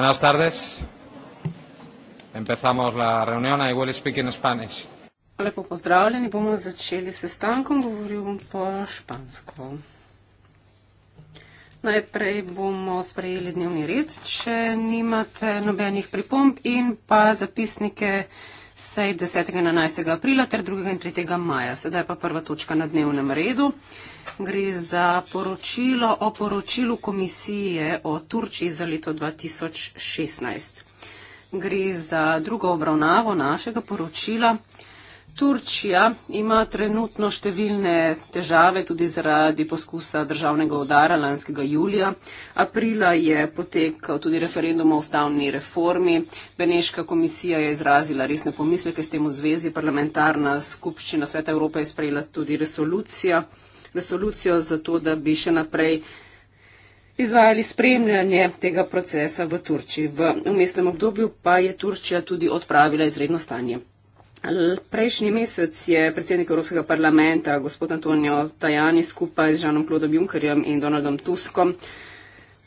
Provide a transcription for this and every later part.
Buenas tardes. Empezamos la reunión. I will speak in Spanish. Lepo pozdravljeni. Bomo začeli s stankom. Govoril bom po špansko. Najprej bomo sprejeli dnevni red, če nimate nobenih pripomb in pa zapisnike sej 10. in 11. aprila ter 2. in 3. maja. Sedaj pa prva točka na dnevnem redu. Gre za poročilo o poročilu komisije o Turčiji za leto 2016. Gre za drugo obravnavo našega poročila. Turčija ima trenutno številne težave tudi zaradi poskusa državnega udara lanskega julija. Aprila je potekal tudi referendum o ustavni reformi. Beneška komisija je izrazila resne pomisleke s tem v zvezi. Parlamentarna skupščina Sveta Evrope je sprejela tudi resolucijo resolucijo za to, da bi še naprej izvajali spremljanje tega procesa v Turčiji. V umestnem obdobju pa je Turčija tudi odpravila izredno stanje. Prejšnji mesec je predsednik Evropskega parlamenta, gospod Antonijo Tajani, skupaj z Žanom Klodom Junkerjem in Donaldom Tuskom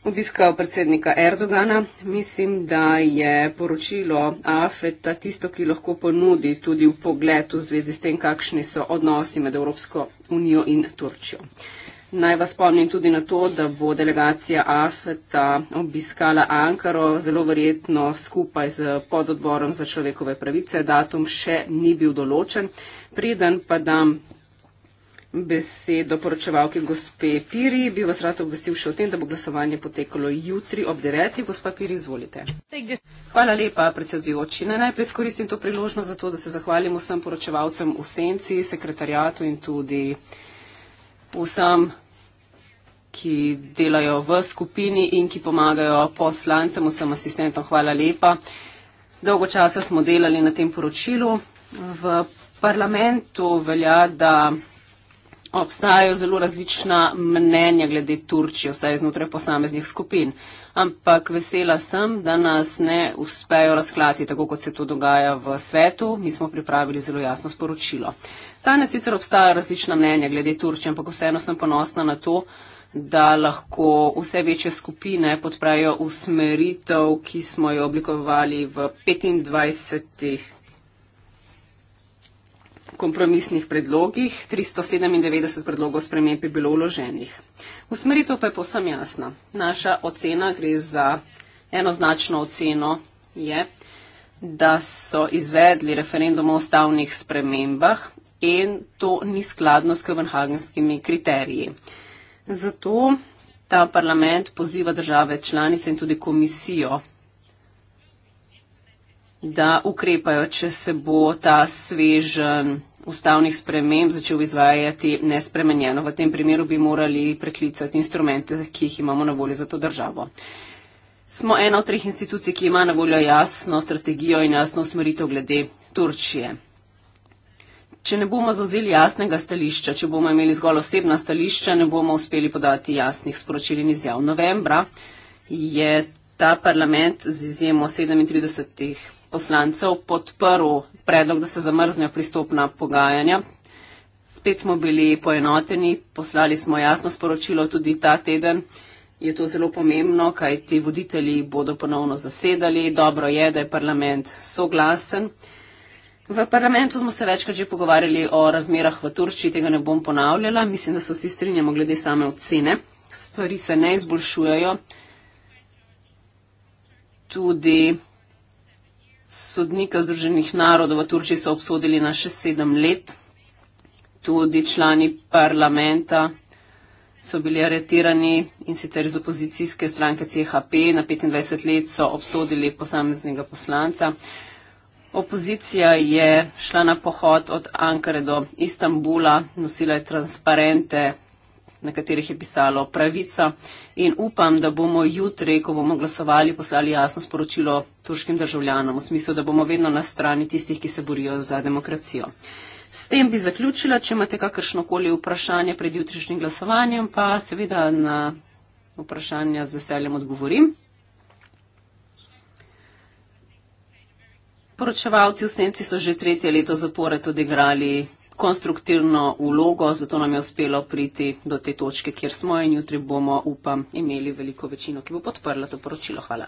obiskal predsednika Erdogana. Mislim, da je poročilo AFET-a tisto, ki lahko ponudi tudi v pogledu v zvezi s tem, kakšni so odnosi med Evropsko unijo in Turčjo. Naj vas spomnim tudi na to, da bo delegacija AFET-a obiskala Ankaro, zelo verjetno skupaj z pododborom za človekove pravice. Datum še ni bil določen. Preden pa dam besedo poročevalki gospe Piri. Bi vas rad obvestil še o tem, da bo glasovanje potekalo jutri ob 9. Gospa Piri, izvolite. Hvala lepa, predsedujoči. Naj najprej skoristim to priložnost za to, da se zahvalim vsem poročevalcem v senci, sekretarjatu in tudi vsem, ki delajo v skupini in ki pomagajo poslancem, vsem asistentom. Hvala lepa. Dolgo časa smo delali na tem poročilu. V parlamentu velja, da obstajajo zelo različna mnenja glede Turčije, vsaj znotraj posameznih skupin. Ampak vesela sem, da nas ne uspejo razklati, tako kot se to dogaja v svetu. Mi smo pripravili zelo jasno sporočilo. Danes sicer obstajajo različna mnenja glede Turčije, ampak vseeno sem ponosna na to, da lahko vse večje skupine podprejo usmeritev, ki smo jo oblikovali v 25 kompromisnih predlogih, 397 predlogov sprememb je bilo vloženih. Usmeritev pa je posem jasna. Naša ocena gre za enoznačno oceno, je, da so izvedli referendum o ustavnih spremembah in to ni skladno s kopenhagenskimi kriteriji. Zato ta parlament poziva države članice in tudi komisijo da ukrepajo, če se bo ta svežen ustavnih sprememb začel izvajati nespremenjeno. V tem primeru bi morali preklicati instrumente, ki jih imamo na voljo za to državo. Smo ena od treh institucij, ki ima na voljo jasno strategijo in jasno usmeritev glede Turčije. Če ne bomo zauzeli jasnega stališča, če bomo imeli zgolj osebna stališča, ne bomo uspeli podati jasnih sporočil in izjav. Novembra je ta parlament z izjemo 37 poslancev podprl predlog, da se zamrznejo pristopna pogajanja. Spet smo bili poenoteni, poslali smo jasno sporočilo tudi ta teden. Je to zelo pomembno, kaj ti voditelji bodo ponovno zasedali. Dobro je, da je parlament soglasen. V parlamentu smo se večkrat že pogovarjali o razmerah v Turčiji, tega ne bom ponavljala. Mislim, da so vsi strinjamo glede same ocene. Stvari se ne izboljšujejo. Tudi sodnika Združenih narodov v Turčiji so obsodili na še sedem let. Tudi člani parlamenta so bili aretirani in sicer iz opozicijske stranke CHP na 25 let so obsodili posameznega poslanca. Opozicija je šla na pohod od Ankare do Istanbula, nosila je transparente na katerih je pisalo pravica. In upam, da bomo jutri, ko bomo glasovali, poslali jasno sporočilo turškim državljanom, v smislu, da bomo vedno na strani tistih, ki se borijo za demokracijo. S tem bi zaključila, če imate kakršnokoli vprašanje pred jutrišnjim glasovanjem, pa seveda na vprašanja z veseljem odgovorim. Poročevalci v Senci so že tretje leto zapored odigrali konstruktivno vlogo, zato nam je uspelo priti do te točke, kjer smo in jutri bomo, upam, imeli veliko večino, ki bo podprla to poročilo. Hvala.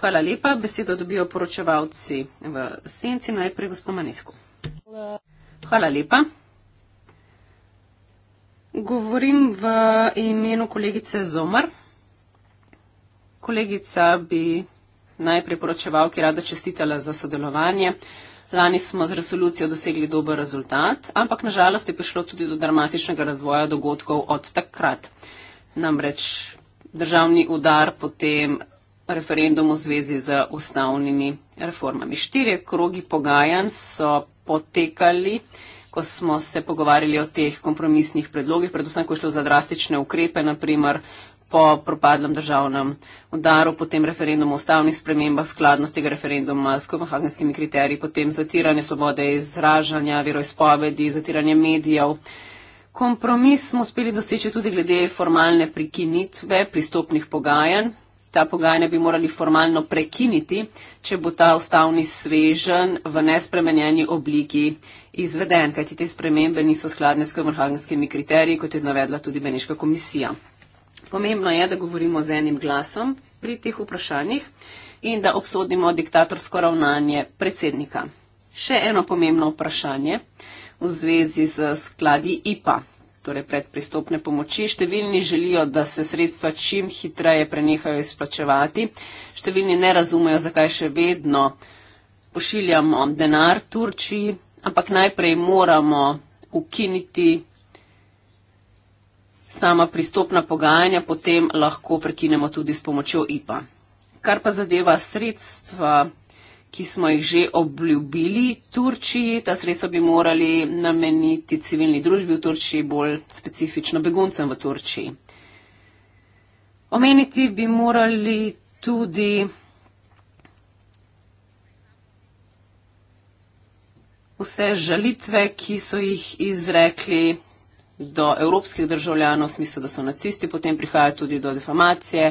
Hvala lepa. Besedo dobijo poročevalci v senci. Najprej gospod Manesko. Hvala lepa. Govorim v imenu kolegice Zomar. Kolegica bi najprej poročevalki rada čestitala za sodelovanje. Lani smo z resolucijo dosegli dober rezultat, ampak nažalost je prišlo tudi do dramatičnega razvoja dogodkov od takrat. Namreč državni udar po tem referendumu v zvezi z ustavnimi reformami. Štirje krogi pogajanj so potekali, ko smo se pogovarjali o teh kompromisnih predlogih, predvsem ko je šlo za drastične ukrepe, naprimer po propadlem državnem udaru, potem referendumu o ustavnih spremembah, skladnosti referenduma s kopenhagenskimi kriteriji, potem zatiranje svobode izražanja, veroizpovedi, zatiranje medijev. Kompromis smo uspeli doseči tudi glede formalne prekinitve pristopnih pogajanj. Ta pogajanja bi morali formalno prekiniti, če bo ta ustavni svežen v nespremenjeni obliki izveden, kajti te spremembe niso skladne s kopenhagenskimi kriteriji, kot je navedla tudi Beneška komisija. Pomembno je, da govorimo z enim glasom pri teh vprašanjih in da obsodimo diktatorsko ravnanje predsednika. Še eno pomembno vprašanje v zvezi z skladi IPA, torej predpristopne pomoči. Številni želijo, da se sredstva čim hitreje prenehajo izplačevati. Številni ne razumejo, zakaj še vedno pošiljamo denar Turčiji, ampak najprej moramo ukiniti sama pristopna pogajanja potem lahko prekinemo tudi s pomočjo IPA. Kar pa zadeva sredstva, ki smo jih že obljubili Turčiji, ta sredstva bi morali nameniti civilni družbi v Turčiji, bolj specifično beguncem v Turčiji. Omeniti bi morali tudi. Vse žalitve, ki so jih izrekli do evropskih državljanov, v smislu, da so nacisti, potem prihaja tudi do defamacije.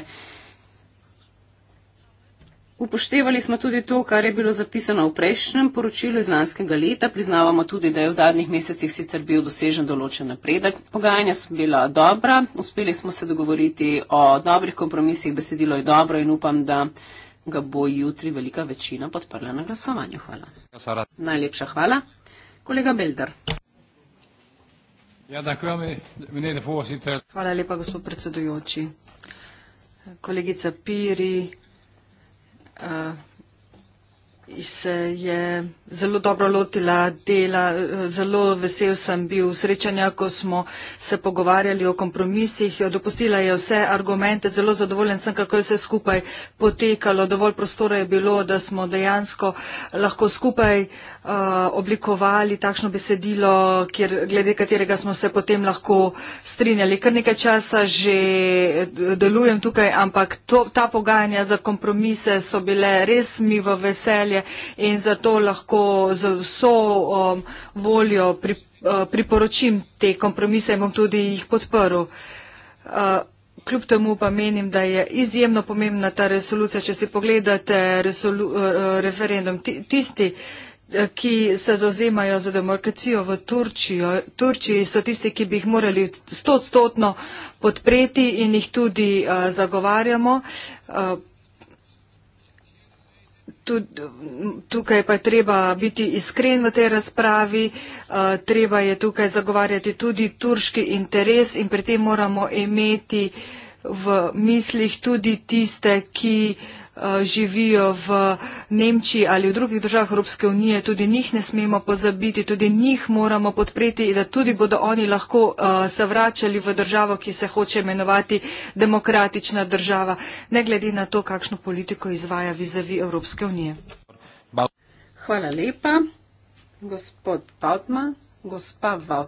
Upoštevali smo tudi to, kar je bilo zapisano v prejšnjem poročilu iz lanskega leta. Priznavamo tudi, da je v zadnjih mesecih sicer bil dosežen določen napredek. Pogajanja so bila dobra, uspeli smo se dogovoriti o dobrih kompromisih, besedilo je dobro in upam, da ga bo jutri velika večina podprla na glasovanju. Hvala. Najlepša hvala. Kolega Belder. Ja, Hvala lepa, gospod predsedujoči. Kolegica Piri eh, se je zelo dobro lotila dela. Eh, zelo vesel sem bil srečanja, ko smo se pogovarjali o kompromisih. Dopustila je vse argumente. Zelo zadovoljen sem, kako je se skupaj potekalo. Dovolj prostora je bilo, da smo dejansko lahko skupaj Eh, oblikovali takšno besedilo, kjer, glede katerega smo se potem lahko strinjali. Kar nekaj časa že delujem tukaj, ampak to, ta pogajanja za kompromise so bile res mi v veselje in zato lahko z vso um, voljo pri, uh, priporočim te kompromise in bom tudi jih podprl. Uh, Kljub temu pa menim, da je izjemno pomembna ta resolucija, če si pogledate referendum. Tisti, uh, ki se zauzemajo za demokracijo v Turčijo. Turčiji so tisti, ki bi jih morali stotstotno podpreti in jih tudi uh, zagovarjamo. Uh, tudi, tukaj pa je treba biti iskren v tej razpravi, uh, treba je tukaj zagovarjati tudi turški interes in pri tem moramo imeti uh, v mislih tudi tiste, ki eh, živijo v Nemčiji ali v drugih državah Evropske unije, tudi njih ne smemo pozabiti, tudi njih moramo podpreti in da tudi bodo oni lahko uh, se vračali v državo, ki se hoče imenovati demokratična država, ne glede na to, kakšno politiko izvaja vizavi Evropske unije. Hvala lepa, gospod Pautma, gospa Val.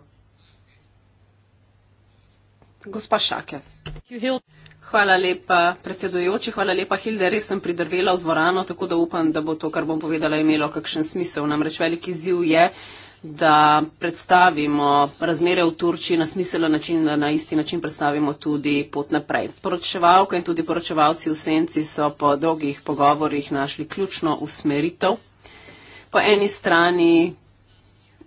Gospa Šake. Hvala lepa, predsedujoči. Hvala lepa, Hilde. Res sem pridrvela v dvorano, tako da upam, da bo to, kar bom povedala, imelo kakšen smisel. Namreč veliki ziv je, da predstavimo razmere v Turčiji na smiselen način in da na isti način predstavimo tudi pot naprej. Poročevalka in tudi poročevalci v Senci so po dolgih pogovorjih našli ključno usmeritev. Po eni strani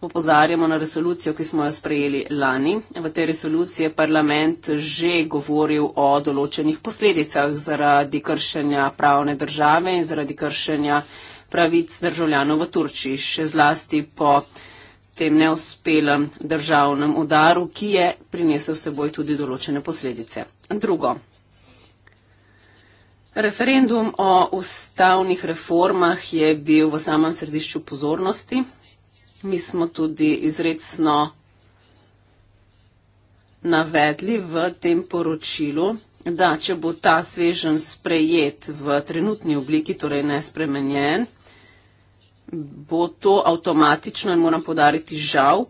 opozarjamo na resolucijo, ki smo jo sprejeli lani. V tej resoluciji je parlament že govoril o določenih posledicah zaradi kršenja pravne države in zaradi kršenja pravic državljanov v Turčiji, še zlasti po tem neuspelem državnem udaru, ki je prinesel seboj tudi določene posledice. Drugo. Referendum o ustavnih reformah je bil v samem središču pozornosti. Mi smo tudi izredno navedli v tem poročilu, da če bo ta svežen sprejet v trenutni obliki, torej nespremenjen, bo to avtomatično in moram podariti žal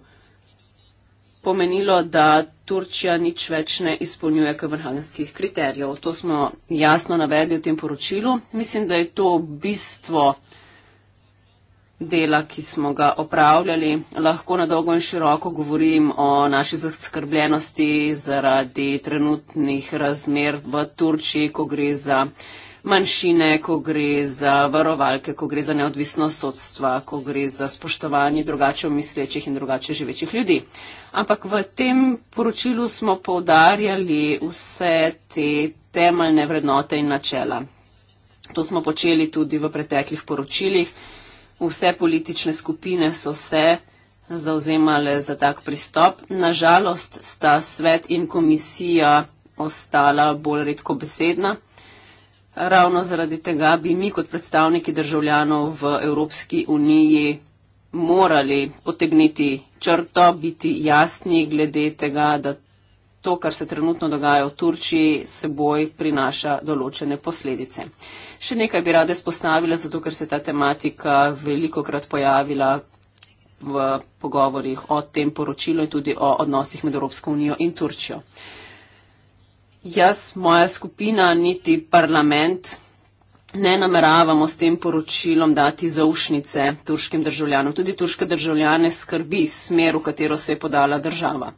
pomenilo, da Turčija nič več ne izpolnjuje kvrhanskih kriterijev. To smo jasno navedli v tem poročilu. Mislim, da je to bistvo dela, ki smo ga opravljali. Lahko na dolgo in široko govorim o naši zaskrbljenosti zaradi trenutnih razmer v Turčiji, ko gre za manjšine, ko gre za varovalke, ko gre za neodvisnost sodstva, ko gre za spoštovanje drugače mislečih in drugače živečih ljudi. Ampak v tem poročilu smo povdarjali vse te temeljne vrednote in načela. To smo počeli tudi v preteklih poročilih vse politične skupine so se zauzemale za tak pristop. Nažalost sta svet in komisija ostala bolj redko besedna. Ravno zaradi tega bi mi kot predstavniki državljanov v Evropski uniji morali potegniti črto, biti jasni glede tega, da to, kar se trenutno dogaja v Turčiji, seboj prinaša določene posledice. Še nekaj bi rada spostavila, zato ker se ta tematika veliko krat pojavila v pogovorjih o tem poročilu in tudi o odnosih med Evropsko unijo in Turčijo. Jaz, moja skupina, niti parlament ne nameravamo s tem poročilom dati zaušnice turškim državljanom. Tudi turške državljane skrbi smer, v katero se je podala država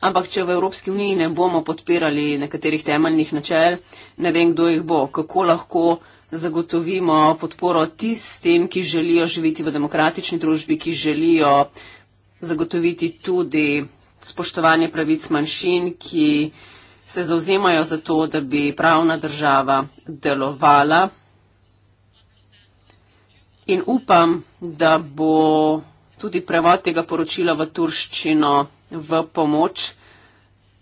ampak če v Evropski uniji ne bomo podpirali nekaterih temeljnih načel, ne vem, kdo jih bo, kako lahko zagotovimo podporo tistim, ki želijo živeti v demokratični družbi, ki želijo zagotoviti tudi spoštovanje pravic manjšin, ki se zauzemajo za to, da bi pravna država delovala. In upam, da bo tudi prevod tega poročila v turščino v pomoč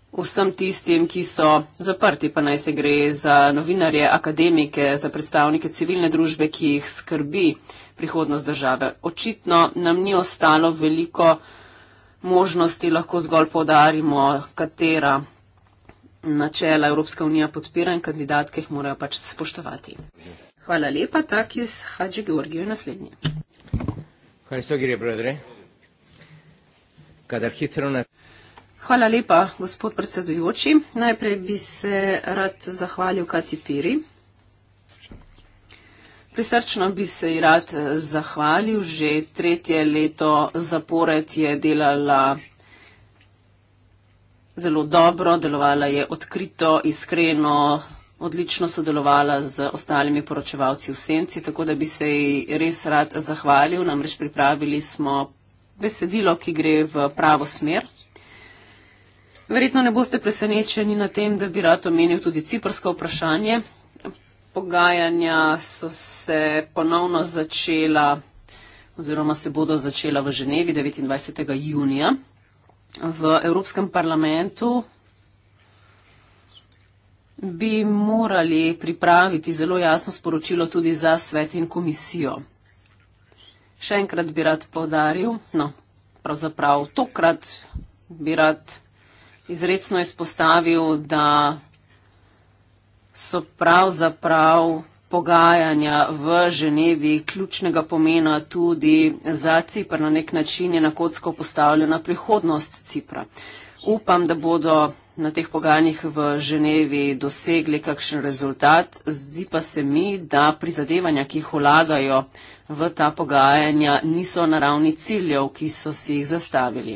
vsem tistim, ki so zaprti, pa naj se gre za novinarje, akademike, za predstavnike civilne družbe, ki jih skrbi prihodnost države. Očitno nam ni ostalo veliko možnosti, lahko zgolj podarimo, katera načela Evropska unija podpira in kandidatke jih morajo pač spoštovati. Hvala lepa, tak iz Hadži Georgijo je naslednji. Hvala lepa, Hadži Georgijo je naslednji kadar hitro ne. Hvala lepa, gospod predsedujoči. Najprej bi se rad zahvalil Kati Piri. Prisrčno bi se ji rad eh, zahvalil. Že tretje leto zapored je delala zelo dobro, delovala je odkrito, iskreno, odlično sodelovala z ostalimi poročevalci v Senci, tako da bi se ji res rad zahvalil. Namreč pripravili smo besedilo, ki gre v pravo smer. Verjetno ne boste presenečeni na tem, da bi rad omenil tudi ciprsko vprašanje. Pogajanja so se ponovno začela oziroma se bodo začela v Ženevi 29. junija v Evropskem parlamentu bi morali pripraviti zelo jasno sporočilo tudi za svet in komisijo. Še enkrat bi rad povdaril, no, pravzaprav tokrat bi rad izredno izpostavil, da so pravzaprav pogajanja v Ženevi ključnega pomena tudi za Cipr. Na nek način je na kocko postavljena prihodnost Cipra. Upam, da bodo na teh pogajanjih v Ženevi dosegli kakšen rezultat. Zdi pa se mi, da prizadevanja, ki jih vlagajo v ta pogajanja, niso na ravni ciljev, ki so si jih zastavili.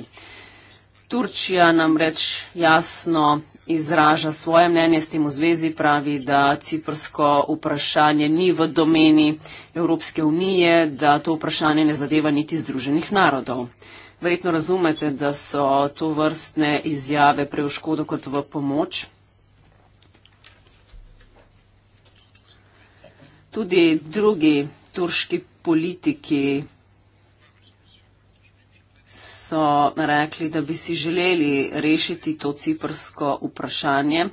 Turčija nam reč jasno izraža svoje mnenje s tem v zvezi, pravi, da ciprsko vprašanje ni v domeni Evropske unije, da to vprašanje ne zadeva niti Združenih narodov. Verjetno razumete, da so to vrstne izjave prej v škodo kot v pomoč. Tudi drugi turški politiki so rekli, da bi si želeli rešiti to ciprsko vprašanje.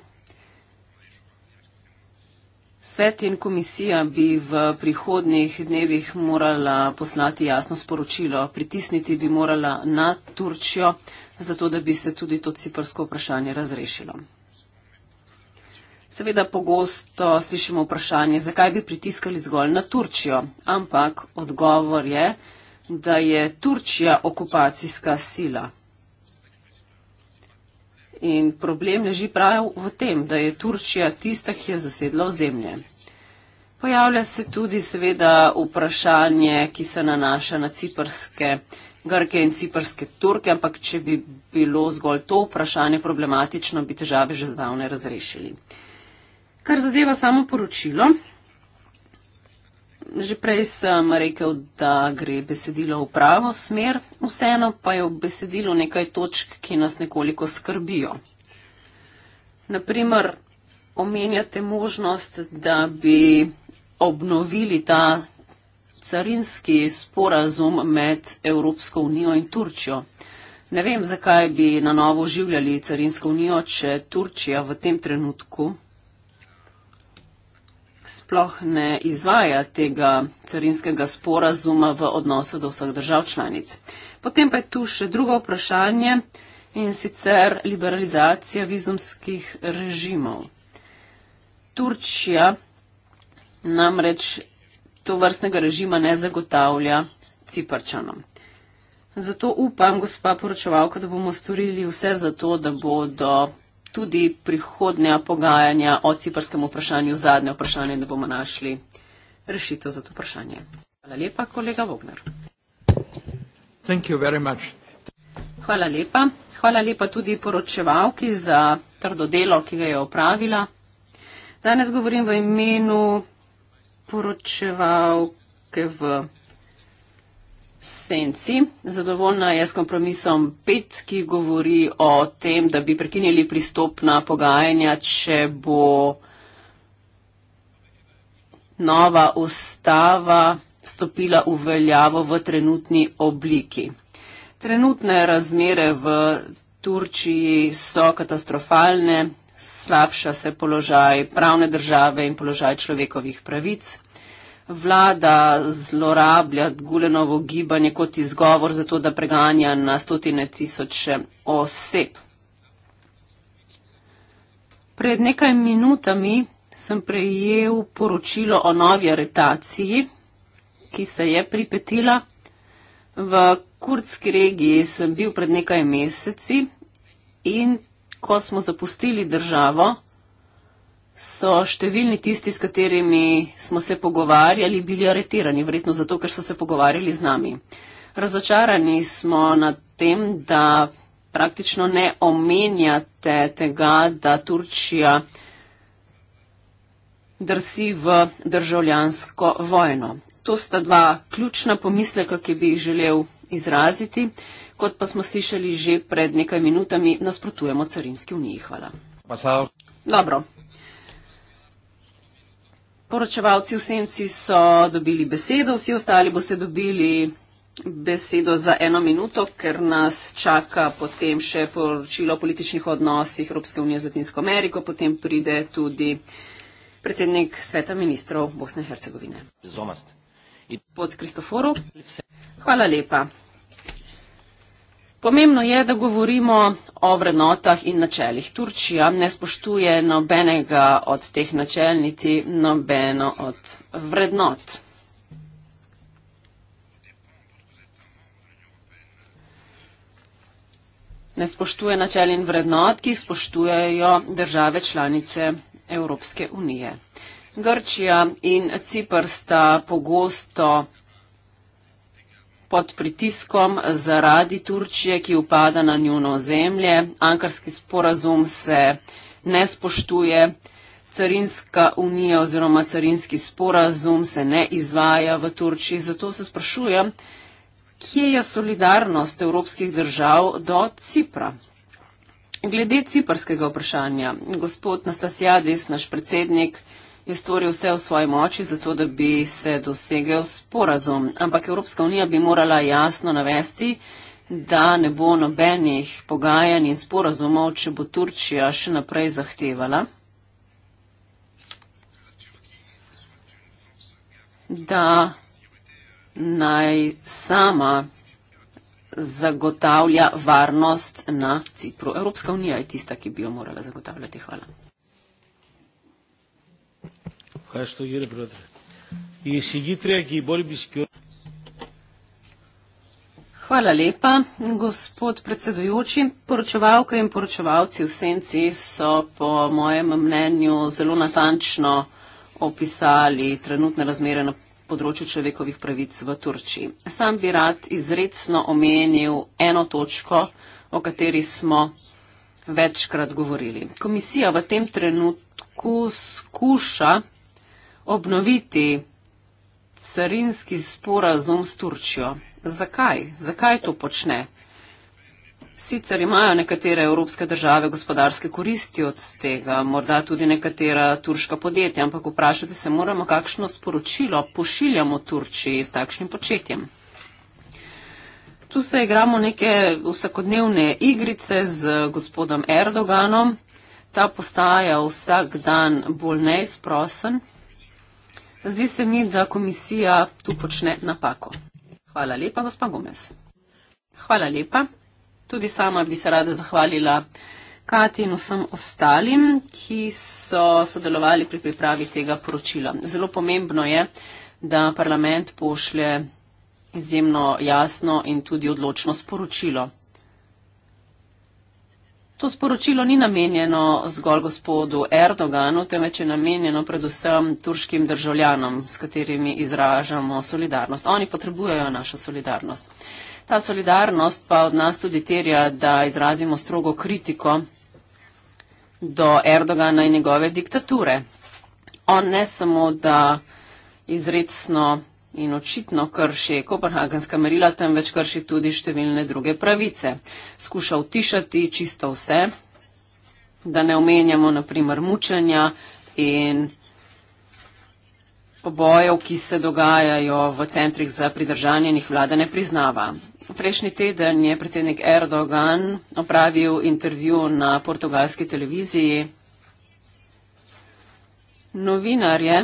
Svet in komisija bi v prihodnih dnevih morala poslati jasno sporočilo, pritisniti bi morala na Turčjo, zato da bi se tudi to ciprsko vprašanje razrešilo. Seveda pogosto slišimo vprašanje, zakaj bi pritiskali zgolj na Turčjo, ampak odgovor je, da je Turčja okupacijska sila. In problem leži prav v tem, da je Turčija tista, ki je zasedla ozemlje. Pojavlja se tudi seveda vprašanje, ki se nanaša na ciprske Grke in ciprske Turke, ampak če bi bilo zgolj to vprašanje problematično, bi težave že zdavne razrešili. Kar zadeva samo poročilo, že prej sem rekel, da gre besedilo v pravo smer, vseeno pa je v besedilu nekaj točk, ki nas nekoliko skrbijo. Naprimer, omenjate možnost, da bi obnovili ta carinski sporazum med Evropsko unijo in Turčijo. Ne vem, zakaj bi na novo oživljali carinsko unijo, če Turčija v tem trenutku sploh ne izvaja tega carinskega sporazuma v odnosu do vseh držav članic. Potem pa je tu še drugo vprašanje in sicer liberalizacija vizumskih režimov. Turčija namreč to vrstnega režima ne zagotavlja ciparčanom. Zato upam, gospa poročevalka, da bomo storili vse za to, da bodo tudi prihodnja pogajanja o ciprskem vprašanju zadnje vprašanje, da bomo našli rešitev za to vprašanje. Hvala lepa, kolega Vognar. Hvala lepa. Hvala lepa tudi poročevalki za trdo delo, ki ga je opravila. Danes govorim v imenu poročevalke v senci. Zadovoljna je s kompromisom 5, ki govori o tem, da bi prekinili pristopna pogajanja, če bo nova ustava stopila v veljavo v trenutni obliki. Trenutne razmere v Turčiji so katastrofalne, slabša se položaj pravne države in položaj človekovih pravic vlada zlorablja Gulenovo gibanje kot izgovor za to, da preganja na stotine tisoče oseb. Pred nekaj minutami sem prejel poročilo o novi aretaciji, ki se je pripetila. V kurdski regiji sem bil pred nekaj meseci in ko smo zapustili državo, so številni tisti, s katerimi smo se pogovarjali, bili aretirani, verjetno zato, ker so se pogovarjali z nami. Razočarani smo nad tem, da praktično ne omenjate tega, da Turčija drsi v državljansko vojno. To sta dva ključna pomisleka, ki bi jih želel izraziti. Kot pa smo slišali že pred nekaj minutami, nasprotujemo carinski uniji. Hvala. Pasal. Dobro. Poročevalci v senci so dobili besedo, vsi ostali boste dobili besedo za eno minuto, ker nas čaka potem še poročilo o političnih odnosih Evropske unije z Latinsko Ameriko, potem pride tudi predsednik sveta ministrov Bosne in Hercegovine. Pod Kristoforu. Hvala lepa. Pomembno je, da govorimo o vrednotah in načeljih. Turčija ne spoštuje nobenega od teh načelj, niti nobeno od vrednot. Ne spoštuje načelj in vrednot, ki jih spoštujejo države članice Evropske unije. Grčija in Cipr sta pogosto pod pritiskom zaradi Turčije, ki upada na njuno zemlje. Ankarski sporazum se ne spoštuje, carinska unija oziroma carinski sporazum se ne izvaja v Turčiji. Zato se sprašujem, kje je solidarnost evropskih držav do Cipra? Glede ciprskega vprašanja, gospod Nastasijades, naš predsednik, je storil vse v svoji moči, zato da bi se dosegel sporazum. Ampak Evropska unija bi morala jasno navesti, da ne bo nobenih pogajanj in sporazumov, če bo Turčija še naprej zahtevala. da naj sama zagotavlja varnost na Cipru. Evropska unija je tista, ki bi jo morala zagotavljati. Hvala. Ευχαριστώ κύριε Πρόεδρε. Η συγκήτρια και η υπόλοιπη σκιώδη. Hvala lepa, gospod predsedujoči, poročevalke in poročevalci v senci so po mojem mnenju zelo natančno opisali trenutne razmere na področju človekovih pravic v Turčiji. Sam bi rad izredno omenil eno točko, o kateri smo večkrat govorili. Komisija v tem trenutku skuša obnoviti carinski sporazum s Turčijo. Zakaj? Zakaj to počne? Sicer imajo nekatere evropske države gospodarske koristi od tega, morda tudi nekatera turška podjetja, ampak vprašati se moramo, kakšno sporočilo pošiljamo Turčiji s takšnim početjem. Tu se igramo neke vsakodnevne igrice z gospodom Erdoganom. Ta postaja vsak dan bolj neizprosen. Zdi se mi, da komisija tu počne napako. Hvala lepa, gospa Gomez. Hvala lepa. Tudi sama bi se rada zahvalila Kati in vsem ostalim, ki so sodelovali pri pripravi tega poročila. Zelo pomembno je, da parlament pošlje izjemno jasno in tudi odločno sporočilo. To sporočilo ni namenjeno zgolj gospodu Erdoganu, temveč je namenjeno predvsem turškim državljanom, s katerimi izražamo solidarnost. Oni potrebujejo našo solidarnost. Ta solidarnost pa od nas tudi terja, da izrazimo strogo kritiko do Erdogana in njegove diktature. On ne samo, da izredno in očitno krši kopenhagenska merila, temveč krši tudi številne druge pravice. Skuša utišati čisto vse, da ne omenjamo naprimer mučenja in pobojev, ki se dogajajo v centrih za pridržanje in jih vlada ne priznava. Prejšnji teden je predsednik Erdogan opravil intervju na portugalski televiziji. Novinar je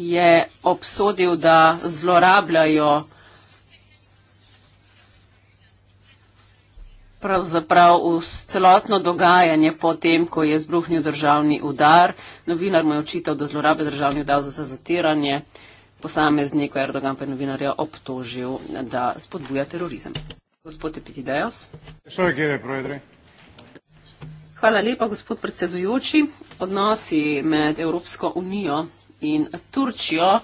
je obsodil, da zlorabljajo pravzaprav celotno dogajanje potem, ko je zbruhnil državni udar. Novinar mu je očital, da zlorablja državni udar za zatiranje. Posameznik Erdogan pa je novinarja obtožil, da spodbuja terorizem. Gospod Epitideos. Hvala lepa, gospod predsedujoči. Odnosi med Evropsko unijo in Turčijo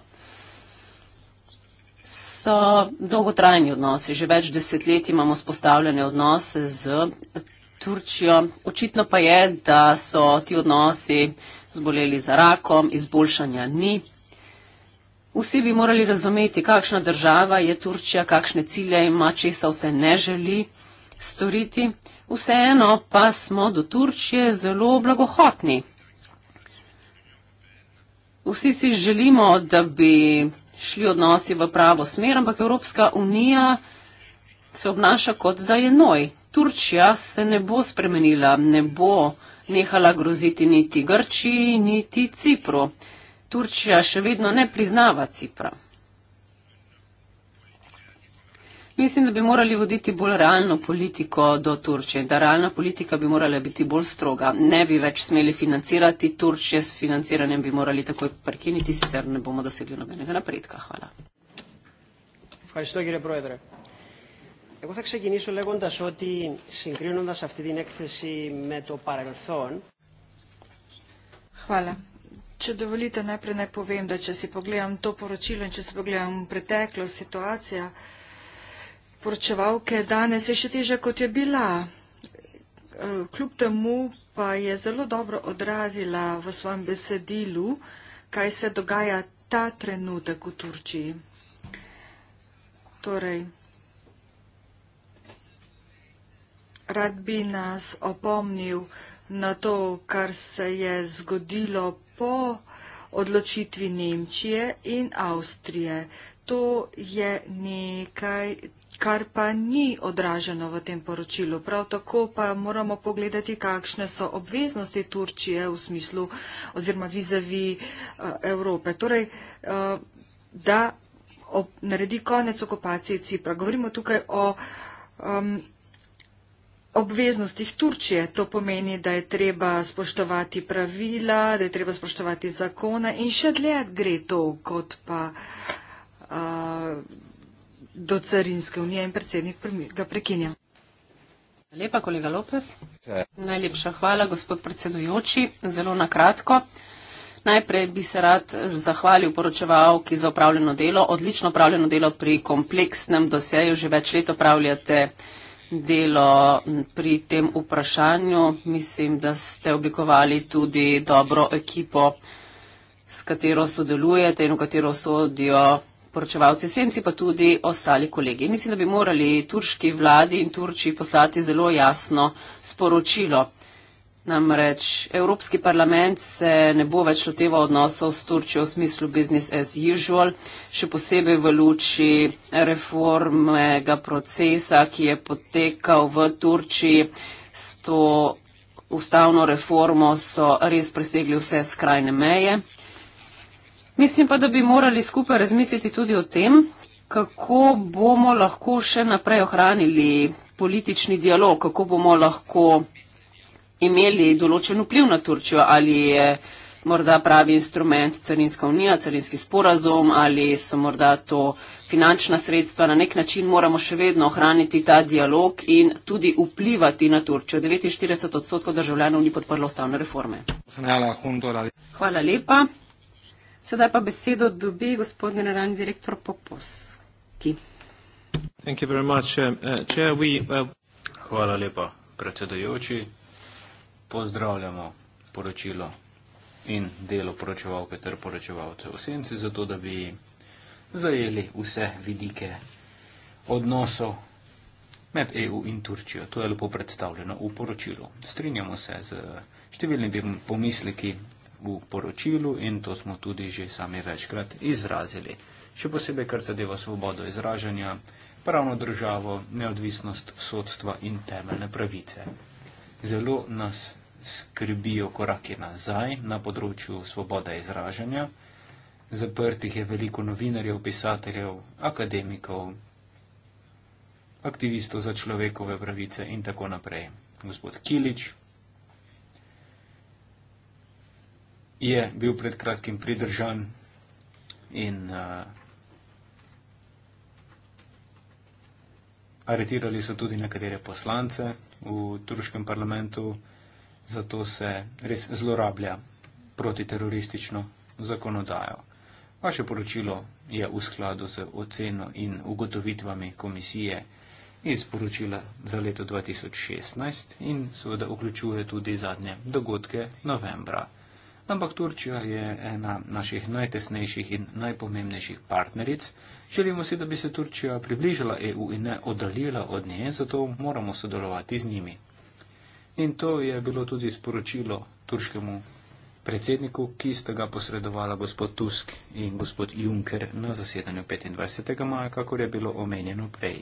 so dolgotrajni odnosi. Že več desetlet imamo spostavljene odnose z Turčijo. Očitno pa je, da so ti odnosi zboleli za rakom, izboljšanja ni. Vsi bi morali razumeti, kakšna država je Turčija, kakšne cilje ima, česa vse ne želi storiti. Vseeno pa smo do Turčije zelo blagohotni. Vsi si želimo, da bi šli odnosi v pravo smer, ampak Evropska unija se obnaša kot da je noj. Turčija se ne bo spremenila, ne bo nehala groziti niti Grčiji, niti Cipru. Turčija še vedno ne priznava Cipra. Mislim, da bi morali voditi bolj realno politiko do Turčije, da realna politika bi morala biti bolj stroga. Ne bi več smeli financirati Turčije, s financiranjem bi morali takoj prekiniti, sicer ne bomo dosegli nobenega napredka. Hvala. Hvala. Če dovolite, najprej naj povem, da če si pogledam to poročilo in če si pogledam preteklost, situacija, poročevalke danes je še teže, kot je bila. Eh, kljub temu pa je zelo dobro odrazila v svojem besedilu, kaj se dogaja ta trenutek v Turčiji. Torej, rad bi nas opomnil na to, kar se je zgodilo po odločitvi Nemčije in Avstrije. To je nekaj kar pa ni odraženo v tem poročilu. Prav tako pa moramo pogledati, kakšne so obveznosti Turčije v smislu oziroma vizavi eh, Evrope. Torej, eh, da ob, naredi konec okupacije Cipra. Govorimo tukaj o um, obveznostih Turčije. To pomeni, da je treba spoštovati pravila, da je treba spoštovati zakona in še dlje gre to, kot pa. Uh, do carinske unije in predsednik ga prekinja. Lepa, kolega Lopez. Najlepša hvala, gospod predsedujoči. Zelo na kratko. Najprej bi se rad zahvalil poročevalki za upravljeno delo. Odlično upravljeno delo pri kompleksnem doseju. Že več let upravljate delo pri tem vprašanju. Mislim, da ste oblikovali tudi dobro ekipo, s katero sodelujete in v katero sodijo poročevalci Senci, pa tudi ostali kolegi. Mislim, da bi morali turški vladi in Turčiji poslati zelo jasno sporočilo. Namreč Evropski parlament se ne bo več loteval odnosov s Turčijo v smislu business as usual, še posebej v luči reformnega procesa, ki je potekal v Turčiji. S to ustavno reformo so res presegli vse skrajne meje. Mislim pa, da bi morali skupaj razmisliti tudi o tem, kako bomo lahko še naprej ohranili politični dialog, kako bomo lahko imeli določen vpliv na Turčjo, ali je morda pravi instrument carinska unija, carinski sporazum, ali so morda to finančna sredstva. Na nek način moramo še vedno ohraniti ta dialog in tudi vplivati na Turčjo. 49 odstotkov državljanov ni podprlo ustavne reforme. Hvala lepa. Sedaj pa besedo dobi gospod generalni direktor Poposki. Thank you very much. Uh, chair, we, uh... Hvala lepa, predsedajoči. Pozdravljamo poročilo in delo poročevalke ter poročevalce v senci, zato da bi zajeli vse vidike odnosov med EU in Turčijo. To je lepo predstavljeno v poročilu. Strinjamo se z številnimi pomisliki v poročilu in to smo tudi že sami večkrat izrazili. Še posebej, kar zadeva svobodo izražanja, pravno državo, neodvisnost sodstva in temeljne pravice. Zelo nas skrbijo koraki nazaj na področju svobode izražanja. Zaprtih je veliko novinarjev, pisateljev, akademikov, aktivistov za človekove pravice in tako naprej. Gospod Kilič, je bil pred kratkim pridržan in uh, aretirali so tudi nekatere poslance v turškem parlamentu, zato se res zlorablja protiteroristično zakonodajo. Vaše poročilo je v skladu z oceno in ugotovitvami komisije iz poročila za leto 2016 in seveda vključuje tudi zadnje dogodke novembra ampak Turčija je ena naših najtesnejših in najpomembnejših partneric. Želimo si, da bi se Turčija približala EU in ne oddaljila od nje, zato moramo sodelovati z njimi. In to je bilo tudi sporočilo turškemu predsedniku, ki sta ga posredovala gospod Tusk in gospod Juncker na zasedanju 25. maja, kakor je bilo omenjeno prej.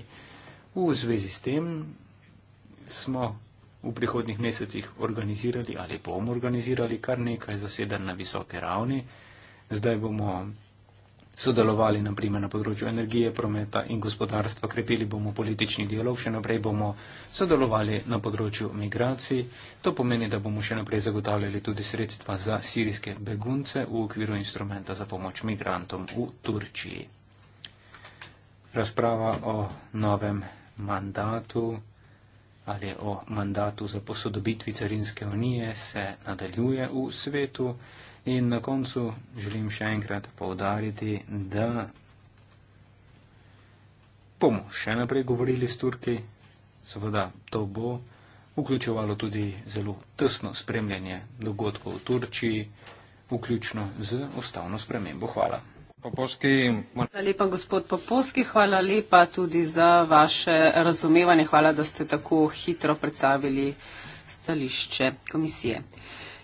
V zvezi s tem smo v prihodnih mesecih organizirali ali bomo organizirali kar nekaj zaseden na visoke ravni. Zdaj bomo sodelovali naprimer na področju energije, prometa in gospodarstva, krepili bomo politični dialog, še naprej bomo sodelovali na področju migracij. To pomeni, da bomo še naprej zagotavljali tudi sredstva za sirijske begunce v okviru instrumenta za pomoč migrantom v Turčiji. Razprava o novem mandatu ali o mandatu za posodobitvi carinske unije se nadaljuje v svetu. In na koncu želim še enkrat povdariti, da bomo še naprej govorili s Turki. Seveda to bo vključevalo tudi zelo tesno spremljanje dogodkov v Turčiji, vključno z ustavno spremembo. Hvala. Popovski. Hvala lepa, gospod Popovski. Hvala lepa tudi za vaše razumevanje. Hvala, da ste tako hitro predstavili stališče komisije.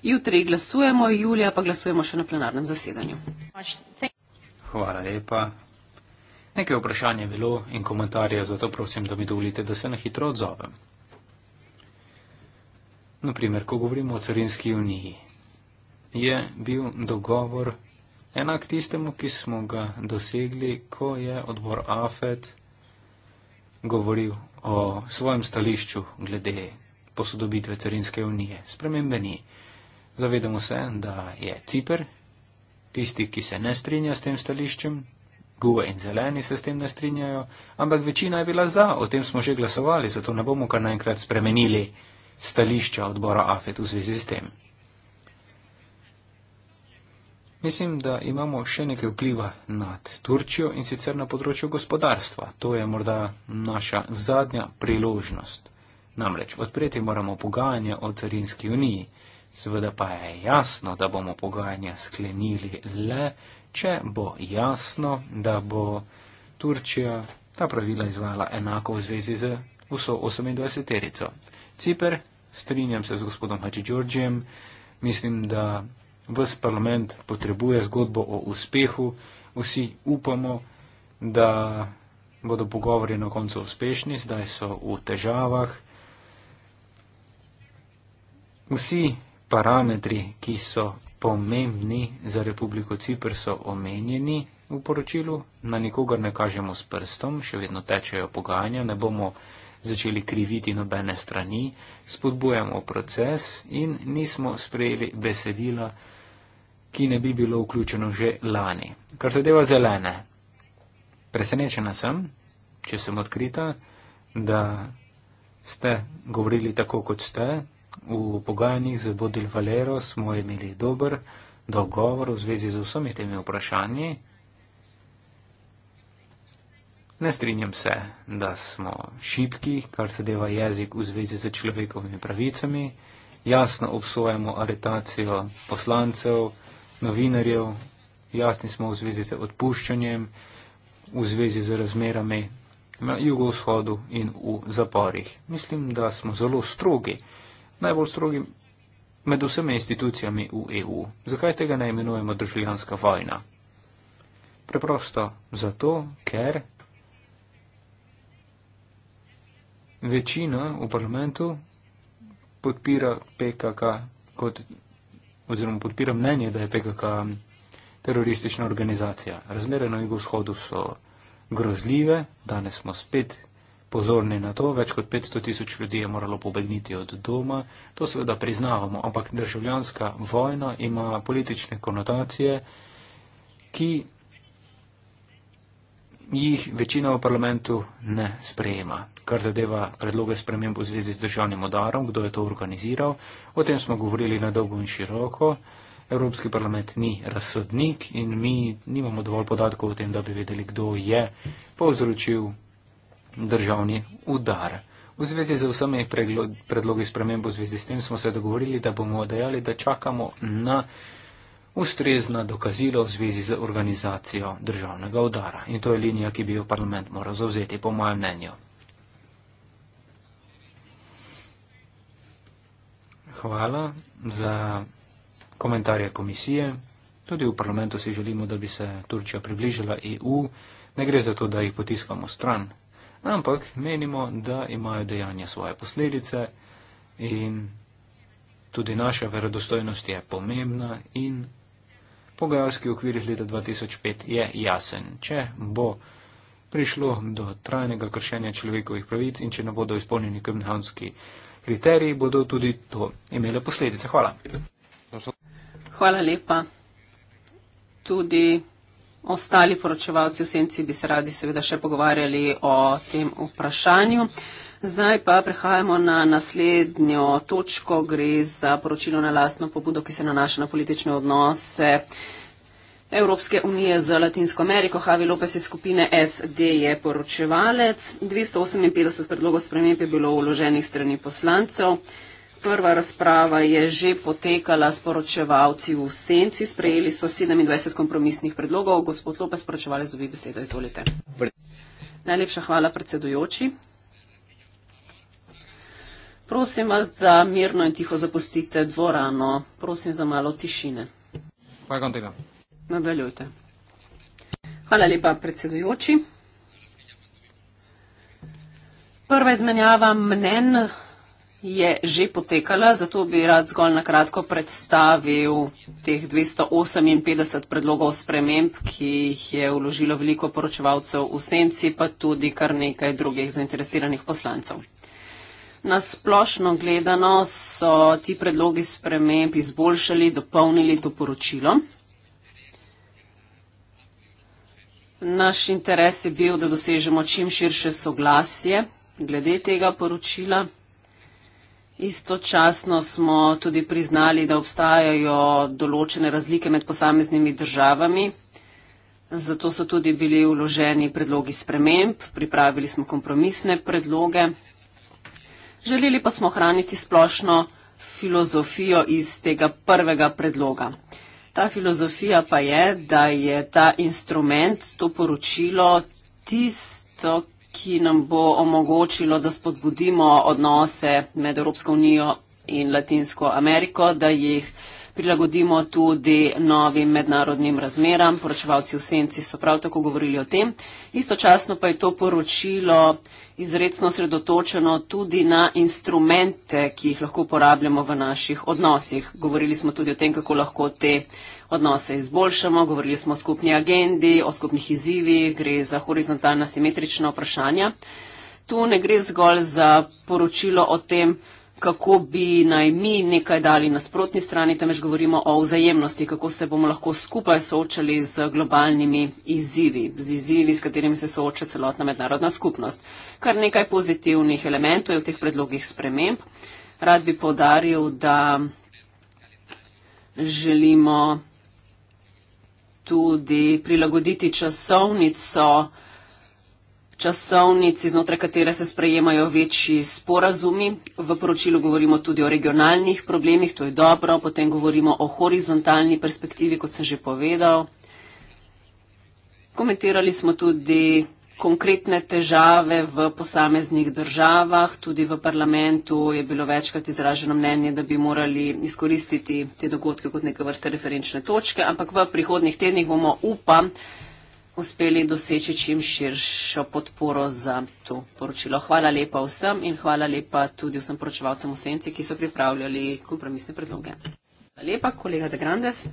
Jutri glasujemo, julija pa glasujemo še na plenarnem zasedanju. Hvala lepa. Nekaj vprašanj je bilo in komentarje, zato prosim, da mi dovolite, da se na hitro odzovem. Naprimer, ko govorimo o carinski uniji, je bil dogovor enak tistemu, ki smo ga dosegli, ko je odbor AFED govoril o svojem stališču glede posodobitve carinske unije. Spremembe ni. Zavedamo se, da je Cipr, tisti, ki se ne strinja s tem stališčem, Gue in zeleni se s tem ne strinjajo, ampak večina je bila za, o tem smo že glasovali, zato ne bomo kar naenkrat spremenili stališča odbora AFET v zvezi s tem. Mislim, da imamo še nekaj vpliva nad Turčijo in sicer na področju gospodarstva. To je morda naša zadnja priložnost. Namreč odpreti moramo pogajanja o carinski uniji. Seveda pa je jasno, da bomo pogajanja sklenili le, če bo jasno, da bo Turčija ta pravila izvajala enako v zvezi z vso 28-terico. Ciper, strinjam se z gospodom Hači Đorđijem, mislim, da Ves parlament potrebuje zgodbo o uspehu, vsi upamo, da bodo pogovori na koncu uspešni, zdaj so v težavah. Vsi parametri, ki so pomembni za Republiko Cipr, so omenjeni v poročilu, na nikogar ne kažemo s prstom, še vedno tečejo pogajanja, ne bomo začeli kriviti nobene strani, spodbujamo proces in nismo sprejeli besedila, ki ne bi bilo vključeno že lani. Kar zadeva zelene, presenečena sem, če sem odkrita, da ste govorili tako, kot ste. V pogajanjih z Bodil Valero smo imeli dober dogovor v zvezi z vsemi temi vprašanji. Ne strinjam se, da smo šipki, kar se deva jezik v zvezi z človekovimi pravicami. Jasno obsojamo aretacijo poslancev novinarjev, jasni smo v zvezi z odpuščanjem, v zvezi z razmerami na jugovzhodu in v zaporih. Mislim, da smo zelo strogi, najbolj strogi med vsemi institucijami v EU. Zakaj tega ne imenujemo državljanska vojna? Preprosto zato, ker večina v parlamentu podpira PKK kot oziroma podpira mnenje, da je PKK teroristična organizacija. Razmere na jugovzhodu so grozljive, danes smo spet pozorni na to, več kot 500 tisoč ljudi je moralo pobegniti od doma, to seveda priznavamo, ampak državljanska vojna ima politične konotacije, ki jih večina v parlamentu ne sprejema. Kar zadeva predloge sprememb v zvezi z državnim odarom, kdo je to organiziral, o tem smo govorili na dolgo in široko. Evropski parlament ni razsodnik in mi nimamo dovolj podatkov o tem, da bi vedeli, kdo je povzročil državni udar. V zvezi z vsemi predlogi sprememb v zvezi s tem smo se dogovorili, da bomo dejali, da čakamo na ustrezna dokazila v zvezi z organizacijo državnega udara. In to je linija, ki bi jo parlament moral zauzeti, po mojem mnenju. Hvala za komentarje komisije. Tudi v parlamentu si želimo, da bi se Turčija približila EU. Ne gre za to, da jih potiskamo stran, ampak menimo, da imajo dejanja svoje posledice in tudi naša verodostojnost je pomembna in pogajalski okvir iz leta 2005 je jasen. Če bo prišlo do trajnega kršenja človekovih pravic in če ne bodo izpolnjeni kopenhavnski kriteriji, bodo tudi to imele posledice. Hvala. Hvala lepa. Tudi ostali poročevalci v Senci bi se radi seveda še pogovarjali o tem vprašanju. Zdaj pa prehajamo na naslednjo točko. Gre za poročilo na lastno pobudo, ki se nanaša na politične odnose. Evropske unije z Latinsko Ameriko, Havi Lopes iz skupine SD je poročevalec. 258 predlogov sprememb je bilo uloženih strani poslancev. Prva razprava je že potekala s poročevalci v senci, sprejeli so 27 kompromisnih predlogov. Gospod Lopes, poročevalec, dobi besedo, izvolite. Najlepša hvala, predsedujoči. Prosim vas, da mirno in tiho zapustite dvorano. Prosim za malo tišine. Pa kontinuiramo. Nadaljujte. Hvala lepa, predsedujoči. Prva izmenjava mnen je že potekala, zato bi rad zgolj nakratko predstavil teh 258 predlogov sprememb, ki jih je uložilo veliko poročevalcev v senci, pa tudi kar nekaj drugih zainteresiranih poslancev. Na splošno gledano so ti predlogi sprememb izboljšali, dopolnili to poročilo. Naš interes je bil, da dosežemo čim širše soglasje glede tega poročila. Istočasno smo tudi priznali, da obstajajo določene razlike med posameznimi državami. Zato so tudi bili vloženi predlogi sprememb, pripravili smo kompromisne predloge. Želeli pa smo hraniti splošno filozofijo iz tega prvega predloga. Ta filozofija pa je, da je ta instrument, to poročilo, tisto, ki nam bo omogočilo, da spodbudimo odnose med Evropsko unijo in Latinsko Ameriko, da jih prilagodimo tudi novim mednarodnim razmeram. Poročevalci v senci so prav tako govorili o tem. Istočasno pa je to poročilo izredno sredotočeno tudi na instrumente, ki jih lahko uporabljamo v naših odnosih. Govorili smo tudi o tem, kako lahko te odnose izboljšamo, govorili smo o skupni agendi, o skupnih izzivih, gre za horizontalna simetrična vprašanja. Tu ne gre zgolj za poročilo o tem, kako bi naj mi nekaj dali na sprotni strani, temveč govorimo o vzajemnosti, kako se bomo lahko skupaj soočali z globalnimi izzivi, z izzivi, s katerimi se sooča celotna mednarodna skupnost. Kar nekaj pozitivnih elementov je v teh predlogih sprememb. Rad bi podaril, da želimo tudi prilagoditi časovnico, časovnici, znotraj katere se sprejemajo večji sporazumi. V poročilu govorimo tudi o regionalnih problemih, to je dobro, potem govorimo o horizontalni perspektivi, kot sem že povedal. Komentirali smo tudi konkretne težave v posameznih državah, tudi v parlamentu je bilo večkrat izraženo mnenje, da bi morali izkoristiti te dogodke kot neke vrste referenčne točke, ampak v prihodnih tednih bomo upam, uspeli doseči čim širšo podporo za to poročilo. Hvala lepa vsem in hvala lepa tudi vsem poročevalcem v senci, ki so pripravljali kompromisne predloge. Hvala lepa, kolega De Grandes.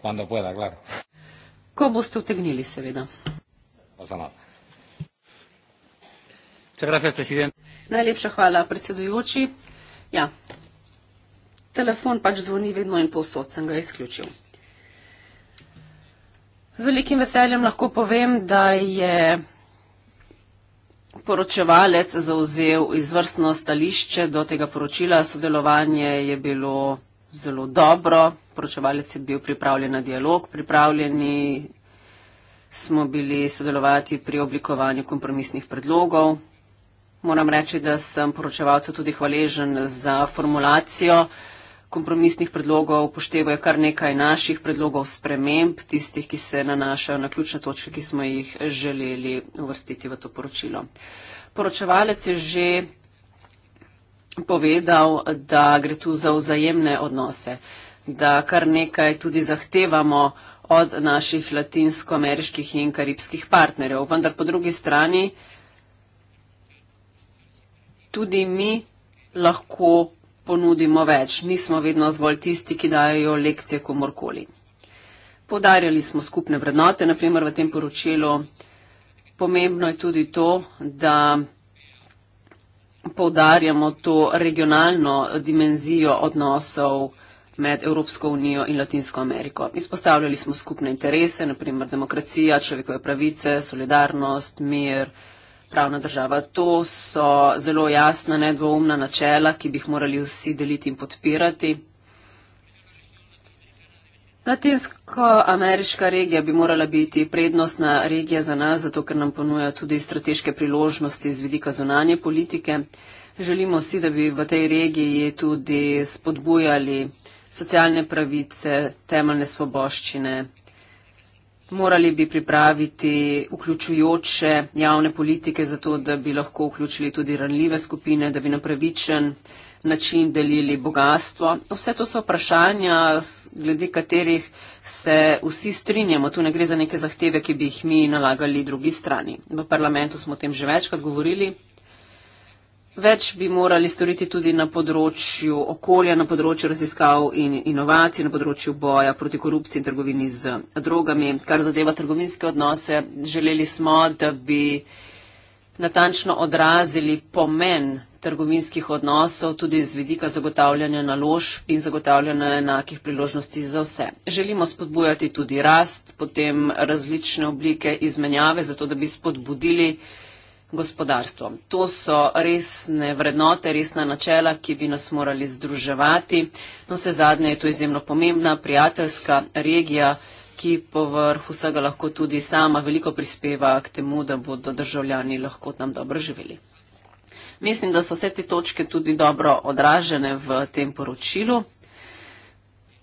Pueda, claro. Ko boste utegnili, seveda. Gracias, Najlepša hvala, predsedujoči. Ja, telefon pač zvoni vedno in povsod sem ga izključil. Z velikim veseljem lahko povem, da je poročevalec zauzel izvrstno stališče do tega poročila. Sodelovanje je bilo zelo dobro, poročevalec je bil pripravljen na dialog, pripravljeni smo bili sodelovati pri oblikovanju kompromisnih predlogov. Moram reči, da sem poročevalcu tudi hvaležen za formulacijo, kompromisnih predlogov upoštevajo kar nekaj naših predlogov sprememb, tistih, ki se nanašajo na ključne točke, ki smo jih želeli uvrstiti v to poročilo. Poročevalec je že povedal, da gre tu za vzajemne odnose, da kar nekaj tudi zahtevamo od naših latinskoameriških in karibskih partnerjev. Vendar po drugi strani tudi mi lahko ponudimo več, nismo vedno zgolj tisti, ki dajo lekcije komorkoli. Podarjali smo skupne vrednote, naprimer v tem poročilu. Pomembno je tudi to, da podarjamo to regionalno dimenzijo odnosov med Evropsko unijo in Latinsko Ameriko. Izpostavljali smo skupne interese, naprimer demokracija, človekove pravice, solidarnost, mir, pravna država. To so zelo jasna, nedvoumna načela, ki bi jih morali vsi deliti in podpirati. Latinsko-ameriška regija bi morala biti prednostna regija za nas, zato ker nam ponuja tudi strateške priložnosti z vidika zonanje politike. Želimo si, da bi v tej regiji tudi spodbujali socialne pravice, temeljne svoboščine Morali bi pripraviti vključujoče javne politike za to, da bi lahko vključili tudi ranljive skupine, da bi na pravičen način delili bogatstvo. Vse to so vprašanja, glede katerih se vsi strinjamo. Tu ne gre za neke zahteve, ki bi jih mi nalagali drugi strani. V parlamentu smo o tem že večkrat govorili. Več bi morali storiti tudi na področju okolja, na področju raziskav in inovacij, na področju boja proti korupciji in trgovini z drogami. Kar zadeva trgovinske odnose, želeli smo, da bi natančno odrazili pomen trgovinskih odnosov tudi z vidika zagotavljanja naložb in zagotavljanja enakih priložnosti za vse. Želimo spodbujati tudi rast, potem različne oblike izmenjave, zato da bi spodbudili gospodarstvo. To so resne vrednote, resna načela, ki bi nas morali združevati. No, vse zadnje je to izjemno pomembna prijateljska regija, ki povrh vsega lahko tudi sama veliko prispeva k temu, da bodo državljani lahko tam dobro živeli. Mislim, da so vse te točke tudi dobro odražene v tem poročilu.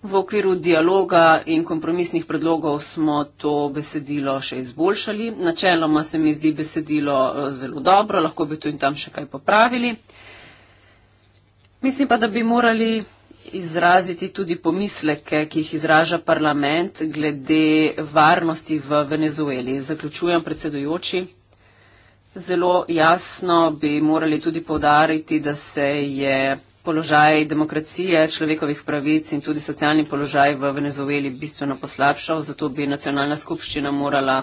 V okviru dialoga in kompromisnih predlogov smo to besedilo še izboljšali. Načeloma se mi zdi besedilo eh, zelo dobro, lahko bi tu in tam še kaj popravili. Mislim pa, da bi morali izraziti tudi pomisleke, ki jih izraža parlament glede varnosti v Venezueli. Zaključujem predsedujoči. Zelo jasno bi morali tudi povdariti, da se je položaj demokracije, človekovih pravic in tudi socialni položaj v Venezueli bistveno poslabšal, zato bi nacionalna skupščina morala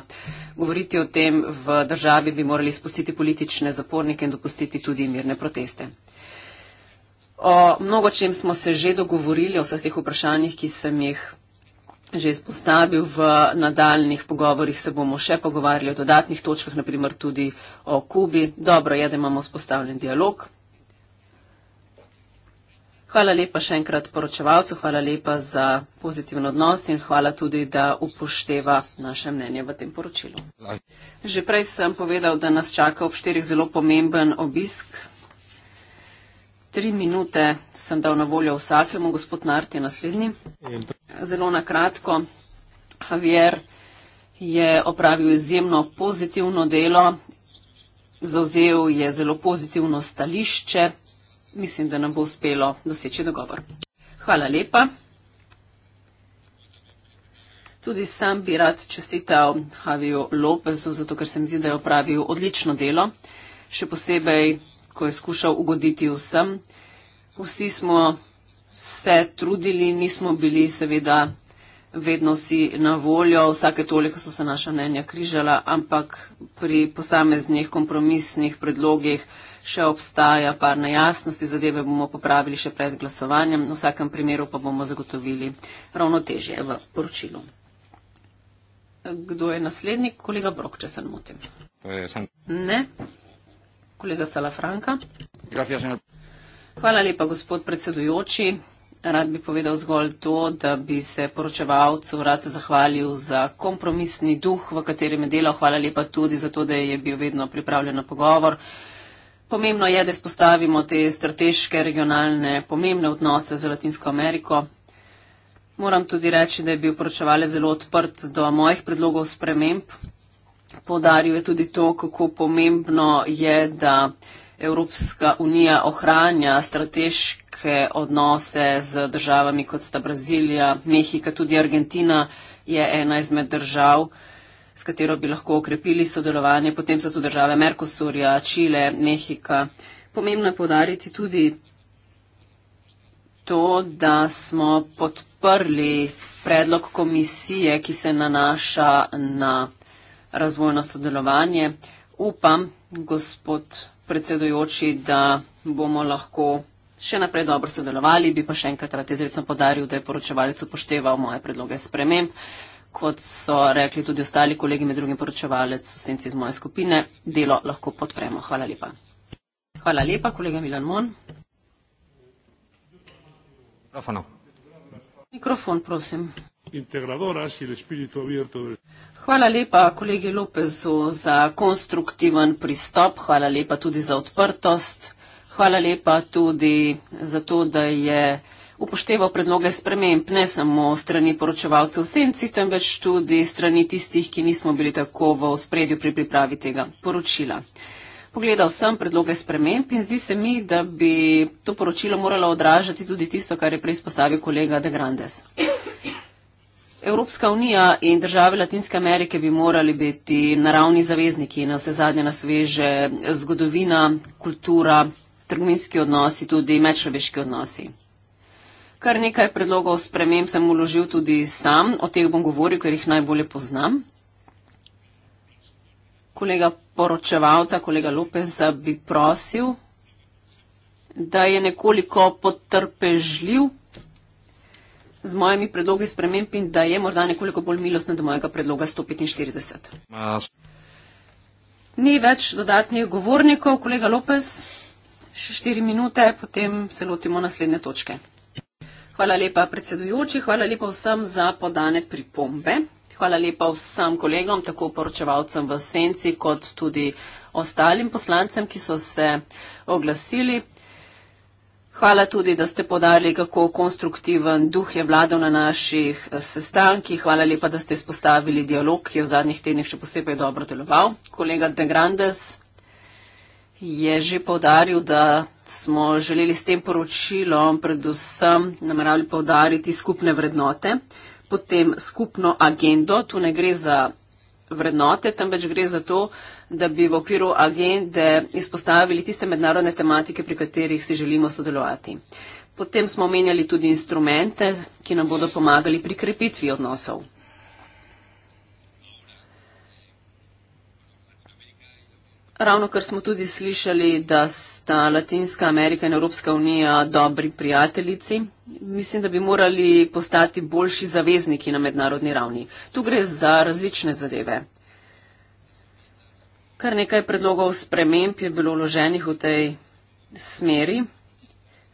govoriti o tem, v državi bi morali spustiti politične zapornike in dopustiti tudi mirne proteste. O mnogo čem smo se že dogovorili, o vseh teh vprašanjih, ki sem jih že izpostavil, v nadaljnih pogovorjih se bomo še pogovarjali o dodatnih točkah, naprimer tudi o Kubi. Dobro je, da imamo spostavljen dialog. Hvala lepa še enkrat poročevalcu, hvala lepa za pozitivno odnos in hvala tudi, da upošteva naše mnenje v tem poročilu. Že prej sem povedal, da nas čaka ob štirih zelo pomemben obisk. Tri minute sem dal na voljo vsakemu, gospod Nart je naslednji. Zelo na kratko, Javier je opravil izjemno pozitivno delo, zauzel je zelo pozitivno stališče mislim, da nam bo uspelo doseči dogovor. Hvala lepa. Tudi sam bi rad čestital Haviju Lopezu, zato ker se mi zdi, da je opravil odlično delo, še posebej, ko je skušal ugoditi vsem. Vsi smo se trudili, nismo bili seveda vedno vsi na voljo, vsake toliko so se naša mnenja križala, ampak pri posameznih kompromisnih predlogih še obstaja par nejasnosti, zadeve bomo popravili še pred glasovanjem, v vsakem primeru pa bomo zagotovili ravnotežje v poročilu. Kdo je naslednji? Kolega Brok, če se ne motim. Ne. Kolega Salafranka. Hvala lepa, gospod predsedujoči. Rad bi povedal zgolj to, da bi se poročevalcu rad zahvalil za kompromisni duh, v katerem je delal. Hvala lepa tudi za to, da je bil vedno pripravljen na pogovor. Pomembno je, da spostavimo te strateške regionalne pomembne odnose z Latinsko Ameriko. Moram tudi reči, da je bil poročevalec zelo odprt do mojih predlogov sprememb. Podaril je tudi to, kako pomembno je, da Evropska unija ohranja strateške odnose z državami kot sta Brazilija, Mehika, tudi Argentina je ena izmed držav, s katero bi lahko okrepili sodelovanje. Potem so tu države Merkosurja, Čile, Mehika. Pomembno je podariti tudi to, da smo podprli predlog komisije, ki se nanaša na razvojno sodelovanje. Upam, gospod predsedojoči, da bomo lahko še naprej dobro sodelovali. Bi pa še enkrat rad izrecno podaril, da je poročevalec upošteval moje predloge sprememb. Uh, kot so rekli tudi ostali kolegi med drugim poročevalec v senci iz moje skupine, delo lahko podpremo. Hvala lepa. Hvala lepa, kolega Milan Mon. Mikrofon. Mikrofon, prosim. Hvala lepa kolegi Lopezu za konstruktiven pristop, hvala lepa tudi za odprtost, hvala lepa tudi za to, da je upošteval predloge sprememb ne samo strani poročevalcev v senci, temveč tudi strani tistih, ki nismo bili tako v ospredju pri pripravi tega poročila. Pogledal sem predloge sprememb in zdi se mi, da bi to poročilo moralo odražati tudi tisto, kar je prej spostavil kolega De Grandes. Evropska unija in države Latinske Amerike bi morali biti naravni zavezniki in na vse zadnje na sveže zgodovina, kultura, trgovinski odnosi, tudi medčloveški odnosi. Kar nekaj predlogov sprememb sem uložil tudi sam, o teh bom govoril, ker jih najbolje poznam. Kolega poročevalca, kolega Lopez, bi prosil, da je nekoliko potrpežljiv z mojimi predlogi sprememb in da je morda nekoliko bolj milostna do mojega predloga 145. Ni več dodatnih govornikov, kolega Lopez, še štiri minute, potem se lotimo naslednje točke. Hvala lepa predsedujoči, hvala lepa vsem za podane pripombe. Hvala lepa vsem kolegom, tako poročevalcem v Senci, kot tudi ostalim poslancem, ki so se oglasili. Hvala tudi, da ste podali, kako konstruktiven duh je vladal na naših eh, sestankih. Hvala lepa, da ste izpostavili dialog, ki je v zadnjih tednih še posebej dobro deloval. Kolega De Grandes je že podaril, da smo želeli s tem poročilom predvsem nameravali povdariti skupne vrednote, potem skupno agendo. Tu ne gre za vrednote, temveč gre za to, da bi v okviru agende izpostavili tiste mednarodne tematike, pri katerih si želimo sodelovati. Potem smo omenjali tudi instrumente, ki nam bodo pomagali pri krepitvi odnosov. Ravno kar smo tudi slišali, da sta Latinska Amerika in Evropska unija dobri prijateljici, mislim, da bi morali postati boljši zavezniki na mednarodni ravni. Tu gre za različne zadeve. Kar nekaj predlogov sprememb je bilo vloženih v tej smeri.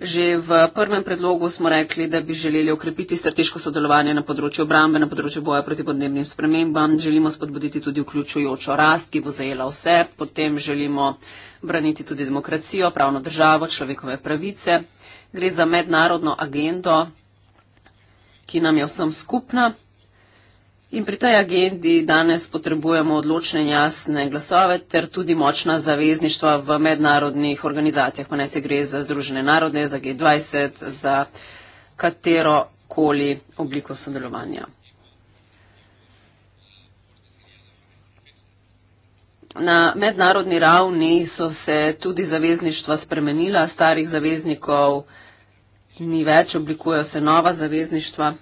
Že v prvem predlogu smo rekli, da bi želeli okrepiti strateško sodelovanje na področju obrambe, na področju boja proti podnebnim spremembam. Želimo spodbuditi tudi vključujočo rast, ki bo zajela vse. Potem želimo braniti tudi demokracijo, pravno državo, človekove pravice. Gre za mednarodno agendo, ki nam je vsem skupna. In pri tej agendi danes potrebujemo odločne in jasne glasove ter tudi močna zavezništva v mednarodnih organizacijah, pa ne se gre za Združene narode, za G20, za katero koli obliko sodelovanja. Na mednarodni ravni so se tudi zavezništva spremenila, starih zaveznikov ni več, oblikujejo se nova zavezništva.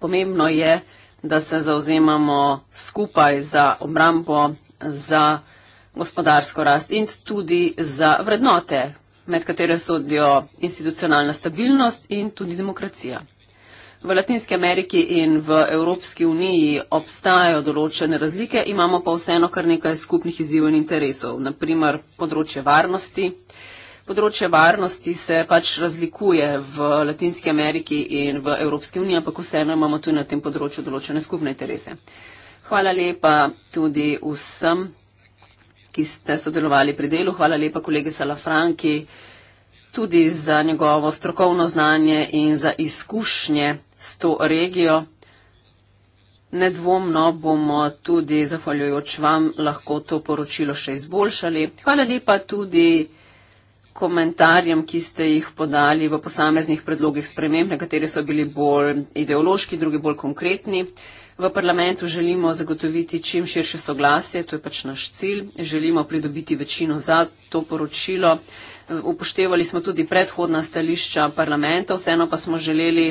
Pomembno je, da se zauzemamo skupaj za obrambo, za gospodarsko rast in tudi za vrednote, med katere sodijo institucionalna stabilnost in tudi demokracija. V Latinski Ameriki in v Evropski uniji obstajajo določene razlike, imamo pa vseeno kar nekaj skupnih izzivov in interesov, naprimer področje varnosti, področje varnosti se pač razlikuje v Latinski Ameriki in v Evropski uniji, ampak vseeno imamo tudi na tem področju določene skupne interese. Hvala lepa tudi vsem, ki ste sodelovali pri delu. Hvala lepa kolegi Salafranki tudi za njegovo strokovno znanje in za izkušnje s to regijo. Nedvomno bomo tudi zahvaljujoč vam lahko to poročilo še izboljšali. Hvala lepa tudi komentarjem, ki ste jih podali v posameznih predlogih sprememb, nekateri so bili bolj ideološki, drugi bolj konkretni. V parlamentu želimo zagotoviti čim širše soglasje, to je pač naš cilj, želimo pridobiti večino za to poročilo. Upoštevali smo tudi predhodna stališča parlamenta, vseeno pa smo želeli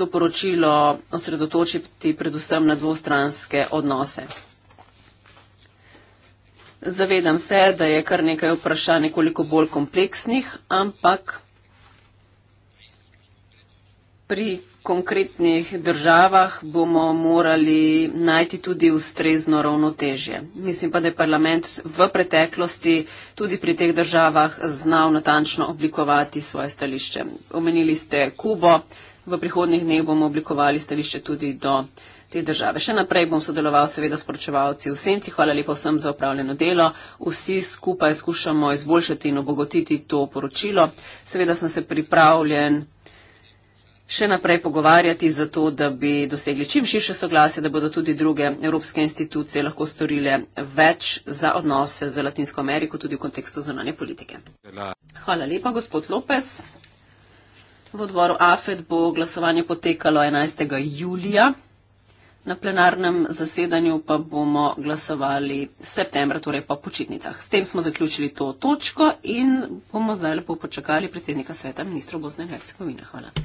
to poročilo osredotočiti predvsem na dvostranske odnose. Zavedam se, da je kar nekaj vprašanj nekoliko bolj kompleksnih, ampak pri konkretnih državah bomo morali najti tudi ustrezno ravnotežje. Mislim pa, da je parlament v preteklosti tudi pri teh državah znal natančno oblikovati svoje stališče. Omenili ste Kubo, v prihodnih dneh bomo oblikovali stališče tudi do te države. Še naprej bom sodeloval seveda s poročevalci v Senci. Hvala lepo vsem za upravljeno delo. Vsi skupaj skušamo izboljšati in obogotiti to poročilo. Seveda sem se pripravljen še naprej pogovarjati za to, da bi dosegli čim širše soglasje, da bodo tudi druge evropske institucije lahko storile več za odnose z Latinsko Ameriko, tudi v kontekstu zunanje politike. Hvala lepa, gospod Lopez. V odboru AFED bo glasovanje potekalo 11. julija na plenarnem zasedanju pa bomo glasovali septembra, torej po počitnicah. S tem smo zaključili to točko in bomo zdaj lepo počakali predsednika sveta, ministra Bosne in Hercegovine. Hvala.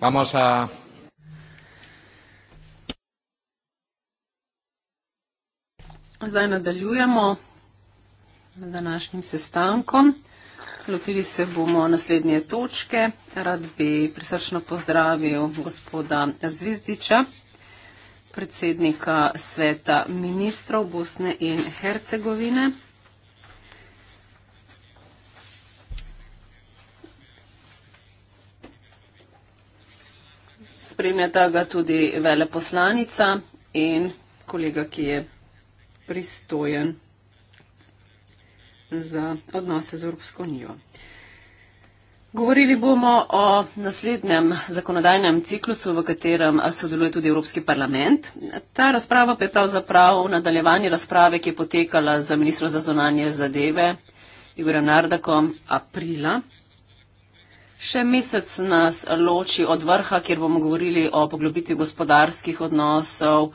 Vamos a. Zdaj nadaljujemo z današnjim sestankom. Lotili se bomo naslednje točke. Rad bi prisrčno pozdravil gospoda Zvizdiča, predsednika sveta ministrov Bosne in Hercegovine. spremlja ta ga tudi veleposlanica in kolega, ki je pristojen za odnose z Evropsko unijo. Govorili bomo o naslednjem zakonodajnem ciklusu, v katerem sodeluje tudi Evropski parlament. Ta razprava pa je pravzaprav nadaljevanje razprave, ki je potekala za ministra za zonanje zadeve Igorjem Nardakom aprila Še mesec nas loči od vrha, kjer bomo govorili o poglobitvi gospodarskih odnosov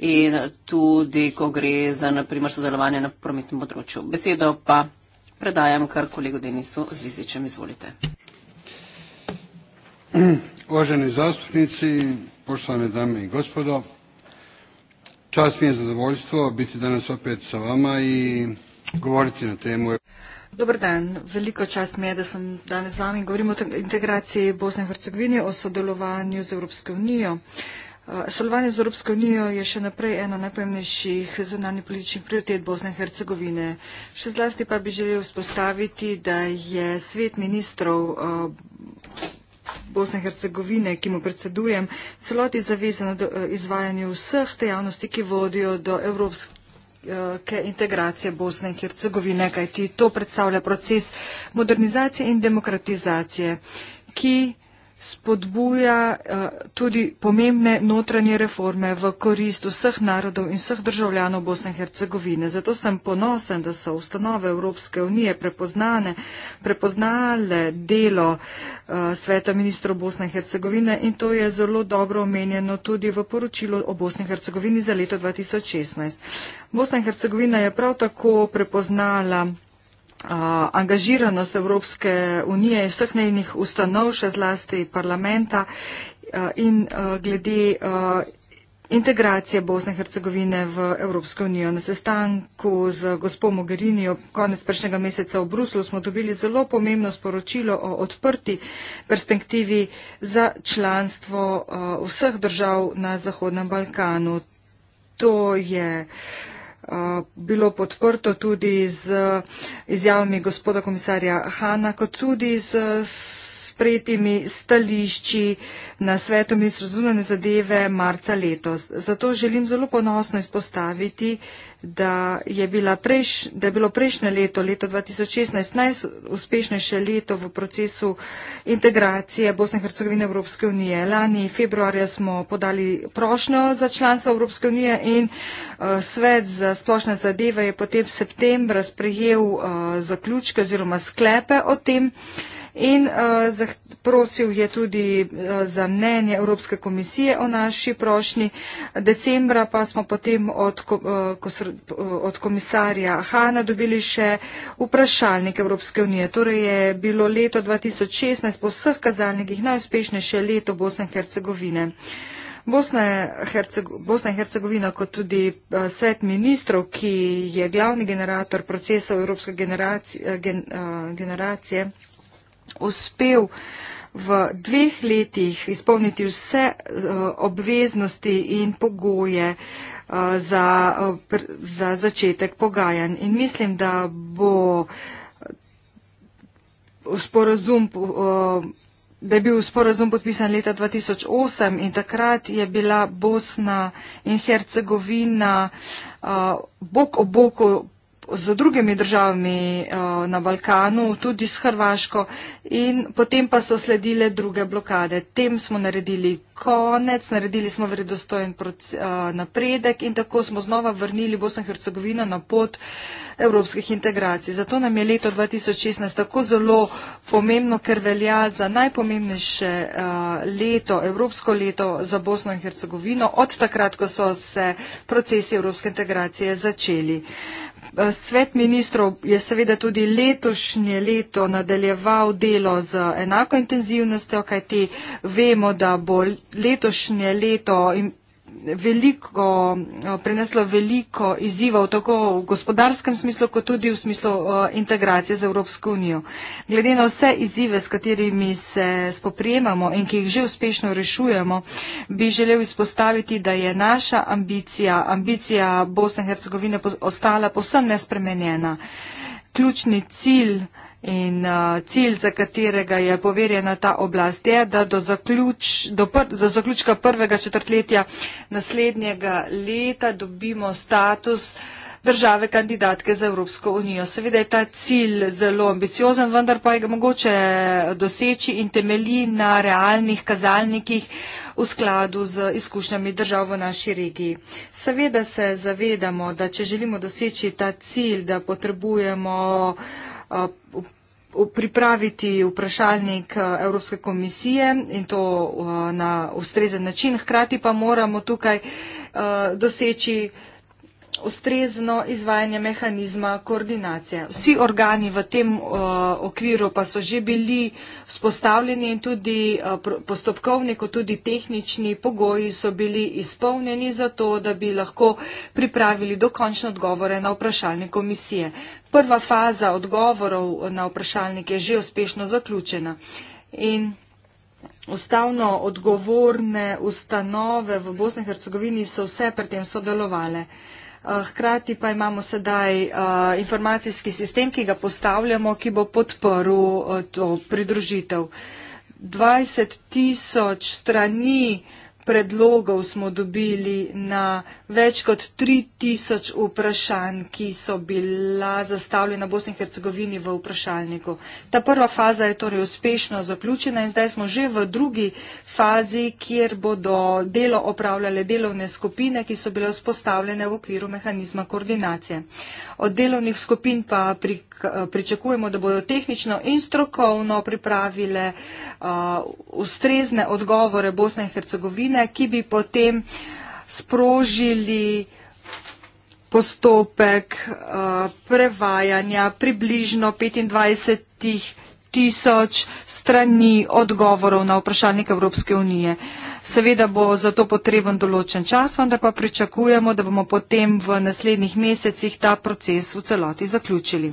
in tudi, ko gre za, naprimer, sodelovanje na prometnem področju. Besedo pa predajam kar kolegu Denisu Zvizičem. Izvolite. Uvaženi zastupnici, poštovane dame i gospodo, čast mi je zadovoljstvo biti danas opet sa vama i govoriti na temu. Dobar dan. Veliko čast mi je, da sem danes z vami. Govorimo o integraciji Bosne in Hercegovine, o sodelovanju z Evropsko unijo. Sodelovanje z Evropsko unijo je še naprej ena najpomembnejših zunanje političnih prioritet Bosne in Hercegovine. Še zlasti pa bi želel spostaviti, da je svet ministrov Bosne in Hercegovine, ki mu predsedujem, celoti zavezano do izvajanja vseh dejavnosti, ki vodijo do Evropske ke eh, integracije Bosne in Hercegovine, kajti to predstavlja proces modernizacije in demokratizacije, ki spodbuja eh, tudi pomembne notranje reforme v korist vseh narodov in vseh državljanov Bosne in Hercegovine. Zato sem ponosen, da so ustanove Evropske unije prepoznane, prepoznale delo eh, sveta ministrov Bosne in Hercegovine in to je zelo dobro omenjeno tudi v poročilu o Bosni in Hercegovini za leto 2016. Bosna in Hercegovina je prav tako prepoznala angažiranost Evropske unije in vseh njenih ustanov, še zlasti parlamenta in glede integracije Bosne in Hercegovine v Evropsko unijo. Na sestanku z gospod Mogherini ob konec prejšnjega meseca v Bruslu smo dobili zelo pomembno sporočilo o odprti perspektivi za članstvo vseh držav na Zahodnem Balkanu. To je uh, Eh, bilo podprto tudi z izjavami gospoda komisarja Hanna, kot tudi z sprejetimi stališči na svetu ministrov zunane zadeve marca letos. Zato želim zelo ponosno izpostaviti, da je, preš, da je bilo prejšnje leto, leto 2016, najuspešnejše leto v procesu integracije Bosne in Hercegovine Evropske unije. Lani februarja smo podali prošnjo za članstvo Evropske unije in uh, svet za splošne zadeve je potem septembra sprejel uh, zaključke oziroma sklepe o tem. Uh, in uh, prosil je tudi uh, za mnenje Evropske komisije o naši prošnji. Decembra pa smo potem od, ko, uh, eh, ko, uh, od komisarja Hana dobili še vprašalnik Evropske unije. Torej je bilo leto 2016 po vseh kazalnikih najuspešnejše leto Bosne in Hercegovine. Bosna, Hercego, Bosna in Hercegovina kot tudi uh, svet ministrov, ki je glavni generator procesov evropske generacije, gen, uh, generacije uspel v dveh letih izpolniti vse eh, obveznosti in pogoje eh, za, eh, za začetek pogajanj. In mislim, da bo sporazum, da je bil sporazum podpisan leta 2008 in takrat je bila Bosna in Hercegovina bok ob boku z drugimi državami eh, na Balkanu, tudi s Hrvaško in potem pa so sledile druge blokade. Tem smo naredili konec, naredili smo vredostojen eh, napredek in tako smo znova vrnili Bosno in Hercegovino na pot evropskih integracij. Zato nam je leto 2016 tako zelo pomembno, ker velja za najpomembnejše eh, leto, evropsko leto za Bosno in Hercegovino od takrat, ko so se procesi evropske integracije začeli. Eh, svet ministrov je seveda tudi letošnje leto nadaljeval delo z enako intenzivnostjo, kajti vemo, da bo letošnje leto. In, veliko, eh, preneslo veliko izzivov, tako v gospodarskem smislu, kot tudi v smislu eh, integracije z Evropsko unijo. Glede na vse izzive, s katerimi se spoprijemamo in ki jih že uspešno rešujemo, bi želel izpostaviti, da je naša ambicija, ambicija Bosne in Hercegovine, ostala povsem nespremenjena. Ključni cilj In uh, cilj, za katerega je poverjena ta oblast, je, da do, zaključ, do, pr, do zaključka prvega četrtletja naslednjega leta dobimo status države kandidatke za Evropsko unijo. Seveda je ta cilj zelo ambiciozen, vendar pa je ga mogoče doseči in temelji na realnih kazalnikih v skladu z izkušnjami držav v naši regiji. Seveda se zavedamo, da če želimo doseči ta cilj, da potrebujemo uh, pripraviti vprašalnik eh, Evropske komisije in to eh, na ustrezen način. Hkrati pa moramo tukaj eh, doseči ustrezno izvajanje mehanizma koordinacije. Vsi organi v tem uh, okviru pa so že bili spostavljeni in tudi uh, postopkovni, kot tudi tehnični pogoji so bili izpolnjeni za to, da bi lahko pripravili dokončne odgovore na vprašalne komisije. Prva faza odgovorov na vprašalnik je že uspešno zaključena. In Ustavno odgovorne ustanove v Bosni in Hercegovini so vse pri tem sodelovale. Uh, Eh, hkrati pa imamo sedaj eh, informacijski sistem, ki ga postavljamo, ki bo podporil eh, to pridružitev. 20 tisoč strani predlogov smo dobili na več kot 3000 vprašanj, ki so bila zastavljena Bosni in Hercegovini v vprašalniku. Ta prva faza je torej uspešno zaključena in zdaj smo že v drugi fazi, kjer bodo delo opravljale delovne skupine, ki so bile vzpostavljene v okviru mehanizma koordinacije. Od delovnih skupin pa pri, pričakujemo, da bodo tehnično in strokovno pripravile uh, ustrezne odgovore Bosne in Hercegovine, ki bi potem uh, sprožili postopek eh, prevajanja približno 25 tisoč strani odgovorov na vprašalnik Evropske unije. Seveda bo za to potreben določen čas, vendar pa pričakujemo, da bomo potem v naslednjih mesecih ta proces v celoti zaključili.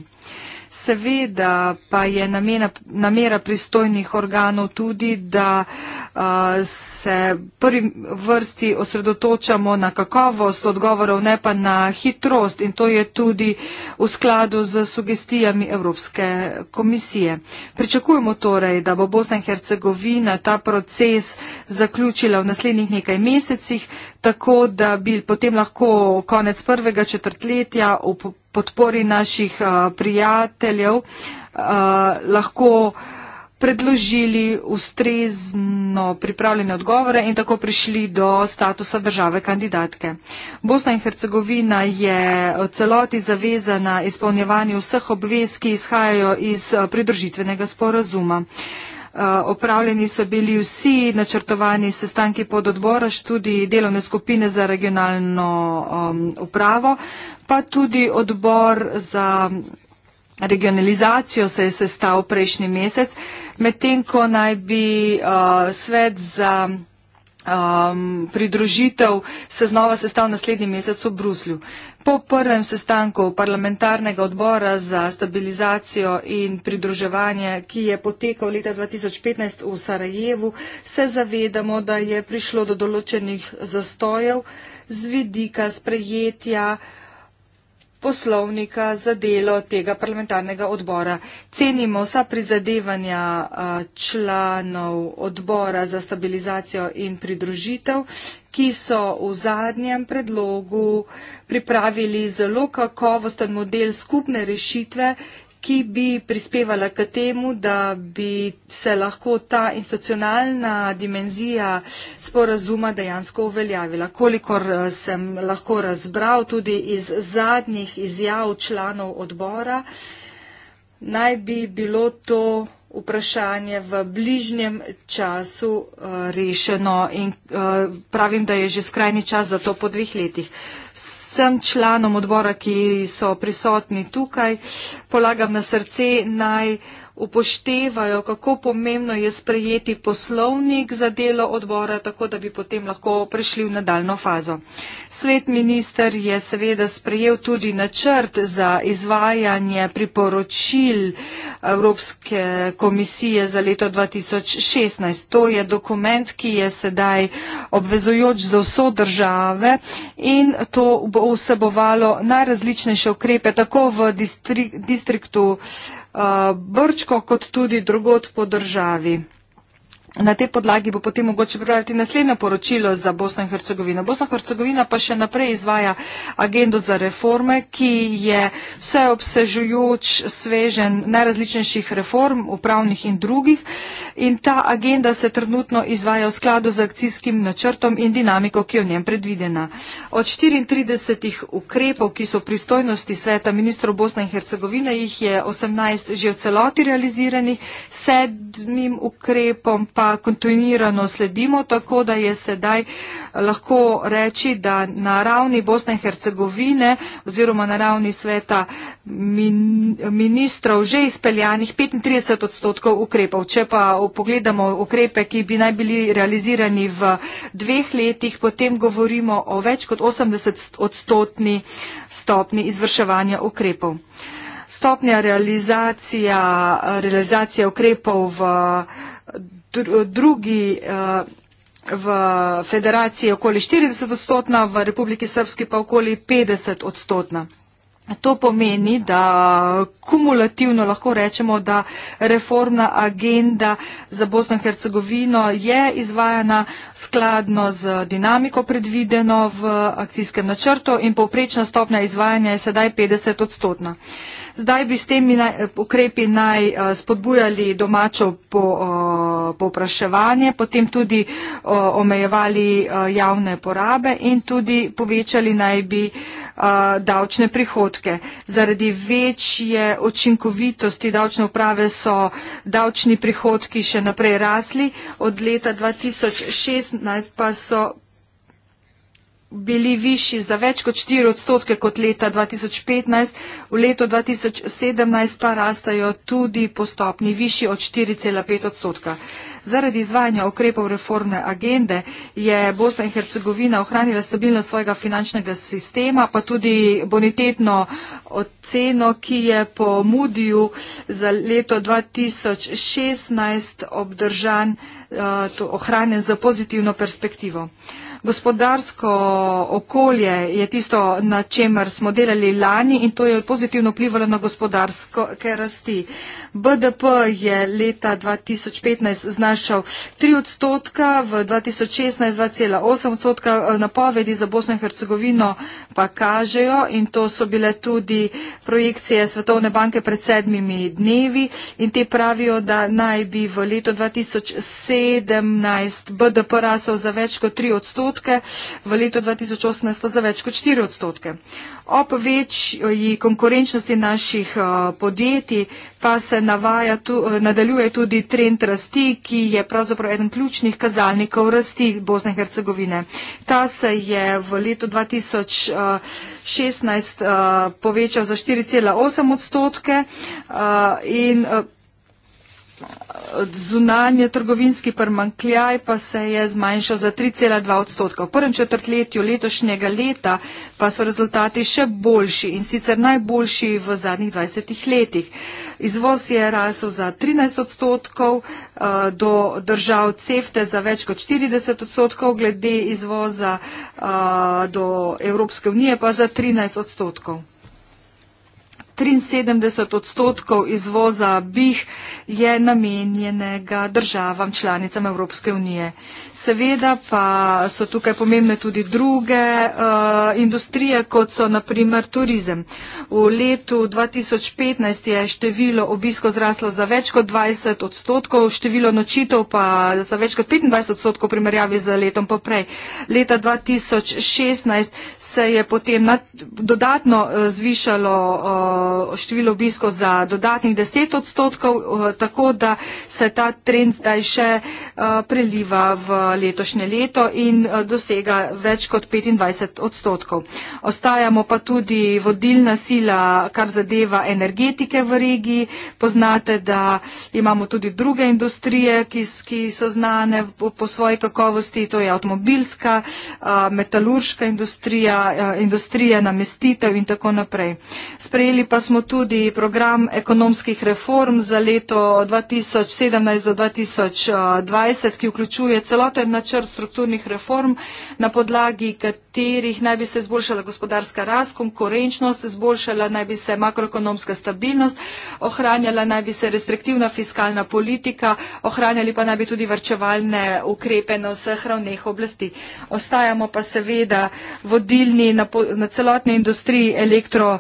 Seveda pa je namena, namera pristojnih organov tudi, da uh, se prvi vrsti osredotočamo na kakovost odgovorov, ne pa na hitrost in to je tudi v skladu z sugestijami Evropske komisije. Pričakujemo torej, da bo Bosna in Hercegovina ta proces zaključila v naslednjih nekaj mesecih, tako da bi potem lahko konec prvega četrtletja v podpori naših eh, prijateljev eh, lahko predložili ustrezno pripravljene odgovore in tako prišli do statusa države kandidatke. Bosna in Hercegovina je celoti zavezana izpolnjevanju vseh obvez, ki izhajajo iz eh, pridržitvenega sporazuma opravljeni so bili vsi načrtovani sestanki pod odbora, študi delovne skupine za regionalno um, upravo, pa tudi odbor za regionalizacijo se je sestal prejšnji mesec, medtem ko naj bi uh, svet za regionalno upravo um, pridružitev se znova sestav naslednji mesec v Bruslju. Po prvem sestanku parlamentarnega odbora za stabilizacijo in pridruževanje, ki je potekal leta 2015 v Sarajevu, se zavedamo, da je prišlo do določenih zastojev z vidika sprejetja poslovnika za delo tega parlamentarnega odbora. Cenimo vsa prizadevanja članov odbora za stabilizacijo in pridružitev, ki so v zadnjem predlogu pripravili zelo kakovosten model skupne rešitve, ki bi prispevala k temu, da bi se lahko ta institucionalna dimenzija sporazuma dejansko uveljavila. Kolikor eh, sem lahko razbral tudi iz zadnjih izjav članov odbora, naj bi bilo to vprašanje v bližnjem času uh, rešeno in uh, pravim, da je že skrajni čas za to po dveh letih. Uh, vsem članom odbora, ki so prisotni tukaj. Polagam na srce naj uh, upoštevajo, kako pomembno je sprejeti poslovnik za delo odbora, tako da bi potem lahko prešli v nadaljno fazo. Svet minister je seveda sprejel tudi načrt za izvajanje priporočil Evropske komisije za leto 2016. To je dokument, ki je sedaj obvezojoč za vso države in to bo vsebovalo najrazličnejše ukrepe tako v distri distriktu Eh, brčko kot tudi drugod po državi. Na tej podlagi bo potem mogoče pripraviti naslednje poročilo za Bosno in Hercegovino. Bosna in Hercegovina pa še naprej izvaja agendo za reforme, ki je vseobsežujoč svežen najrazličnejših reform, upravnih in drugih. In ta agenda se trenutno izvaja v skladu z akcijskim načrtom in dinamiko, ki je v njem predvidena. Od 34 ukrepov, ki so v pristojnosti sveta ministrov Bosne in Hercegovine, jih je 18 že v celoti realiziranih, sedmim ukrepom pa pa kontinuirano sledimo, tako da je sedaj eh, lahko reči, da na ravni Bosne in Hercegovine oziroma na ravni sveta ministrov že izpeljanih 35 odstotkov ukrepov. Če pa pogledamo ukrepe, ki bi naj bili realizirani v dveh letih, potem govorimo o več kot 80 odstotni stopni izvrševanja ukrepov. Stopnja realizacija, realizacija ukrepov v drugi eh, v federaciji okoli 40 odstotna, v Republiki Srpski pa okoli 50 odstotna. To pomeni, da kumulativno lahko rečemo, da reformna agenda za Bosno in Hercegovino je izvajana skladno z dinamiko predvideno v akcijskem načrtu in povprečna stopnja izvajanja je sedaj 50 odstotna. Uh, Zdaj bi s temi naj, ukrepi naj eh, spodbujali domačo eh, povpraševanje, po potem tudi o, eh, omejevali javne porabe in tudi povečali naj bi davčne prihodke. Zaradi večje učinkovitosti davčne uprave so davčni prihodki še naprej rasli, od leta 2016 pa so bili višji za več kot 4 odstotke kot leta 2015, v letu 2017 pa rastajo tudi postopni višji od 4,5 odstotka. Zaradi izvajanja okrepov reformne agende je Bosna in Hercegovina ohranila stabilnost svojega finančnega sistema, pa tudi bonitetno oceno, ki je po Mudiju za leto 2016 obdržan, eh, ohranjen za pozitivno perspektivo gospodarsko okolje je tisto, na čemer smo delali lani in to je pozitivno vplivalo na gospodarsko rasti. BDP je leta 2015 znašal 3 odstotka, v 2016 2,8 odstotka napovedi za Bosno in Hercegovino pa kažejo in to so bile tudi projekcije Svetovne banke pred sedmimi dnevi in te pravijo, da naj bi v letu 2017 BDP rasel za več kot 3 odstotka odstotke, v letu 2018 pa za več kot 4 odstotke. Ob večji konkurenčnosti naših eh, podjetij pa se navaja, tu, eh, nadaljuje tudi trend rasti, ki je pravzaprav eden ključnih kazalnikov rasti Bosne in Hercegovine. Ta se je v letu 2016 eh, povečal za 4,8 odstotke in zunanje trgovinski prmankljaj pa se je zmanjšal za 3,2 odstotka. V prvem četrtletju letošnjega leta pa so rezultati še boljši in sicer najboljši v zadnjih 20 letih. Izvoz je rasel za 13 odstotkov, eh, do držav CEFTE za več kot 40 odstotkov, glede izvoza eh, do Evropske unije pa za 13 odstotkov. 73 odstotkov izvoza bih je namenjenega državam članicam Evropske unije. Seveda pa so tukaj pomembne tudi druge uh, industrije, kot so naprimer turizem. V letu 2015 je število obisko zraslo za več kot 20 odstotkov, število nočitev pa za več kot 25 odstotkov primerjavi z letom poprej. Leta 2016 se je potem nad, dodatno uh, zvišalo uh, Eh, število obiskov za dodatnih 10 odstotkov, eh, tako da se ta trend zdaj še eh, preliva v letošnje leto in dosega več kot 25 odstotkov. Ostajamo pa tudi vodilna sila, kar zadeva energetike v regiji. Poznate, da imamo tudi druge industrije, ki, ki so znane po svoji kakovosti, to je avtomobilska, metalurška industrija, industrija namestitev in tako naprej. Sprejeli pa smo tudi program ekonomskih reform za leto 2017 do 2020, ki vključuje celoten načrt strukturnih reform, na podlagi katerih naj bi se zboljšala gospodarska rast, konkurenčnost, zboljšala naj bi se makroekonomska stabilnost, ohranjala naj bi se restriktivna fiskalna politika, ohranjali pa naj bi tudi vrčevalne ukrepe na vseh ravneh oblasti. Ostajamo pa seveda vodilni na, po, na celotni industriji elektro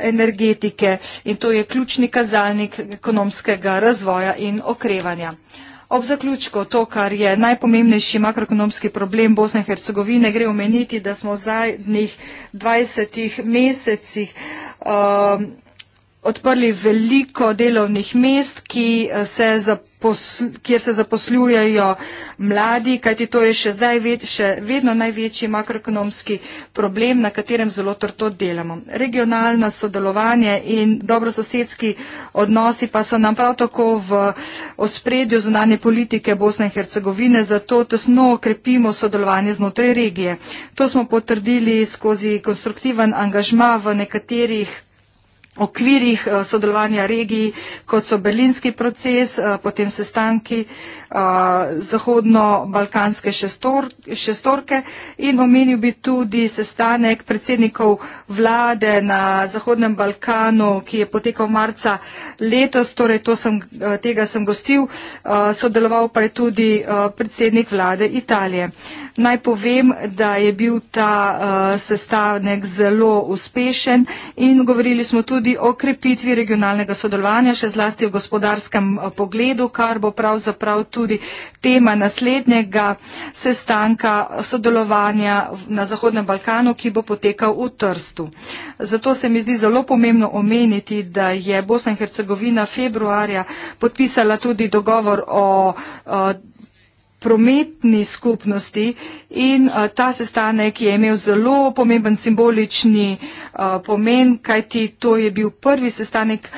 energetike in to je ključni kazalnik ekonomskega razvoja in okrevanja. Ob zaključku to, kar je najpomembnejši makroekonomski problem Bosne in Hercegovine, gre omeniti, da smo v zadnjih 20 mesecih uh, odprli veliko delovnih mest, ki se zaposlujejo kjer se zaposlujejo mladi, kajti to je še, zdaj, še vedno največji makroekonomski problem, na katerem zelo trto delamo. Regionalno sodelovanje in dobrososedski odnosi pa so nam prav tako v ospredju zunanje politike Bosne in Hercegovine, zato tesno krepimo sodelovanje znotraj regije. To smo potrdili skozi konstruktiven angažma v nekaterih okvirih eh, sodelovanja regij, kot so berlinski proces, eh, potem sestanki eh, Zahodno-Balkanske šestorke in omenil bi tudi sestanek predsednikov vlade na Zahodnem Balkanu, ki je potekal marca letos, torej to sem, tega sem gostil, sodeloval pa je tudi predsednik vlade Italije. Naj povem, da je bil ta uh, sestavnek zelo uspešen in govorili smo tudi o krepitvi regionalnega sodelovanja, še zlasti v gospodarskem uh, pogledu, kar bo pravzaprav tudi tema naslednjega sestanka sodelovanja na Zahodnem Balkanu, ki bo potekal v Trstu. Zato se mi zdi zelo pomembno omeniti, da je Bosna in Hercegovina februarja podpisala tudi dogovor o. Uh, prometni skupnosti in uh, ta sestanek je imel zelo pomemben simbolični uh, pomen, kajti to je bil prvi sestanek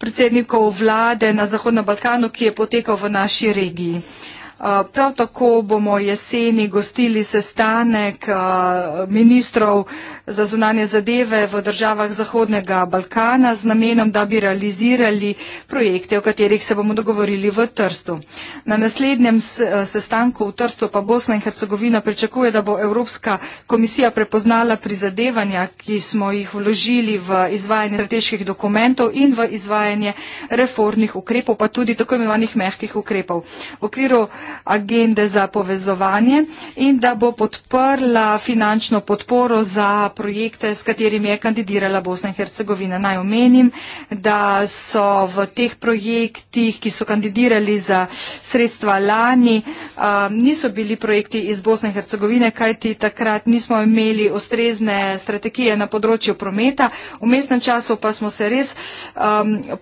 predsednikov vlade na Zahodnem Balkanu, ki je potekal v naši regiji. Uh, Eh, prav tako bomo jeseni gostili sestanek eh, ministrov za zunanje zadeve v državah Zahodnega Balkana z namenom, da bi realizirali projekte, o katerih se bomo dogovorili v Trstu. Na naslednjem eh, sestanku v Trstu pa Bosna in Hercegovina pričakuje, da bo Evropska komisija prepoznala prizadevanja, ki smo jih vložili v izvajanje strateških dokumentov in v izvajanje reformnih ukrepov, pa tudi tako imenovanih mehkih ukrepov. V okviru agende za povezovanje in da bo podprla finančno podporo za projekte, s katerimi je kandidirala Bosna in Hercegovina. Naj omenim, da so v teh projektih, ki so kandidirali za sredstva lani, niso bili projekti iz Bosne in Hercegovine, kajti takrat nismo imeli ustrezne strategije na področju prometa. V mestnem času pa smo se res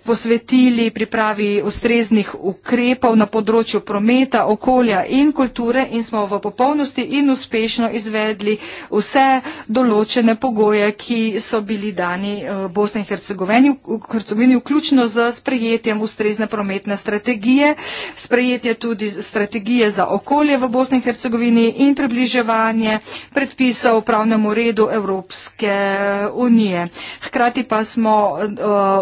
posvetili pripravi ustreznih ukrepov na področju prometa, okolja in kulture in smo v popolnosti in uspešno izvedli vse določene pogoje, ki so bili dani eh, Bosni in Hercegovini, vključno z sprejetjem ustrezne prometne strategije, sprejetje tudi strategije za okolje v Bosni in Hercegovini in približevanje predpisov pravnemu redu Evropske eh, unije. Hkrati pa smo uh,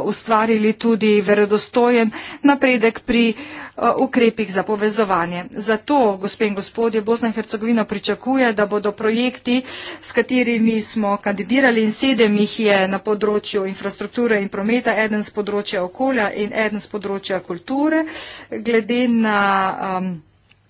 ustvarili tudi verodostojen napredek pri uh, Eh, ukrepih za povezovanje. Zato, gospe in gospodje, Bosna in Hercegovina pričakuje, da bodo projekti, s katerimi smo kandidirali in sedem jih je na področju infrastrukture in prometa, eden z področja okolja in eden z področja kulture, glede na. Um,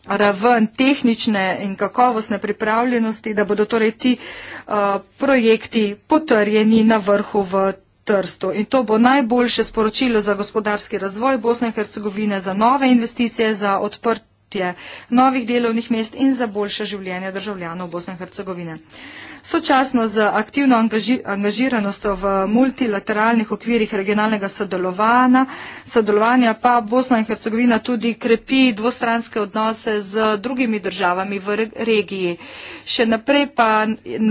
raven tehnične in kakovostne pripravljenosti, da bodo torej ti uh, projekti potrjeni na vrhu v Trstu. In to bo najboljše sporočilo za gospodarski razvoj Bosne in Hercegovine, za nove investicije, za odprtje novih delovnih mest in za boljše življenje državljanov Bosne in Hercegovine. Sočasno z aktivno angaži, angažiranostjo v multilateralnih okvirih regionalnega sodelovanja, sodelovanja pa Bosna in Hercegovina tudi krepi dvostranske odnose z drugimi državami v regiji. Še naprej pa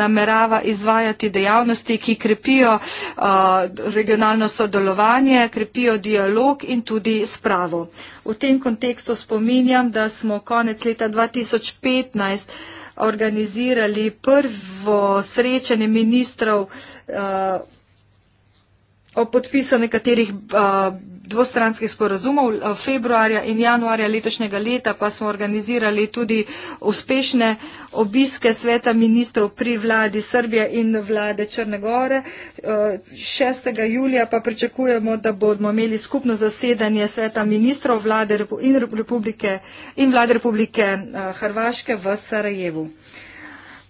namerava izvajati dejavnosti, ki krepijo uh, regionalno sodelovanje, krepijo dialog in tudi spravo. V tem kontekstu spominjam, da smo konec leta 2015 organizirali prvo srečanje ministrov uh, o podpisu nekaterih uh, dvostranskih sporazumov. Eh, februarja in januarja letošnjega leta pa smo organizirali tudi uspešne obiske sveta ministrov pri vladi Srbije in vlade Črne Gore. 6. Eh, julija pa pričakujemo, da bomo imeli skupno zasedanje sveta ministrov vlade in, in vlade Republike eh, Hrvaške v Sarajevu.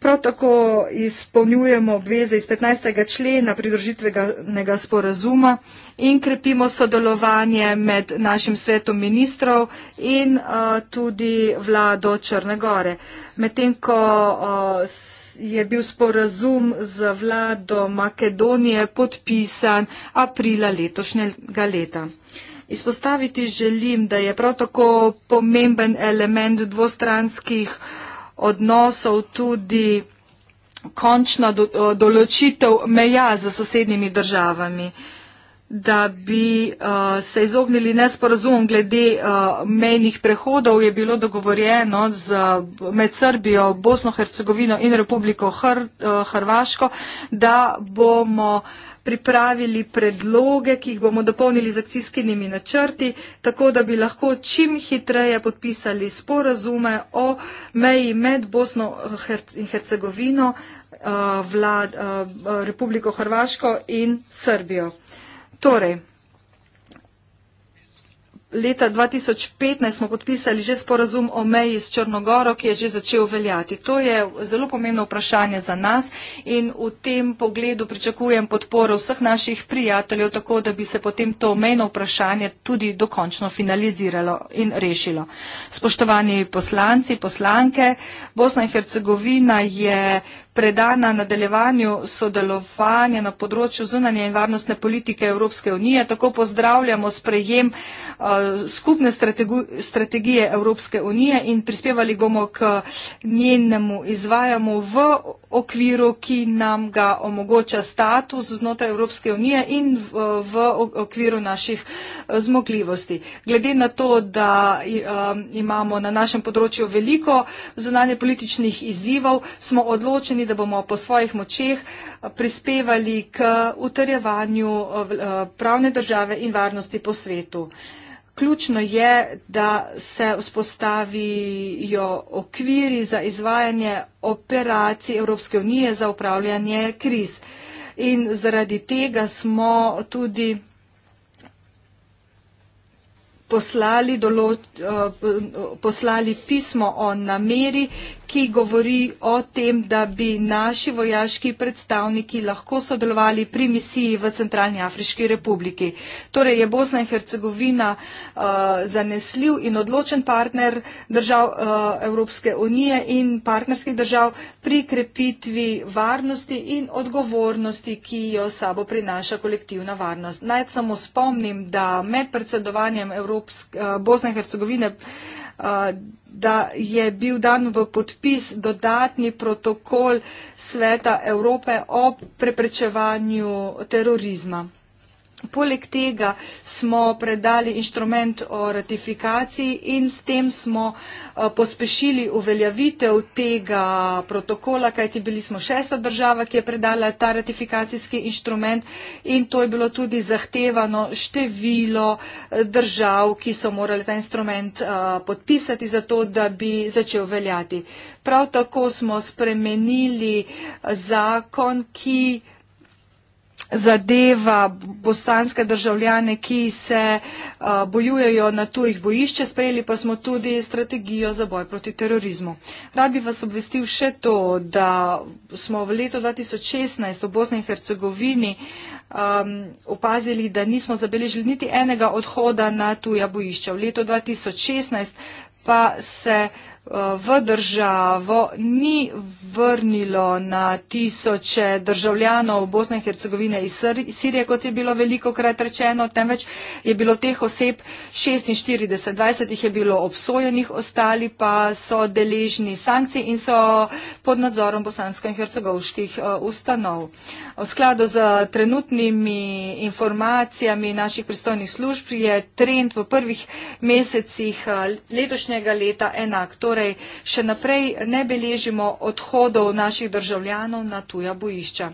Prav tako izpolnjujemo obveze iz 15. člena pridružitvenega sporazuma in krepimo sodelovanje med našim svetom ministrov in uh, tudi vlado Črne Gore. Medtem ko uh, je bil sporazum z vlado Makedonije podpisan aprila letošnjega leta. Izpostaviti želim, da je prav tako pomemben element dvostranskih uh, odnosov tudi končna do, določitev meja za sosednjimi državami, da bi uh, se izognili nesporazum glede uh, mejnih prehodov, je bilo dogovorjeno z, med Srbijo, Bosno, Hercegovino in Republiko Hr, uh, Hrvaško, da bomo uh, pripravili predloge, ki jih bomo dopolnili z akcijskimi načrti, tako da bi lahko čim hitreje podpisali sporazume o meji med Bosno eh, in Hercegovino, eh, vlad, eh, Republiko Hrvaško in Srbijo. Torej, leta 2015 smo podpisali že sporazum o meji s Črnogoro, ki je že začel veljati. To je zelo pomembno vprašanje za nas in v tem pogledu pričakujem podporo vseh naših prijateljev, tako da bi se potem to mejno vprašanje tudi dokončno finaliziralo in rešilo. Spoštovani poslanci, poslanke, Bosna in Hercegovina je predana nadaljevanju sodelovanja na področju zunanje in varnostne politike Evropske unije. Tako pozdravljamo sprejem eh, skupne strategije Evropske unije in prispevali bomo k njenemu izvajamu v okviru, ki nam ga omogoča status znotraj Evropske unije in v okviru naših eh, zmogljivosti. Glede na to, da eh, imamo na našem področju veliko zunanje političnih izzivov, smo odločeni, da bomo po svojih močeh eh, prispevali k eh, utrjevanju eh, pravne države in varnosti po svetu. Ključno je, da se vzpostavijo okviri za izvajanje operacij Evropske unije za upravljanje kriz. In zaradi tega smo tudi poslali, poslali pismo o nameri, ki govori o tem, da bi naši vojaški predstavniki lahko sodelovali pri misiji v Centralni Afriški republiki. Torej je Bosna in Hercegovina uh, zanesljiv in odločen partner držav uh, Evropske unije in partnerskih držav pri krepitvi varnosti in odgovornosti, ki jo sabo prinaša kolektivna varnost. Naj samo spomnim, da med predsedovanjem Evropske, uh, Bosne in Hercegovine uh, da je bil dan v podpis dodatni protokol Sveta Evrope o preprečevanju terorizma. Poleg tega smo predali inštrument o ratifikaciji in s tem smo eh, pospešili uveljavitev tega protokola, kajti bili smo šesta država, ki je predala ta ratifikacijski inštrument in to je bilo tudi zahtevano število eh, držav, ki so morali ta instrument eh, podpisati za to, da bi začel veljati. Prav tako smo spremenili zakon, ki zadeva bosanske državljane, ki se uh, bojujejo na tujih bojišče. Sprejeli pa smo tudi strategijo za boj proti terorizmu. Rad bi vas obvestil še to, da smo v letu 2016 v Bosni in Hercegovini um, opazili, da nismo zabeležili niti enega odhoda na tuja bojišča. V letu 2016 pa se v državo ni vrnilo na tisoče državljanov Bosne in Hercegovine iz Sirije, kot je bilo veliko krat rečeno, temveč je bilo teh oseb 46, 20 jih je bilo obsojenih, ostali pa so deležni sankcij in so pod nadzorom bosansko-hercegovških eh, ustanov. V skladu z trenutnimi informacijami naših pristojnih služb je trend v prvih mesecih eh, letošnjega leta enak. Torej, še naprej ne beležimo odhodov naših državljanov na tuja bojišča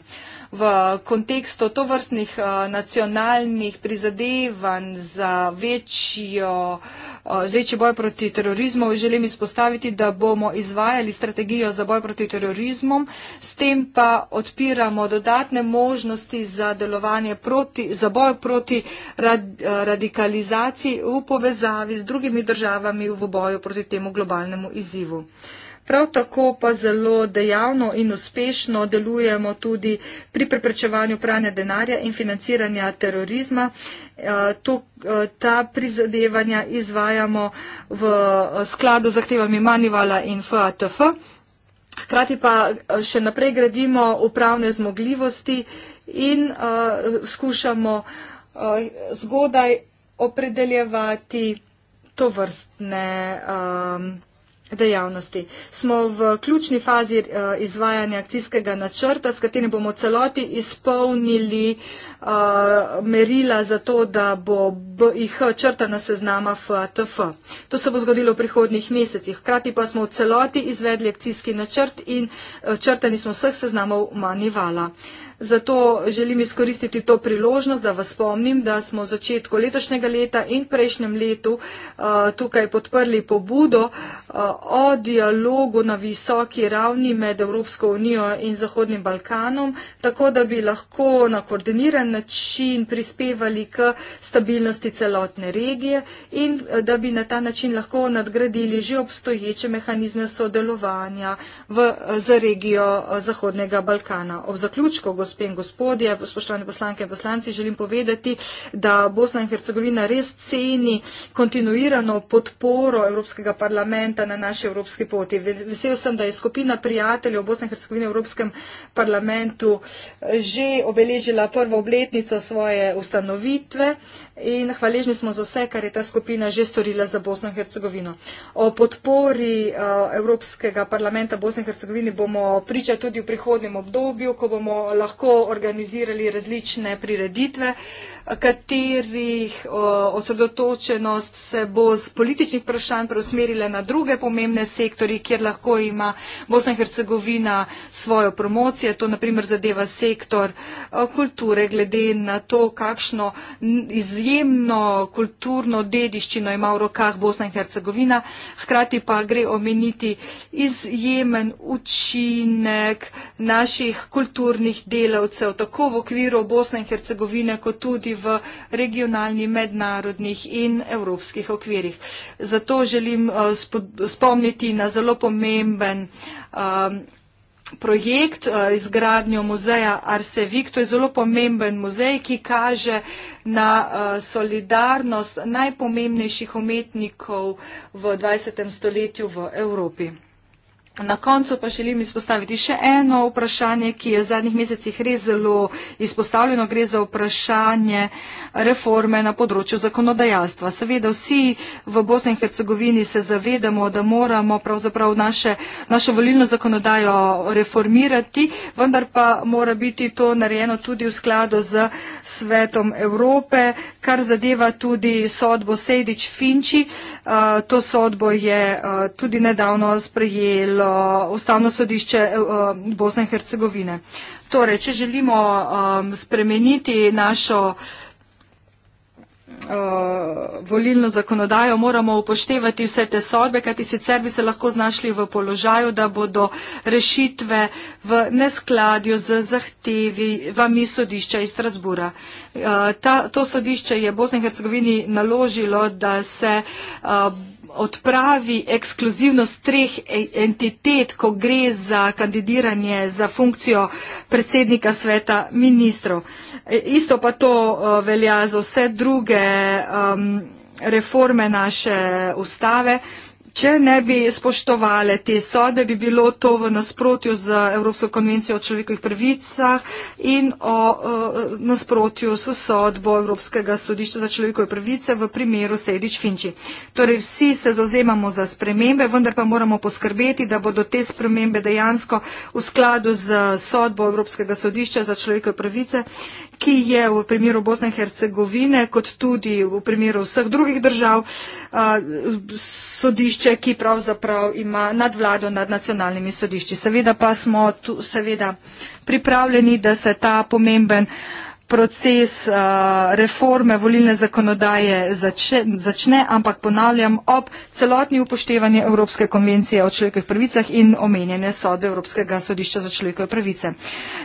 v kontekstu to vrstnih eh, nacionalnih prizadevanj za večjo, eh, večji boj proti terorizmu, želim izpostaviti, da bomo izvajali strategijo za boj proti terorizmom, s tem pa odpiramo dodatne možnosti za delovanje proti, za boj proti rad, eh, radikalizaciji v povezavi z drugimi državami v boju proti temu globalnemu izzivu. Prav tako pa zelo dejavno in uspešno delujemo tudi pri preprečevanju pranja denarja in financiranja terorizma. Eh, to, eh, ta prizadevanja izvajamo v eh, skladu z zahtevami Manivala in FATF. Hkrati pa še naprej gradimo upravne zmogljivosti in uh, skušamo uh, zgodaj opredeljevati to vrstne. Um, dejavnosti. Smo v ključni fazi eh, izvajanja akcijskega načrta, s katerim bomo celoti izpolnili eh, merila za to, da bo BIH črtana seznama FATF. To se bo zgodilo v prihodnih mesecih. Hkrati pa smo v celoti izvedli akcijski načrt in eh, črtani smo vseh seznamov manjvala. Zato želim izkoristiti to priložnost, da vas spomnim, da smo v začetku letošnjega leta in prejšnjem letu uh, tukaj podprli pobudo uh, o dialogu na visoki ravni med Evropsko unijo in Zahodnim Balkanom, tako da bi lahko na koordiniran način prispevali k stabilnosti celotne regije in uh, da bi na ta način lahko nadgradili že obstoječe mehanizme sodelovanja v, z regijo Zahodnega Balkana. Ob zaključku, gospod gospe in gospodje, spoštovane poslanke in poslanci, želim povedati, da Bosna in Hercegovina res ceni kontinuirano podporo Evropskega parlamenta na naši evropski poti. Vesel sem, da je skupina prijateljev Bosne in Hercegovine v Evropskem parlamentu eh, že obeležila prvo obletnico svoje ustanovitve in hvaležni smo za vse, kar je ta skupina že storila za Bosno in Hercegovino. O podpori eh, Evropskega parlamenta Bosne in Hercegovine bomo priča tudi v prihodnjem obdobju, ko bomo lahko organizirali različne prireditve, katerih eh, osredotočenost se bo z političnih vprašanj preusmerila na druge pomembne sektori, kjer lahko ima Bosna in Hercegovina svojo promocijo. To naprimer zadeva sektor eh, kulture, glede na to, kakšno izjemno izjemno kulturno dediščino ima v rokah Bosna in Hercegovina, hkrati pa gre omeniti izjemen učinek naših kulturnih delavcev, tako v okviru Bosne in Hercegovine, kot tudi v regionalnih, mednarodnih in evropskih okvirih. Zato želim eh, spomniti na zelo pomemben um, projekt eh, izgradnjo muzeja Arsevik. To je zelo pomemben muzej, ki kaže na eh, solidarnost najpomembnejših umetnikov v 20. stoletju v Evropi. Na koncu pa želim izpostaviti še eno vprašanje, ki je v zadnjih mesecih res zelo izpostavljeno. Gre za vprašanje reforme na področju zakonodajstva. Seveda vsi v Bosni in Hercegovini se zavedamo, da moramo pravzaprav naše, našo volilno zakonodajo reformirati, vendar pa mora biti to narejeno tudi v skladu z Svetom Evrope, kar zadeva tudi sodbo Sejdič Finči. Eh, to sodbo je eh, tudi nedavno sprejelo Ustavno sodišče eh, Bosne in Hercegovine. Torej, če želimo spremeniti našo Eh, volilno zakonodajo, moramo upoštevati vse te sodbe, kajti sicer bi se lahko znašli v položaju, da bodo rešitve v neskladju z zahtevi vami sodišča iz Strasbura. Eh, to sodišče je Bosni in Hercegovini naložilo, da se eh, odpravi ekskluzivnost treh entitet, ko gre za kandidiranje za funkcijo predsednika sveta ministrov. Isto pa to eh, velja za vse druge reforme naše ustave. Če ne bi spoštovali te sodbe, bi bilo to v nasprotju z Evropsko konvencijo o človekovih pravicah in o uh, nasprotju s sodbo Evropskega sodišča za človekove pravice v primeru Sejdič Finči. Torej, vsi se zauzemamo za spremembe, vendar pa moramo poskrbeti, da bodo te spremembe dejansko v skladu z sodbo Evropskega sodišča za človekove pravice ki je v primeru Bosne in Hercegovine, kot tudi v primeru vseh drugih držav, uh, sodišče, ki pravzaprav ima nadvlado nad nacionalnimi sodišči. Seveda pa smo tu, seveda pripravljeni, da se ta pomemben proces eh, reforme volilne zakonodaje začne, ampak ponavljam ob celotni upoštevanje Evropske konvencije o človekovih pravicah in omenjene sode Evropskega sodišča za človekove pravice.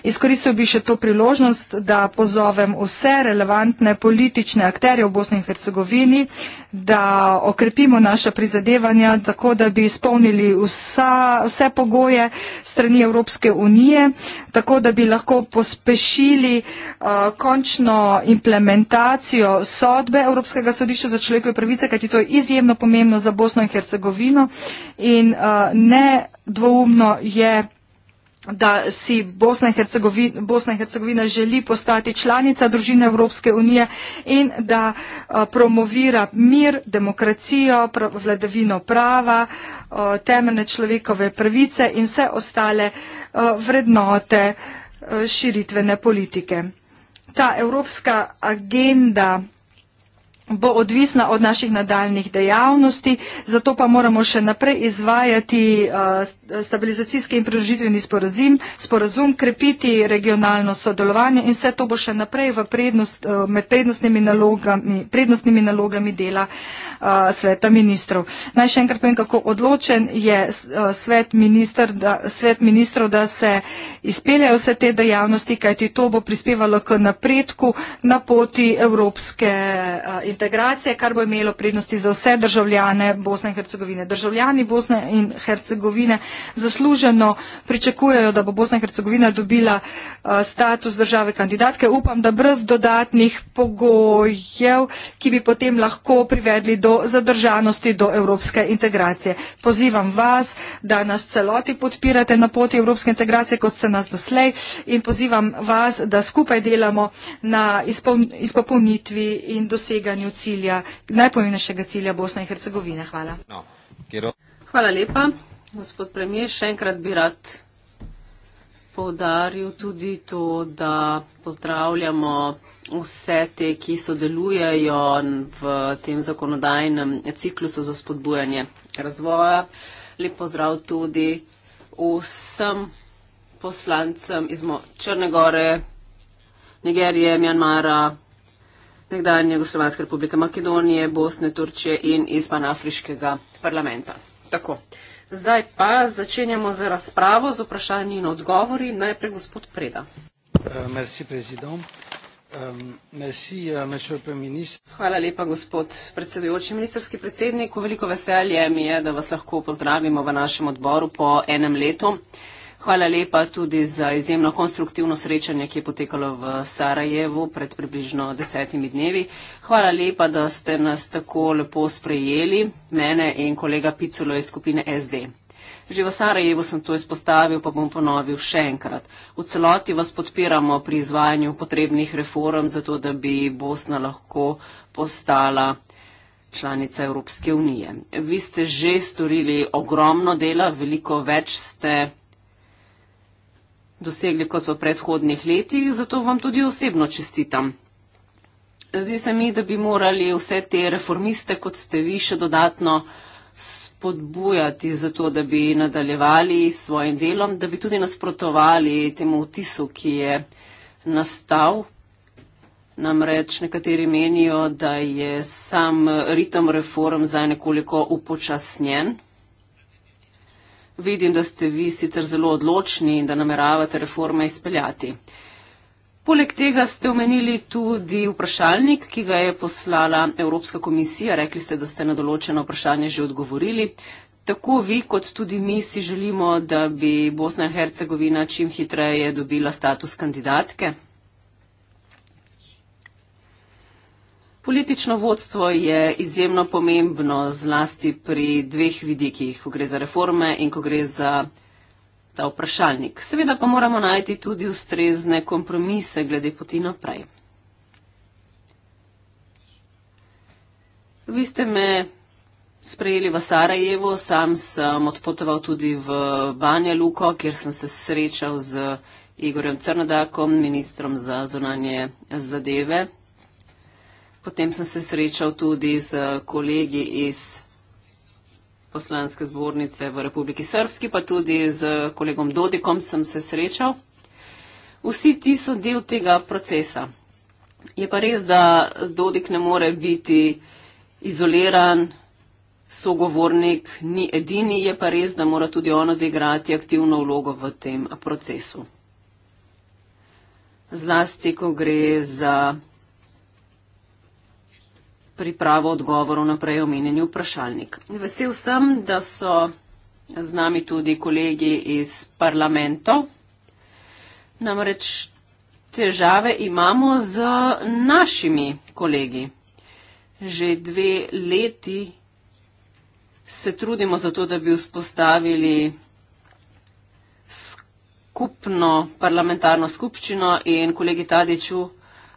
Izkoristil bi še to priložnost, da pozovem vse relevantne politične akterje v Bosni in Hercegovini, da okrepimo naša prizadevanja tako, da bi izpolnili vsa, vse pogoje strani Evropske unije, tako da bi lahko pospešili uh, končno implementacijo sodbe Evropskega sodišča za človekove pravice, kajti to je izjemno pomembno za Bosno in Hercegovino in uh, nedvoumno je da si Bosna in, Bosna in Hercegovina želi postati članica družine Evropske unije in da uh, promovira mir, demokracijo, vladavino prava, uh, temene človekove pravice in vse ostale uh, vrednote širitvene politike ta evropska agenda bo odvisna od naših nadaljnih dejavnosti, zato pa moramo še naprej izvajati eh, stabilizacijski in preložitveni sporazum, sporazum, krepiti regionalno sodelovanje in vse to bo še naprej prednost, eh, med prednostnimi nalogami, prednostnimi nalogami dela eh, sveta ministrov. Naj še enkrat povem, kako odločen je svet, minister, da, svet ministrov, da se izpeljajo vse te dejavnosti, kajti to bo prispevalo k napredku na poti Evropske integracije, kar bo imelo prednosti za vse državljane Bosne in Hercegovine. Državljani Bosne in Hercegovine zasluženo pričakujejo, da bo Bosna in Hercegovina dobila eh, status države kandidatke. Upam, da brez dodatnih pogojev, ki bi potem lahko privedli do zadržanosti do evropske integracije. Pozivam vas, da nas celoti podpirate na poti evropske integracije, kot ste nas doslej in pozivam vas, da skupaj delamo na izpopolnitvi in doseganju doseganju cilja, najpomembnejšega cilja Bosne in Hercegovine. Hvala. No, Hvala lepa. Gospod premijer, še enkrat bi rad podaril tudi to, da pozdravljamo vse te, ki sodelujejo v tem zakonodajnem ciklusu za spodbujanje razvoja. Lep pozdrav tudi vsem poslancem iz Črne gore, Nigerije, Mjanmara, nekdanje Jugoslovanske republike Makedonije, Bosne, Turčije in izpan Afriškega parlamenta. Tako. Zdaj pa začenjamo z razpravo z vprašanji in odgovori. Najprej gospod Preda. Eh, merci, prezident. Merci, eh, minister. Hvala lepa, gospod predsedujoči. Ministerski predsednik, veliko veselje mi je, da vas lahko pozdravimo v našem odboru po enem letu. Hvala lepa tudi za izjemno konstruktivno srečanje, ki je potekalo v Sarajevu pred približno desetimi dnevi. Hvala lepa, da ste nas tako lepo sprejeli, mene in kolega Piculo iz skupine SD. Že v Sarajevu sem to izpostavil, pa bom ponovil še enkrat. V celoti vas podpiramo pri izvajanju potrebnih reform, zato da bi Bosna lahko postala članica Evropske unije. Vi ste že storili ogromno dela, veliko več ste dosegli kot v predhodnih letih, zato vam tudi osebno čestitam. Zdi se mi, da bi morali vse te reformiste, kot ste vi, še dodatno spodbujati za to, da bi nadaljevali s svojim delom, da bi tudi nasprotovali temu vtisu, ki je nastal. Namreč nekateri menijo, da je sam ritem reform zdaj nekoliko upočasnjen, Vidim, da ste vi sicer zelo odločni in da nameravate reforme izpeljati. Poleg tega ste omenili tudi vprašalnik, ki ga je poslala Evropska komisija. Rekli ste, da ste na določeno vprašanje že odgovorili. Tako vi kot tudi mi si želimo, da bi Bosna in Hercegovina čim hitreje dobila status kandidatke. Politično vodstvo je izjemno pomembno zlasti pri dveh vidikih, ko gre za reforme in ko gre za ta vprašalnik. Seveda pa moramo najti tudi ustrezne kompromise glede poti naprej. Vi ste me sprejeli v Sarajevo, sam sem odpotoval tudi v Banja Luko, kjer sem se srečal z Igorjem Crnodakom, ministrom za zonanje zadeve. Potem sem se srečal tudi z kolegi iz poslanske zbornice v Republiki Srpski, pa tudi z kolegom Dodikom sem se srečal. Vsi ti so del tega procesa. Je pa res, da Dodik ne more biti izoliran, sogovornik ni edini, je pa res, da mora tudi on odigrati aktivno vlogo v tem procesu. Zlasti, ko gre za pripravo odgovorov na prej omenjeni vprašalnik. Vesel sem, da so z nami tudi kolegi iz parlamento. Namreč težave imamo z našimi kolegi. Že dve leti se trudimo za to, da bi vzpostavili skupno parlamentarno skupščino in kolegi Tadiču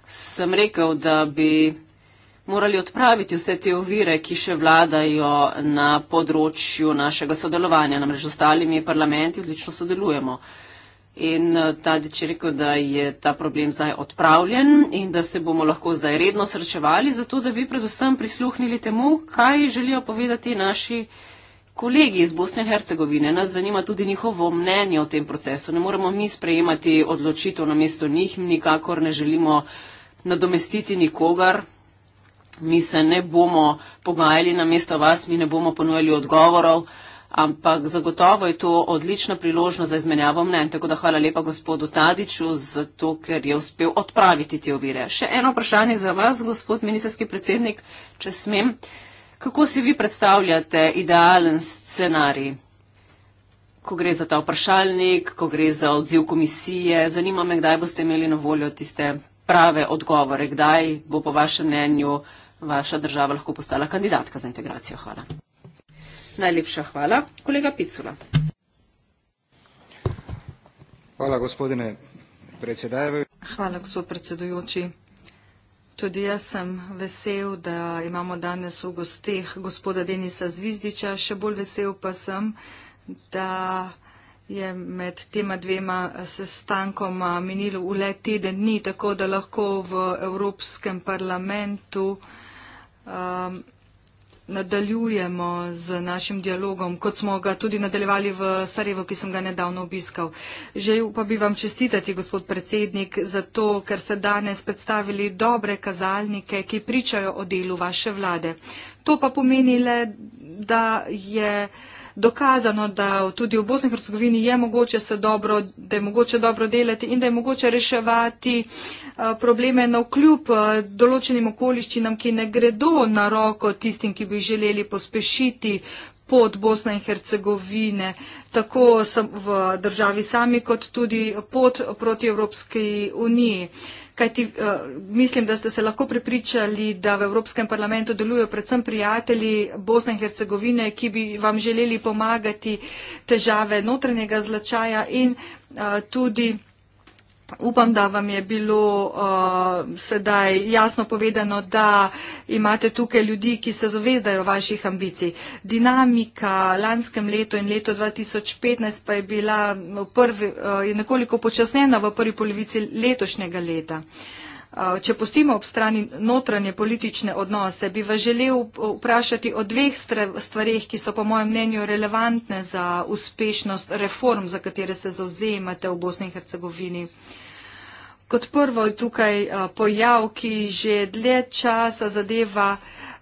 sem rekel, da bi morali odpraviti vse te ovire, ki še vladajo na področju našega sodelovanja. Namreč z ostalimi parlamenti odlično sodelujemo. In eh, Tadič je rekel, da je ta problem zdaj odpravljen in da se bomo lahko zdaj redno srečevali, zato da bi predvsem prisluhnili temu, kaj želijo povedati naši kolegi iz Bosne in Hercegovine. Nas zanima tudi njihovo mnenje o tem procesu. Ne moremo mi sprejemati odločitev na mesto njih, nikakor ne želimo nadomestiti nikogar, mi se ne bomo pogajali na mesto vas, mi ne bomo ponujali odgovorov, ampak zagotovo je to odlična priložnost za izmenjavo mnen. Tako da hvala lepa gospodu Tadiču za to, ker je uspel odpraviti te ovire. Še eno vprašanje za vas, gospod ministerski predsednik, če smem. Kako si vi predstavljate idealen scenarij? Ko gre za ta vprašalnik, ko gre za odziv komisije, zanima me, kdaj boste imeli na voljo tiste prave odgovore, kdaj bo po vašem mnenju vaša država lahko postala kandidatka za integracijo. Hvala. Najlepša hvala. Kolega Picula. Hvala, gospodine predsedajevi. Hvala, gospod predsedujoči. Tudi jaz sem vesel, da imamo danes v gosteh gospoda Denisa Zvizdiča, še bolj vesel pa sem, da je med tema dvema sestankoma minilo v le teden dni, tako da lahko v Evropskem parlamentu uh, um, nadaljujemo z našim dialogom, kot smo ga tudi nadaljevali v Sarajevo, ki sem ga nedavno obiskal. Želel pa bi vam čestitati, gospod predsednik, za to, ker ste danes predstavili dobre kazalnike, ki pričajo o delu vaše vlade. To pa pomeni le, da je. Uh, dokazano, da tudi v Bosni in Hercegovini je mogoče se dobro, da je mogoče dobro delati in da je mogoče reševati eh, probleme na vkljub eh, določenim okoliščinam, ki ne gredo na roko tistim, ki bi želeli pospešiti pot Bosne in Hercegovine, tako v državi sami, kot tudi pot proti Evropski uniji kajti uh, mislim, da ste se lahko prepričali, da v Evropskem parlamentu delujo predvsem prijatelji Bosne in Hercegovine, ki bi vam želeli pomagati težave notranjega zlačaja in uh, tudi. Upam, da vam je bilo uh, sedaj jasno povedano, da imate tukaj ljudi, ki se zavedajo vaših ambicij. Dinamika lanskem letu in leto 2015 pa je bila prvi, uh, je nekoliko počasnjena v prvi polovici letošnjega leta. Uh, Eh, če postimo ob strani notranje politične odnose, bi vas želel vprašati o dveh stvarih, ki so po mojem mnenju relevantne za uspešnost reform, za katere se zauzemate v Bosni in Hercegovini. Kot prvo je tukaj eh, pojav, ki že dlje časa zadeva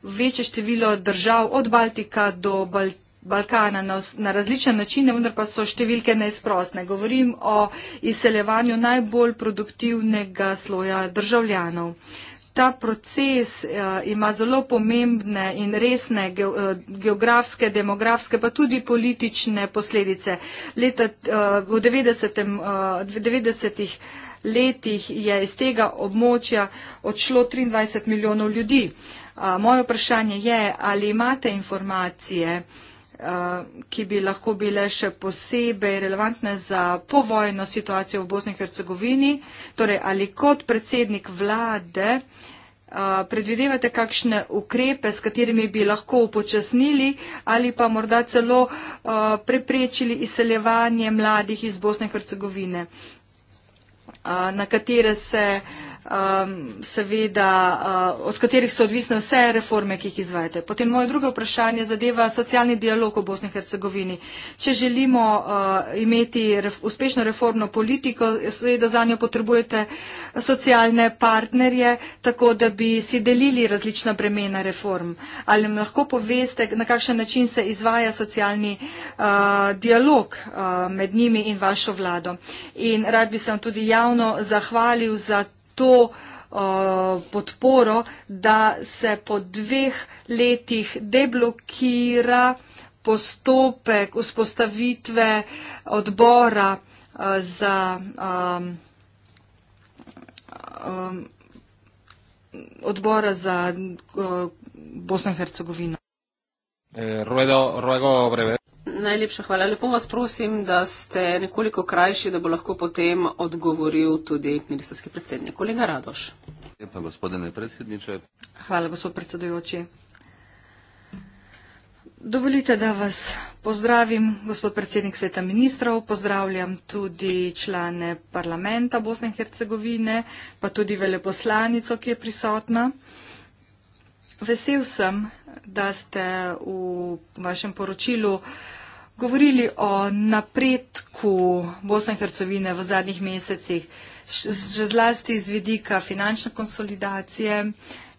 večje število držav od Baltika do Baltika Balkana na, na različne načine, vendar pa so številke neizprostne. Govorim o izseljevanju najbolj produktivnega sloja državljanov. Ta proces uh, ima zelo pomembne in resne ge eh, geografske, demografske, pa tudi politične posledice. Leta, uh, v 90. Uh, 90 letih je iz tega območja odšlo 23 milijonov ljudi. Uh, moje vprašanje je, ali imate informacije, uh, Eh, ki bi lahko bile še posebej relevantne za povojno situacijo v Bosni in Hercegovini? Torej, ali kot predsednik vlade eh, predvidevate kakšne ukrepe, s katerimi bi lahko upočasnili ali pa morda celo eh, preprečili izseljevanje mladih iz Bosne in Hercegovine, na katere se um, seveda, uh, od katerih so odvisne vse reforme, ki jih izvajate. Potem moje druge vprašanje zadeva socialni dialog v Bosni in Hercegovini. Če želimo uh, imeti ref, uspešno reformno politiko, seveda za njo potrebujete socialne partnerje, tako da bi si delili različna bremena reform. Ali nam lahko poveste, na kakšen način se izvaja socialni uh, dialog uh, med njimi in vašo vlado? In rad bi se vam tudi javno zahvalil za to, to uh, podporo, da se po dveh letih deblokira postopek vzpostavitve odbora uh, za um, um, odbora za uh, Bosno in Hercegovino. Eh, ruedo, ruego breve najlepša hvala. Lepo vas prosim, da ste nekoliko krajši, da bo lahko potem odgovoril tudi ministerski predsednik. Kolega Radoš. Lepa, hvala, gospod predsedujoči. Dovolite, da vas pozdravim, gospod predsednik sveta ministrov, pozdravljam tudi člane parlamenta Bosne in Hercegovine, pa tudi veleposlanico, ki je prisotna. Vesel sem, da ste v vašem poročilu uh, govorili o napredku Bosne in Hercegovine v zadnjih mesecih, že zlasti iz vidika finančne konsolidacije,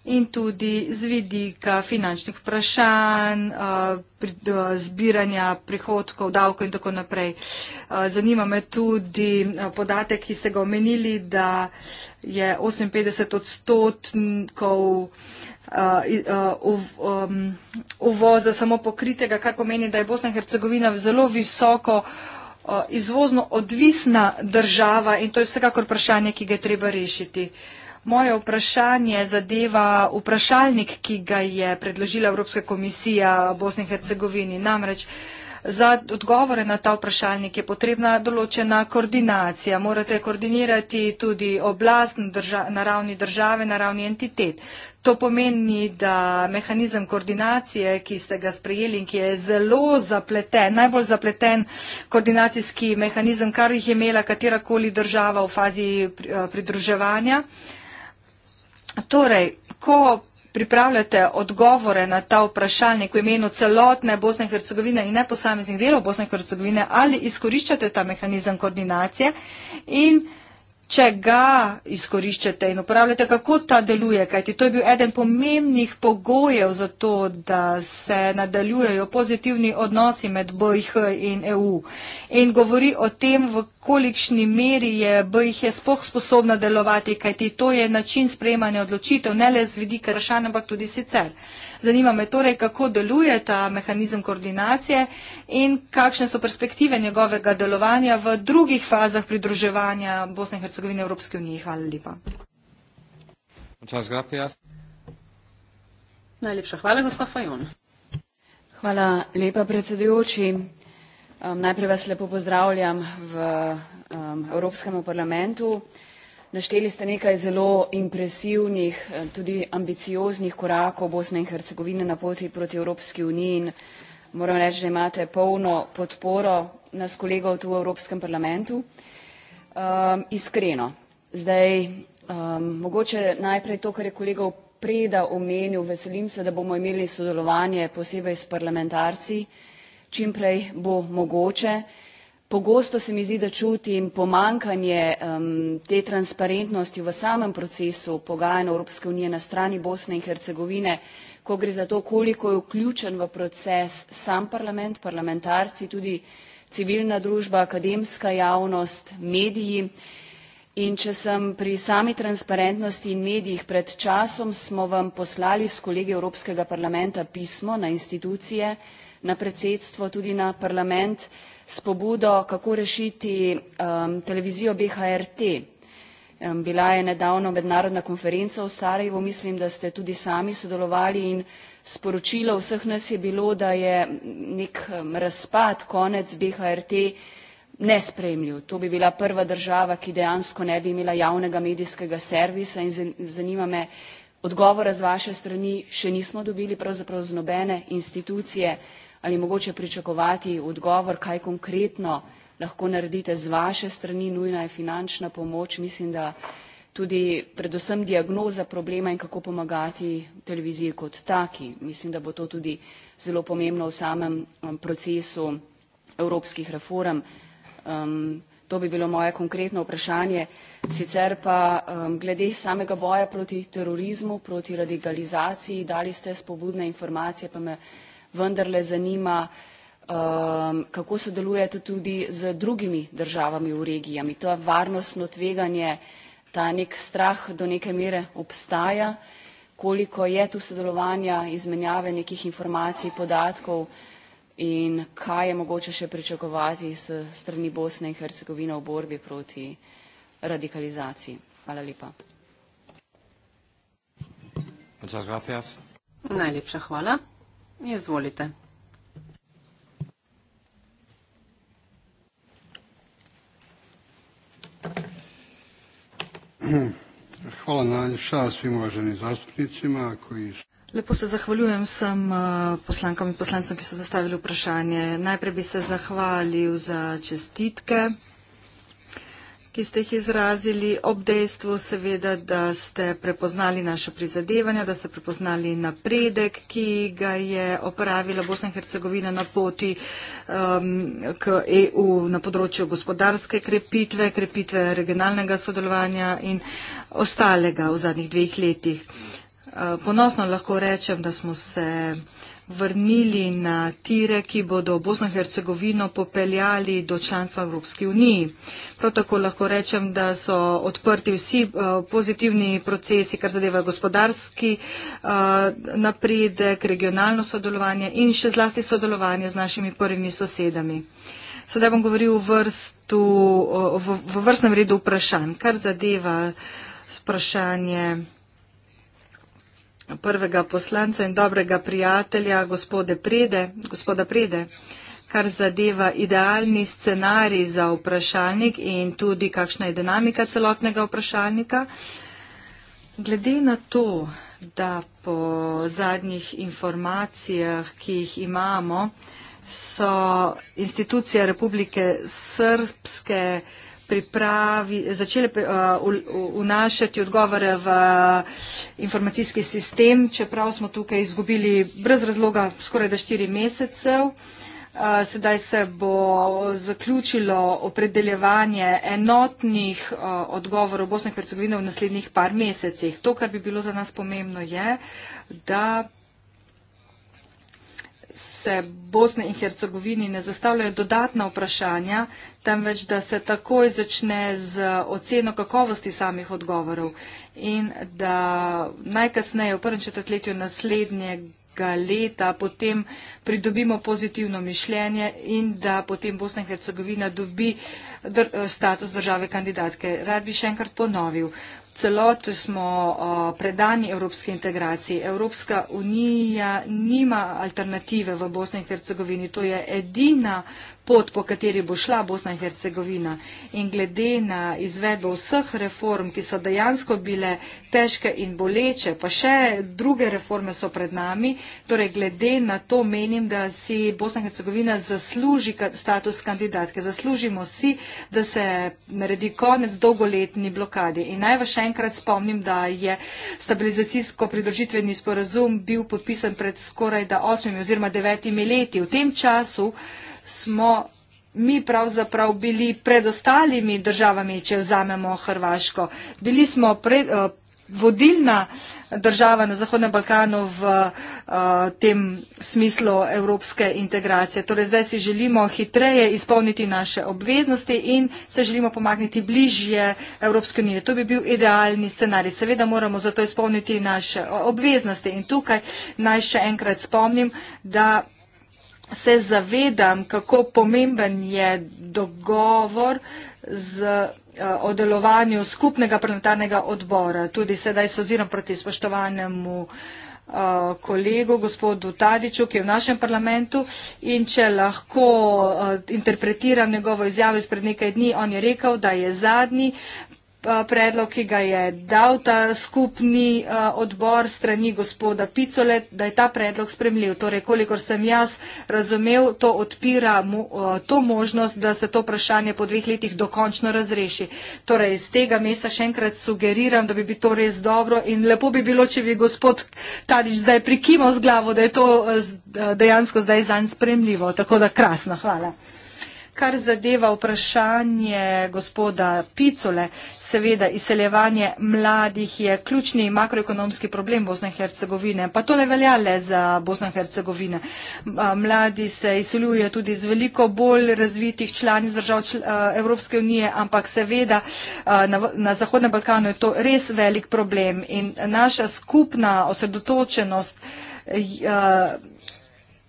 in tudi z vidika finančnih vprašanj, eh, zbiranja prihodkov, davkov in tako naprej. Eh, zanima me tudi eh, podatek, ki ste ga omenili, da je 58 odstotkov um, uvoza samo pokritega, kar pomeni, da je Bosna in Hercegovina zelo visoko izvozno odvisna država in to je vsekakor vprašanje, ki ga je treba rešiti. Moje vprašanje zadeva vprašalnik, ki ga je predložila Evropska komisija Bosni in Hercegovini. Namreč za odgovore na ta vprašalnik je potrebna določena koordinacija. Morate koordinirati tudi oblast na ravni države, na ravni entitet. To pomeni, da mehanizem koordinacije, ki ste ga sprejeli in ki je zelo zapleten, najbolj zapleten koordinacijski mehanizem, kar jih je imela katerakoli država v fazi eh, pridruževanja, Torej, ko pripravljate odgovore na ta vprašalnik v imenu celotne Bosne in Hercegovine in ne posameznih delov Bosne in Hercegovine, ali izkoriščate ta mehanizem koordinacije in če ga izkoriščate in uporabljate, kako ta deluje, kajti to je bil eden pomembnih pogojev za to, da se nadaljujejo pozitivni odnosi med BIH in EU. In govori o tem, v kolikšni meri je BIH je spoh sposobna delovati, kajti to je način sprejemanja odločitev, ne le z vidika vprašanja, ampak tudi sicer. Zanima me torej, kako deluje ta mehanizem koordinacije in kakšne so perspektive njegovega delovanja v drugih fazah pridruževanja Bosne in Hercegovine Evropske unije. Hvala lepa. Najlepša hvala, gospa Fajon. Hvala lepa, predsedujoči. Um, najprej vas lepo pozdravljam v um, Evropskem parlamentu. Našteli ste nekaj zelo impresivnih, eh, tudi ambicioznih korakov Bosne in Hercegovine na poti proti Evropski uniji in moram reči, da imate polno podporo nas kolegov tu v Evropskem parlamentu. Um, iskreno, zdaj um, mogoče najprej to, kar je kolegov preda omenil, veselim se, da bomo imeli sodelovanje posebej s parlamentarci, čimprej bo mogoče pogosto se mi zdi, da čutim pomankanje um, te transparentnosti v samem procesu pogajanja Evropske unije na strani Bosne in Hercegovine, ko gre za to, koliko je vključen v proces sam parlament, parlamentarci, tudi civilna družba, akademska javnost, mediji. In če sem pri sami transparentnosti in medijih, pred časom smo vam poslali s kolegi Evropskega parlamenta pismo na institucije, na predsedstvo, tudi na parlament, s pobudo kako rešiti um, televizijo bhrt um, bila je nedavno mednarodna konferenca v sarajevu mislim da ste tudi sami sodelovali in sporočilo vseh nas je bilo da je nek um, razpad konec bhrt nesprejemljiv to bi bila prva država ki dejansko ne bi imela javnega medijskega servisa in zanima me odgovora z vaše strani še nismo dobili pravzaprav z nobene institucije ali je mogoče pričakovati odgovor, kaj konkretno lahko naredite z vaše strani, nujna je finančna pomoč, mislim, da tudi predvsem diagnoza problema in kako pomagati televiziji kot taki. Mislim, da bo to tudi zelo pomembno v samem um, procesu evropskih reform. Um, to bi bilo moje konkretno vprašanje. Sicer pa um, glede samega boja proti terorizmu, proti radikalizaciji, dali ste spobudne informacije, pa me vendarle zanima um, kako sodelujete tudi z drugimi državami v regijami. To varnostno tveganje, ta nek strah do neke mere obstaja, koliko je tu sodelovanja, izmenjave nekih informacij, podatkov in kaj je mogoče še pričakovati s strani Bosne in Hercegovine v borbi proti radikalizaciji. Hvala lepa. Najlepša hvala. Izvolite. Hvala najljepša svim uvaženim zastupnicima koji su... Lepo se zahvaljujem vsem eh, poslankam in poslancem, ki so zastavili vprašanje. Najprej bi se zahvalil za čestitke ki ste jih izrazili ob dejstvu, seveda, da ste prepoznali naše prizadevanja, da ste prepoznali napredek, ki ga je opravila Bosna in Hercegovina na poti um, k EU na področju gospodarske krepitve, krepitve regionalnega sodelovanja in ostalega v zadnjih dveh letih. Uh, ponosno lahko rečem, da smo se uh, vrnili na tire, ki bodo Bosno-Hercegovino popeljali do članstva Evropske unije. Prav tako lahko rečem, da so odprti vsi eh, pozitivni procesi, kar zadeva gospodarski eh, napredek, regionalno sodelovanje in še zlasti sodelovanje z našimi prvimi sosedami. Sedaj bom govoril v, vrstu, eh, v, v vrstnem redu vprašanj, kar zadeva vprašanje prvega poslanca in dobrega prijatelja, gospode Prede. Gospoda Prede, kar zadeva idealni scenarij za vprašalnik in tudi kakšna je dinamika celotnega vprašalnika. Glede na to, da po zadnjih informacijah, ki jih imamo, so institucije Republike Srpske pripravi, začele eh, vnašati uh, odgovore v eh, informacijski sistem, čeprav smo tukaj izgubili brez razloga skoraj da štiri mesecev. Eh, sedaj se bo zaključilo opredeljevanje enotnih odgovorov Bosne in Hercegovine v naslednjih par mesecih. To, kar bi bilo za nas pomembno, je, da se Bosne in Hercegovini ne zastavljajo dodatna vprašanja, temveč da se takoj začne z oceno kakovosti samih odgovorov in da najkasneje v prvem četrtletju naslednjega leta potem pridobimo pozitivno mišljenje in da potem Bosna in Hercegovina dobi status države kandidatke. Rad bi še enkrat ponovil celoti smo o, predani evropski integraciji. Evropska unija nima alternative v Bosni in Hercegovini. To je edina pot, po kateri bo šla Bosna in Hercegovina. In glede na izvedbo vseh reform, ki so dejansko bile težke in boleče, pa še druge reforme so pred nami, torej glede na to menim, da si Bosna in Hercegovina zasluži status kandidatke. Zaslužimo si, da se naredi konec dolgoletni blokadi. In naj vas še enkrat spomnim, da je stabilizacijsko pridružitveni sporazum bil podpisan pred skoraj da osmimi oziroma devetimi leti. V tem času smo mi pravzaprav bili pred ostalimi državami, če vzamemo Hrvaško. Bili smo pred, eh, vodilna država na Zahodnem Balkanu v uh, tem smislu evropske integracije. Torej zdaj si želimo hitreje izpolniti naše obveznosti in se želimo pomakniti bližje Evropske unije. To bi bil idealni scenarij. Seveda moramo zato izpolniti naše obveznosti in tukaj naj še enkrat spomnim, da se zavedam, kako pomemben je dogovor z eh, o delovanju skupnega planetarnega odbora. Tudi sedaj se oziram proti spoštovanemu eh, kolegu, gospodu Tadiču, ki je v našem parlamentu in če lahko eh, interpretiram njegovo izjavo izpred nekaj dni, on je rekel, da je zadnji predlog, ki ga je dal ta skupni odbor strani gospoda Picole, da je ta predlog spremljiv. Torej, kolikor sem jaz razumev, to odpira to možnost, da se to vprašanje po dveh letih dokončno razreši. Torej, iz tega mesta še enkrat sugeriram, da bi bilo to res dobro in lepo bi bilo, če bi gospod Tadič zdaj prikimal z glavo, da je to dejansko zdaj zanj spremljivo. Tako da krasno, hvala kar zadeva vprašanje gospoda Picole, seveda izseljevanje mladih je ključni makroekonomski problem Bosne in Hercegovine, pa to ne velja le za Bosne in Hercegovine. Mladi se izseljuje tudi z veliko bolj razvitih člani držav Evropske unije, ampak seveda na Zahodnem Balkanu je to res velik problem in naša skupna osredotočenost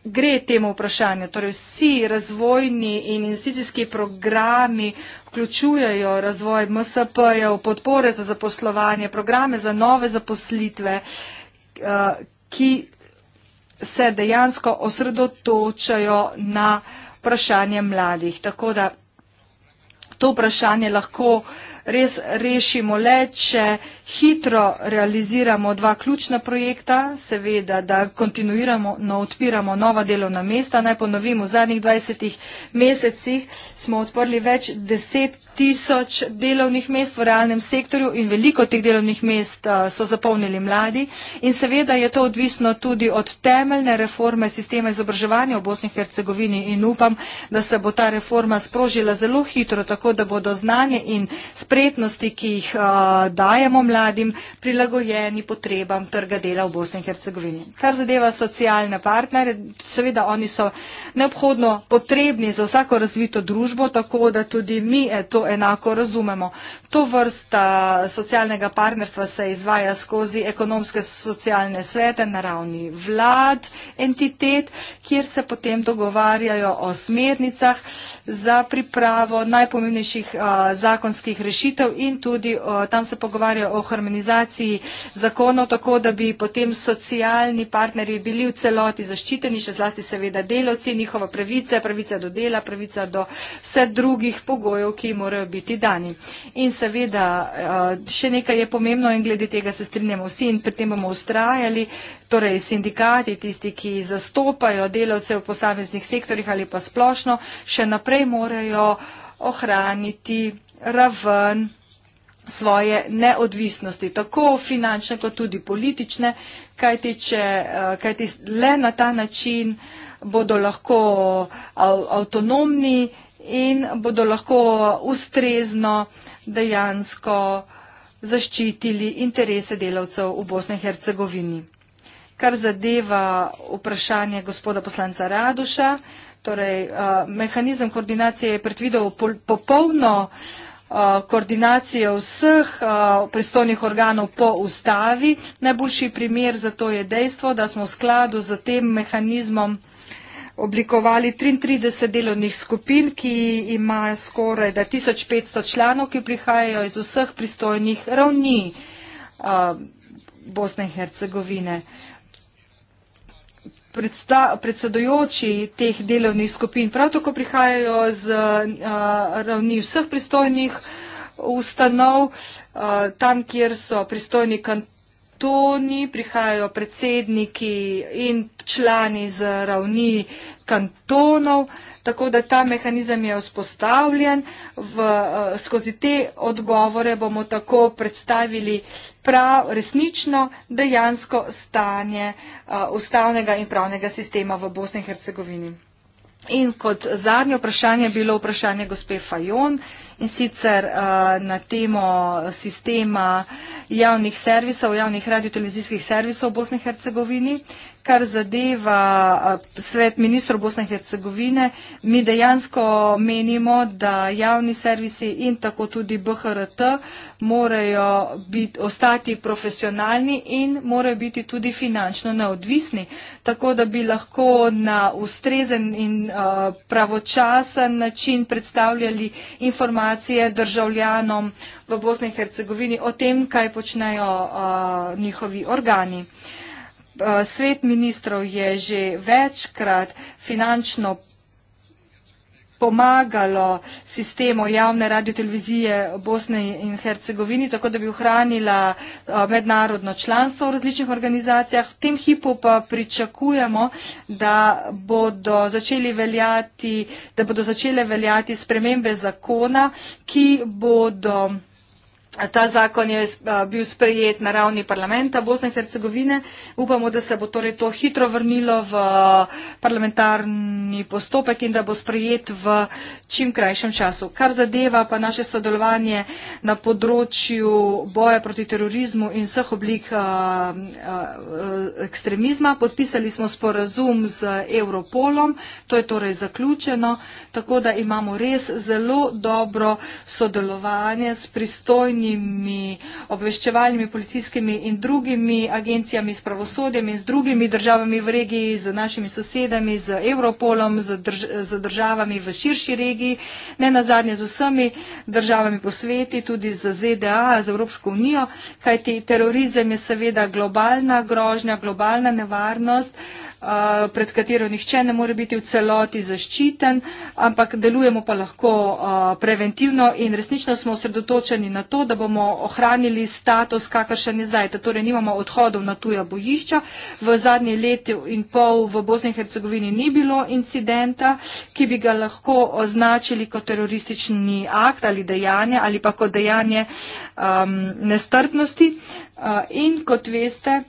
gre temu vprašanju. Torej vsi razvojni in investicijski programi vključujejo razvoj MSP-jev, podpore za zaposlovanje, programe za nove zaposlitve, eh, ki se dejansko osredotočajo na vprašanje mladih. Tako da to vprašanje lahko vprašanje res rešimo le, če hitro realiziramo dva ključna projekta, seveda, da kontinuiramo, no odpiramo nova delovna mesta. Naj ponovim, v zadnjih 20 mesecih smo odprli več deset tisoč delovnih mest v realnem sektorju in veliko teh delovnih mest eh, so zapolnili mladi. In seveda je to odvisno tudi od temeljne reforme sistema izobraževanja v Bosni in Hercegovini in upam, da se bo ta reforma sprožila zelo hitro, tako da bodo znanje in spremljanje prednosti, ki jih uh, dajemo mladim, prilagojeni potrebam trga dela v Bosni in Hercegovini. Kar zadeva socialne partnere, seveda oni so neobhodno potrebni za vsako razvito družbo, tako da tudi mi eh, to enako razumemo. To vrsta eh, socialnega partnerstva se izvaja skozi ekonomske socialne svete na ravni vlad, entitet, kjer se potem dogovarjajo o smernicah za pripravo najpomembnejših uh, zakonskih rešitev rešitev in tudi o, tam se pogovarjajo o harmonizaciji zakonov, tako da bi potem socialni partnerji bili v celoti zaščiteni, še zlasti seveda delovci, njihova pravica, pravica do dela, pravica do vse drugih pogojev, ki morajo biti dani. In seveda še nekaj je pomembno in glede tega se strinjamo vsi in pri tem bomo ustrajali. Torej, sindikati, tisti, ki zastopajo delavce v posameznih sektorjih ali pa splošno, še naprej morajo ohraniti raven svoje neodvisnosti, tako finančne kot tudi politične, kajti, če, eh, kajti le na ta način bodo lahko avtonomni in bodo lahko ustrezno dejansko zaščitili interese delavcev v Bosni in Hercegovini. Kar zadeva vprašanje gospoda poslanca Raduša, torej eh, mehanizem koordinacije je predvidel popolno uh, Eh, koordinacije vseh eh, pristojnih organov po ustavi. Najboljši primer za to je dejstvo, da smo v skladu z tem mehanizmom oblikovali 33 delovnih skupin, ki imajo skoraj 1500 članov, ki prihajajo iz vseh pristojnih ravni eh, Bosne in Hercegovine predsedojoči teh delovnih skupin prav tako prihajajo z eh, ravni vseh pristojnih ustanov, eh, tam, kjer so pristojni kantoni, prihajajo predsedniki in člani z ravni kantonov, Tako da ta mehanizem je vzpostavljen, v, eh, skozi te odgovore bomo tako predstavili prav, resnično dejansko stanje eh, ustavnega in pravnega sistema v Bosni in Hercegovini. In kot zadnje vprašanje je bilo vprašanje gospe Fajon in sicer eh, na temo sistema javnih servisov, javnih radiotelevizijskih servisov v Bosni in Hercegovini, kar zadeva eh, svet ministra Bosne in Hercegovine. Mi dejansko menimo, da javni servisi in tako tudi BHRT morajo biti, ostati profesionalni in morajo biti tudi finančno neodvisni, tako da bi lahko na ustrezen in eh, pravočasen način predstavljali informacije informacije državljanom v Bosni in Hercegovini o tem, kaj počnejo njihovi organi. Svet ministrov je že večkrat finančno povedal, pomagalo sistemu javne radiotelevizije Bosne in Hercegovini, tako da bi ohranila eh, mednarodno članstvo v različnih organizacijah. V tem hipu pa pričakujemo, da bodo, veljati, da bodo začele veljati spremembe zakona, ki bodo Ta zakon je bil sprejet na ravni parlamenta Bosne in Hercegovine. Upamo, da se bo torej to hitro vrnilo v parlamentarni postopek in da bo sprejet v čim krajšem času. Kar zadeva pa naše sodelovanje na področju boja proti terorizmu in vseh oblik a, a, ekstremizma, podpisali smo sporazum z Europolom, to je torej zaključeno, tako da imamo res zelo dobro sodelovanje s pristojnimi civilnimi obveščevalnimi policijskimi in drugimi agencijami, s pravosodjem in z drugimi državami v regiji, z našimi sosedami, z Evropolom, z, drž z državami v širši regiji, ne nazadnje z vsemi državami po sveti, tudi z ZDA, z Evropsko unijo, kajti terorizem je seveda globalna grožnja, globalna nevarnost pred katero nihče ne more biti v celoti zaščiten, ampak delujemo pa lahko preventivno in resnično smo osredotočeni na to, da bomo ohranili status, kakršen je zdaj. Torej nimamo odhodov na tuja bojišča. V zadnji leti in pol v Bosni in Hercegovini ni bilo incidenta, ki bi ga lahko označili kot teroristični akt ali dejanje ali pa kot dejanje um, nestrpnosti. Uh, in kot veste,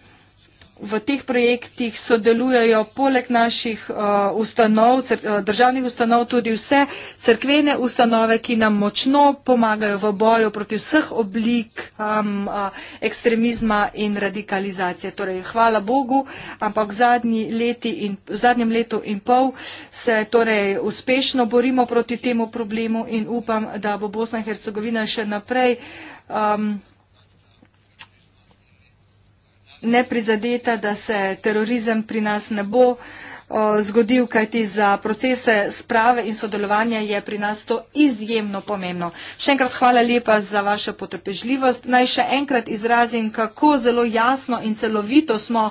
v teh projektih sodelujejo poleg naših uh, ustanov, cr, uh, državnih ustanov, tudi vse crkvene ustanove, ki nam močno pomagajo v boju proti vseh oblik um, uh, ekstremizma in radikalizacije. Torej, hvala Bogu, ampak v, in, v zadnjem letu in pol se torej, uspešno borimo proti temu problemu in upam, da bo Bosna in Hercegovina še naprej. Um, neprizadeta, da se terorizem pri nas ne bo uh, zgodil, kajti za procese sprave in sodelovanja je pri nas to izjemno pomembno. Še enkrat hvala lepa za vašo potrpežljivost. Naj še enkrat izrazim, kako zelo jasno in celovito smo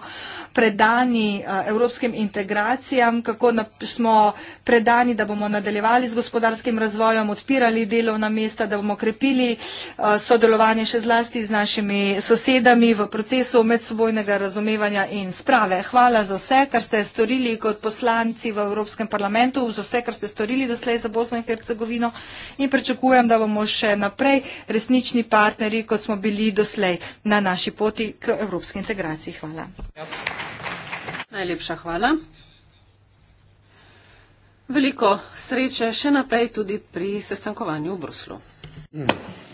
predani eh, evropskim integracijam, kako smo predani, da bomo nadaljevali z gospodarskim razvojem, odpirali delovna mesta, da bomo krepili eh, sodelovanje še zlasti z našimi sosedami v procesu medsebojnega razumevanja in sprave. Hvala za vse, kar ste storili kot poslanci v Evropskem parlamentu, za vse, kar ste storili doslej za Bosno in Hercegovino in pričakujem, da bomo še naprej resnični partneri, kot smo bili doslej na naši poti k evropski integraciji. Hvala. Yep. Ja. Najlepša hvala. Veliko sreče še naprej tudi pri sestankovanju v Bruslu. Hmm.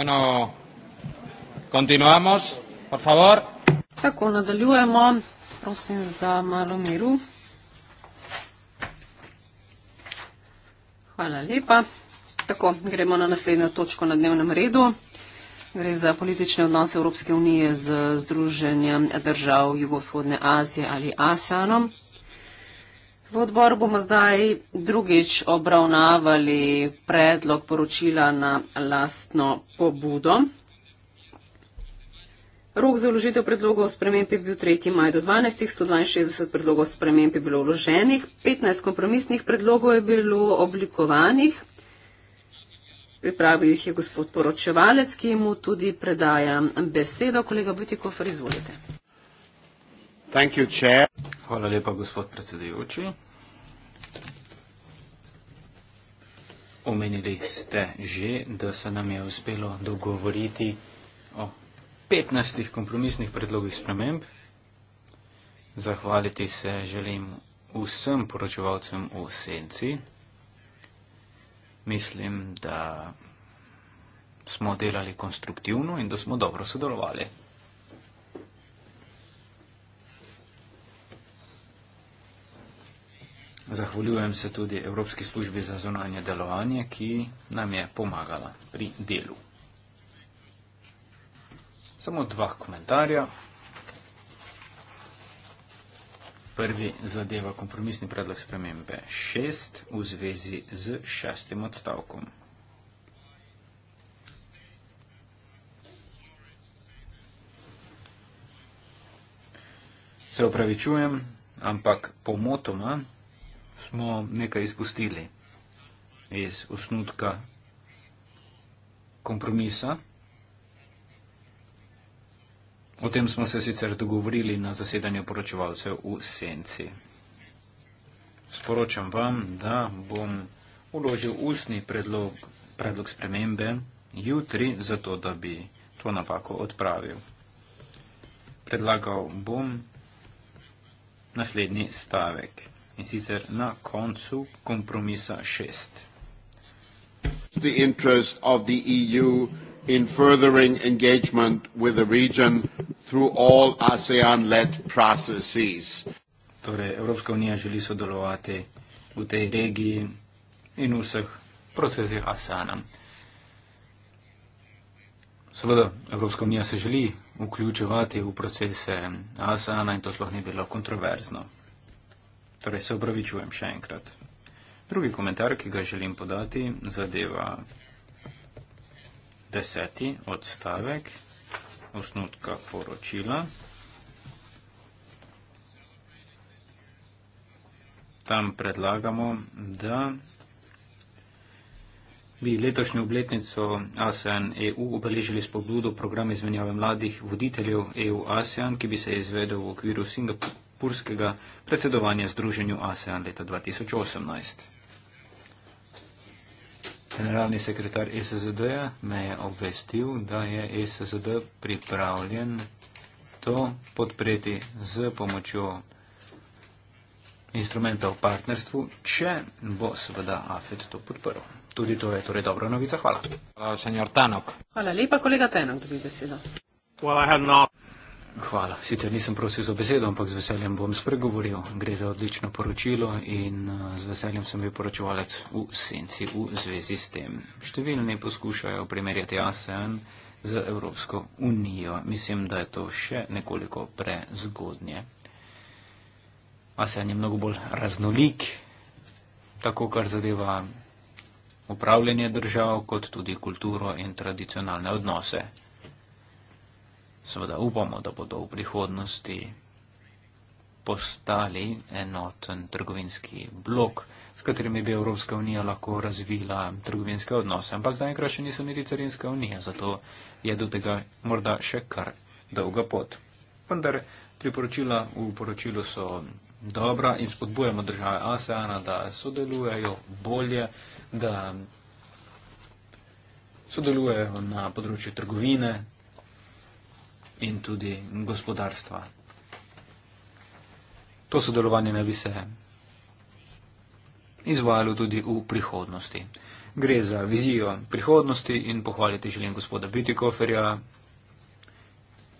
Bueno, continuamos, por favor. Tako, nadaljujemo. Prosim za malo miru. Hvala lepa. Tako, gremo na naslednjo točko na dnevnem redu. Gre za politične odnose Evropske unije z Združenjem držav Jugovzhodne Azije ali ASEANom. V odboru bomo zdaj drugič obravnavali predlog poročila na lastno pobudo. Rok za vložitev predlogov sprememb je bil 3. maj do 12. 162 predlogov sprememb je bilo vloženih, 15 kompromisnih predlogov je bilo oblikovanih. Pripravil jih je gospod poročevalec, ki mu tudi predajam besedo. Kolega Butikov, izvolite. Hvala lepa, gospod predsedujoči. Omenili ste že, da se nam je uspelo dogovoriti o 15 kompromisnih predlogih sprememb. Zahvaliti se želim vsem poročevalcem v senci. Mislim, da smo delali konstruktivno in da smo dobro sodelovali. Zahvaljujem se tudi Evropski službi za zunanje delovanje, ki nam je pomagala pri delu. Samo dva komentarja. Prvi zadeva kompromisni predlog spremembe 6 v zvezi z šestim odstavkom. Se upravičujem, ampak pomotoma smo nekaj izpustili iz osnutka kompromisa. O tem smo se sicer dogovorili na zasedanju poročevalcev v Senci. Sporočam vam, da bom uložil ustni predlog, predlog spremembe jutri, zato da bi to napako odpravil. Predlagal bom naslednji stavek in sicer na koncu kompromisa šest. The interest of the EU in furthering engagement with the region through all ASEAN-led processes. Torej, Evropska unija želi sodelovati v tej regiji in v vseh procesih ASEAN-a. Seveda, Evropska unija se želi vključevati v procese ASEAN-a in to sploh ni bilo kontroverzno. Torej se upravičujem še enkrat. Drugi komentar, ki ga želim podati, zadeva deseti odstavek osnutka poročila. Tam predlagamo, da bi letošnjo obletnico ASEAN EU obeležili s pobudo program izmenjave mladih voditeljev EU ASEAN, ki bi se izvedel v okviru Singapura singapurskega predsedovanja Združenju ASEAN leta 2018. Generalni sekretar SSD me je obvestil, da je SSD pripravljen to podpreti z pomočjo instrumenta v partnerstvu, če bo seveda AFED to podprl. Tudi to je torej dobra novica. Hvala. Hvala, senjor Tanok. Hvala lepa, kolega Tanok, dobi besedo. Well, Hvala. Sicer nisem prosil za besedo, ampak z veseljem bom spregovoril. Gre za odlično poročilo in eh, z veseljem sem bil poročevalec v senci v zvezi s tem. Številni poskušajo primerjati ASEAN z Evropsko unijo. Mislim, da je to še nekoliko prezgodnje. ASEAN je mnogo bolj raznolik, tako kar zadeva upravljanje držav, kot tudi kulturo in tradicionalne odnose seveda upamo, da bodo v prihodnosti postali enoten trgovinski blok, s katerimi bi Evropska unija lahko razvila trgovinske odnose. Ampak zaenkrat še niso niti carinska unija, zato je do tega morda še kar dolga pot. Vendar priporočila v poročilu so dobra in spodbujamo države ASEANA, da sodelujejo bolje, da sodelujejo na področju trgovine, in tudi gospodarstva. To sodelovanje naj bi se izvajalo tudi v prihodnosti. Gre za vizijo prihodnosti in pohvaliti želim gospoda Bitikoferja.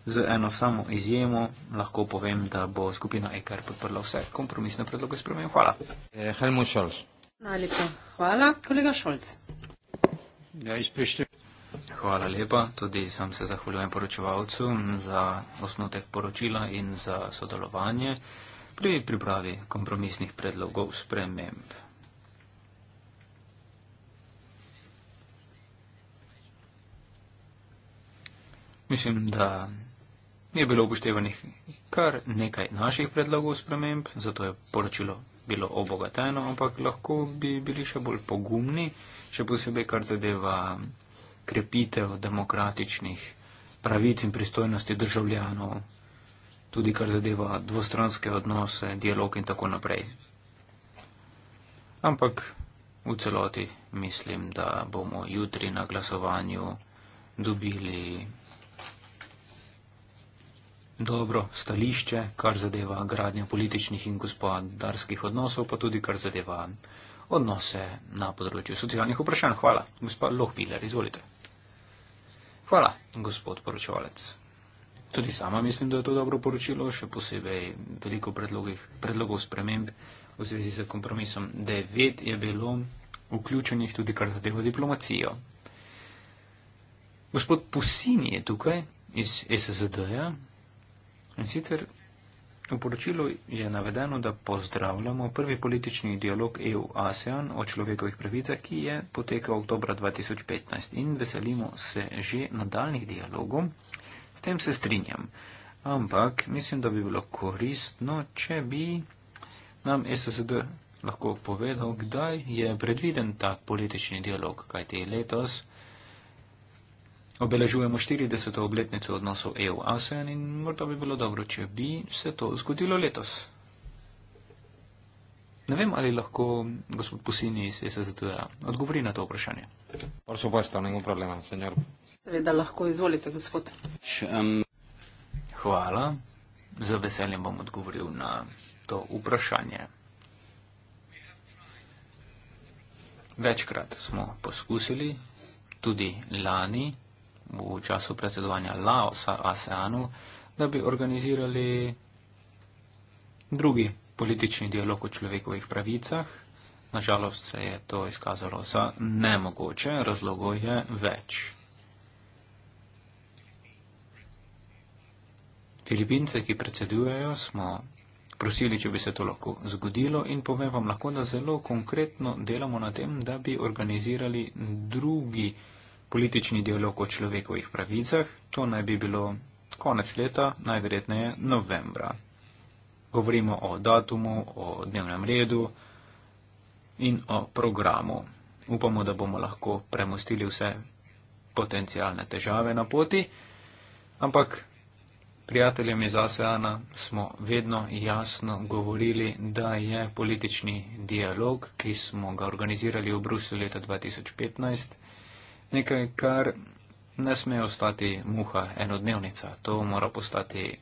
Z eno samo izjemo lahko povem, da bo skupina EKR podprla vse kompromisne predloge sprememb. Hvala. Eh, Helmut Scholz. Najlepša hvala, kolega Šolc. Ja, izpešte. Hvala lepa. Tudi sam se zahvaljujem poročevalcu za osnutek poročila in za sodelovanje pri pripravi kompromisnih predlogov sprememb. Mislim, da je bilo upoštevanih kar nekaj naših predlogov sprememb, zato je poročilo bilo obogateno, ampak lahko bi bili še bolj pogumni, še posebej kar zadeva krepitev demokratičnih pravic in pristojnosti državljanov, tudi kar zadeva dvostranske odnose, dialog in tako naprej. Ampak v celoti mislim, da bomo jutri na glasovanju dobili dobro stališče, kar zadeva gradnjo političnih in gospodarskih odnosov, pa tudi kar zadeva odnose na področju socialnih vprašanj. Hvala, gospa Lohbiler, izvolite. Hvala, gospod poročevalec. Tudi sama mislim, da je to dobro poročilo, še posebej veliko predlogih, predlogov sprememb v zvezi z kompromisom. Devet je bilo vključenih tudi kar zadevo diplomacijo. Gospod Pusini je tukaj iz SSD-ja in sicer V poročilu je navedeno, da pozdravljamo prvi politični dialog EU-ASEAN o človekovih pravicah, ki je potekal oktobra 2015 in veselimo se že nadaljnih dialogov. S tem se strinjam. Ampak mislim, da bi bilo koristno, če bi nam SSD lahko povedal, kdaj je predviden ta politični dialog, kajti letos Obeležujemo 40. obletnico odnosov EU-ASEAN in morda bi bilo dobro, če bi se to zgodilo letos. Ne vem, ali lahko gospod Pusini iz SZTA odgovori na to vprašanje. Problema, Seveda lahko izvolite, gospod. Hvala. Za veseljem bom odgovoril na to vprašanje. Večkrat smo poskusili, tudi lani, v času predsedovanja Laosa ASEANu, da bi organizirali drugi politični dialog o človekovih pravicah. Nažalost se je to izkazalo za nemogoče, razlogov je več. Filipince, ki predsedujejo, smo prosili, če bi se to lahko zgodilo in povem vam lahko, da zelo konkretno delamo na tem, da bi organizirali drugi politični dialog politični dialog o človekovih pravicah. To naj bi bilo konec leta, najverjetneje novembra. Govorimo o datumu, o dnevnem redu in o programu. Upamo, da bomo lahko premustili vse potencijalne težave na poti, ampak prijateljem iz ASEANA smo vedno jasno govorili, da je politični dialog, ki smo ga organizirali v Bruslju leta 2015, nekaj, kar ne sme ostati muha enodnevnica. To mora postati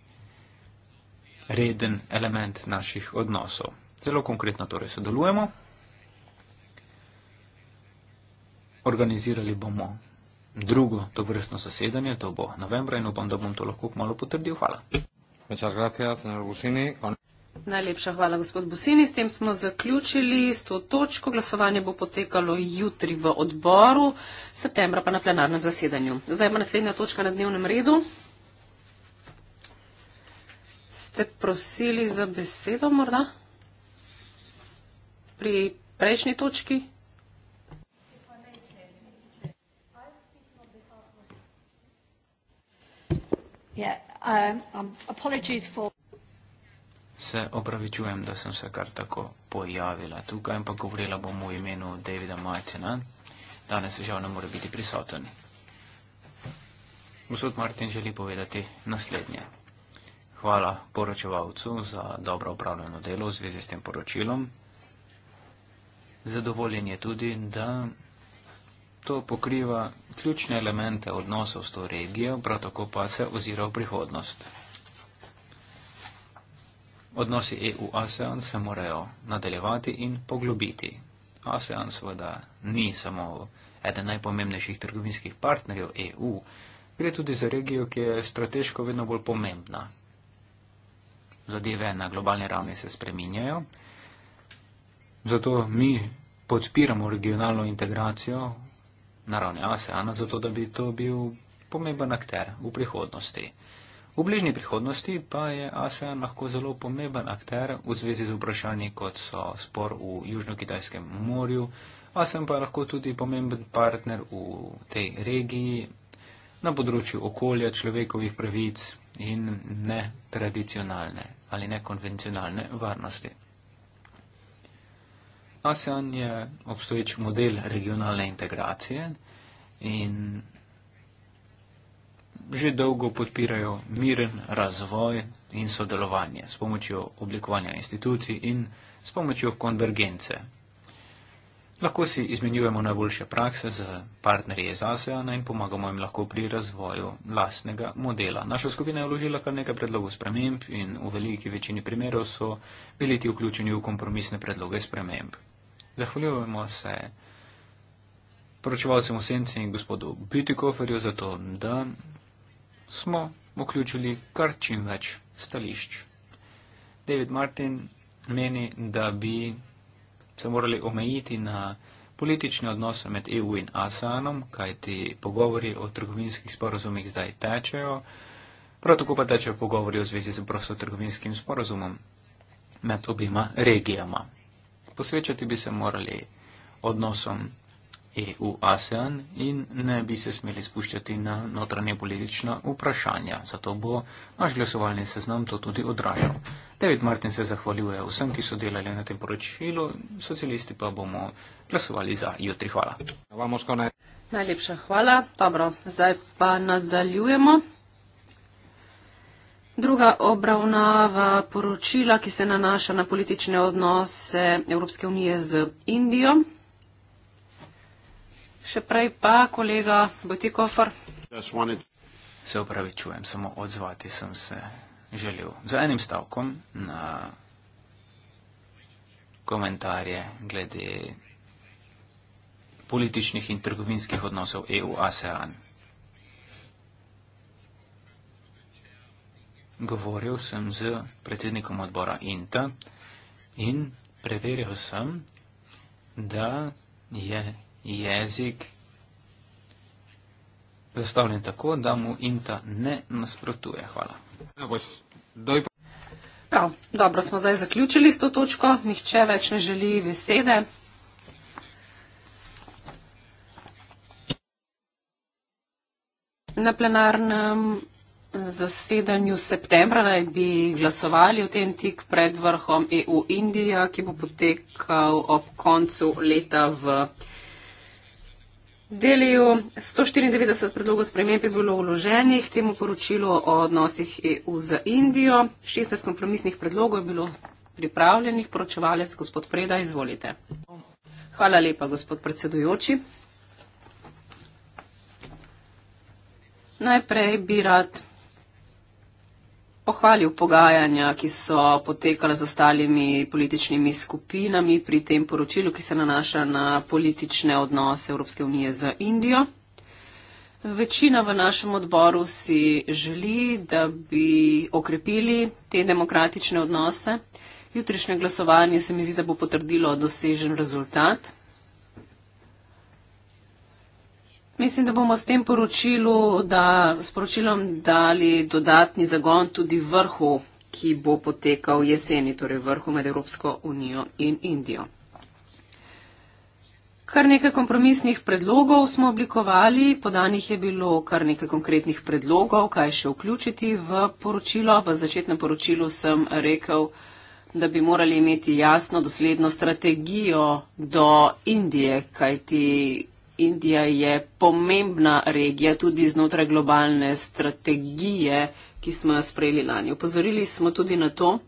reden element naših odnosov. Zelo konkretno torej sodelujemo. Organizirali bomo drugo to vrstno zasedanje, to bo novembra in upam, da bom to lahko malo potrdil. Hvala. Muchas gracias, señor Busini. Najlepša hvala, gospod Busini. S tem smo zaključili s to točko. Glasovanje bo potekalo jutri v odboru, septembra pa na plenarnem zasedanju. Zdaj pa naslednja točka na dnevnem redu. Ste prosili za besedo morda pri prejšnji točki? Yeah, um, um, apologies for se opravičujem, da sem se kar tako pojavila tukaj, ampak govorila bom v imenu Davida Martina. Danes žal ne more biti prisoten. Gospod Martin želi povedati naslednje. Hvala poročevalcu za dobro upravljeno delo v zvezi s tem poročilom. Zadovoljen je tudi, da to pokriva ključne elemente odnosov s to regijo, prav tako pa se ozira v prihodnost. Odnosi EU-ASEAN se morajo nadaljevati in poglobiti. ASEAN seveda ni samo eden najpomembnejših trgovinskih partnerjev EU, gre tudi za regijo, ki je strateško vedno bolj pomembna. Zadeve na globalni ravni se spreminjajo, zato mi podpiramo regionalno integracijo na ravni ASEAN, zato da bi to bil pomemben akter v prihodnosti. V bližnji prihodnosti pa je ASEAN lahko zelo pomemben akter v zvezi z vprašanji, kot so spor v Južno-Kitajskem morju, ASEAN pa je lahko tudi pomemben partner v tej regiji na področju okolja, človekovih pravic in netradicionalne ali nekonvencionalne varnosti. ASEAN je obstoječ model regionalne integracije in že dolgo podpirajo miren razvoj in sodelovanje s pomočjo oblikovanja institucij in s pomočjo konvergence. Lahko si izmenjujemo najboljše prakse z partnerji iz ASEANA in pomagamo jim lahko pri razvoju lastnega modela. Naša skupina je vložila kar nekaj predlogov sprememb in v veliki večini primerov so bili ti vključeni v kompromisne predloge sprememb. Zahvaljujemo se poročevalcem v senci in gospodu Bitikoferju za to, da smo vključili kar čim več stališč. David Martin meni, da bi se morali omejiti na politične odnose med EU in ASEANom, kajti pogovori o trgovinskih sporozumih zdaj tečejo, prav tako pa tečejo pogovori v zvezi z prostotrgovinskim sporozumom med obima regijama. Posvečati bi se morali odnosom EU, ASEAN in ne bi se smeli spuščati na notranje politična vprašanja. Zato bo naš glasovalni seznam to tudi odražal. David Martin se zahvaljuje vsem, ki so delali na tem poročilu, socialisti pa bomo glasovali za jutri. Hvala. Najlepša hvala. Dobro, zdaj pa nadaljujemo. Druga obravnava poročila, ki se nanaša na politične odnose Evropske unije z Indijo. Še prej pa kolega Botikofer. Se upravičujem, samo odzvati sem se želel z enim stavkom na komentarje glede političnih in trgovinskih odnosov EU-ASEAN. Govoril sem z predsednikom odbora INTA in preveril sem, da je jezik zastavljen tako, da mu inta ne nasprotuje. Hvala. Ja, Prav, dobro, smo zdaj zaključili s to točko. Nihče več ne želi besede. Na plenarnem zasedanju septembra naj bi glasovali o tem tik pred vrhom EU Indija, ki bo potekal ob koncu leta v delijo. 194 predlogov sprememb je bilo vloženih temu poročilu o odnosih EU z Indijo. 16 kompromisnih predlogov je bilo pripravljenih. Poročevalec, gospod Preda, izvolite. Hvala lepa, gospod predsedujoči. Najprej bi rad pohvalil pogajanja, ki so potekala z ostalimi političnimi skupinami pri tem poročilu, ki se nanaša na politične odnose Evropske unije z Indijo. Večina v našem odboru si želi, da bi okrepili te demokratične odnose. Jutrišnje glasovanje se mi zdi, da bo potrdilo dosežen rezultat. Mislim, da bomo s tem poročilu, da, s poročilom dali dodatni zagon tudi vrhu, ki bo potekal jeseni, torej vrhu med Evropsko unijo in Indijo. Kar nekaj kompromisnih predlogov smo oblikovali, podanih je bilo kar nekaj konkretnih predlogov, kaj še vključiti v poročilo. V začetnem poročilu sem rekel, da bi morali imeti jasno, dosledno strategijo do Indije, kajti Indija je pomembna regija tudi znotraj globalne strategije, ki smo jo sprejeli lani. Upozorili smo tudi na to,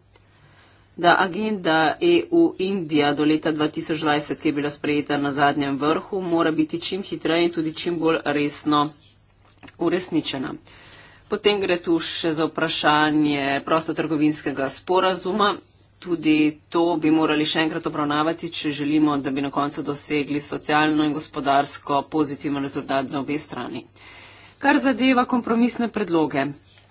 da agenda EU-Indija do leta 2020, ki je bila sprejeta na zadnjem vrhu, mora biti čim hitreje in tudi čim bolj resno uresničena. Potem gre tu še za vprašanje prostotrgovinskega sporazuma, tudi to bi morali še enkrat obravnavati, če želimo, da bi na koncu dosegli socialno in gospodarsko pozitiven rezultat za obe strani. Kar zadeva kompromisne predloge.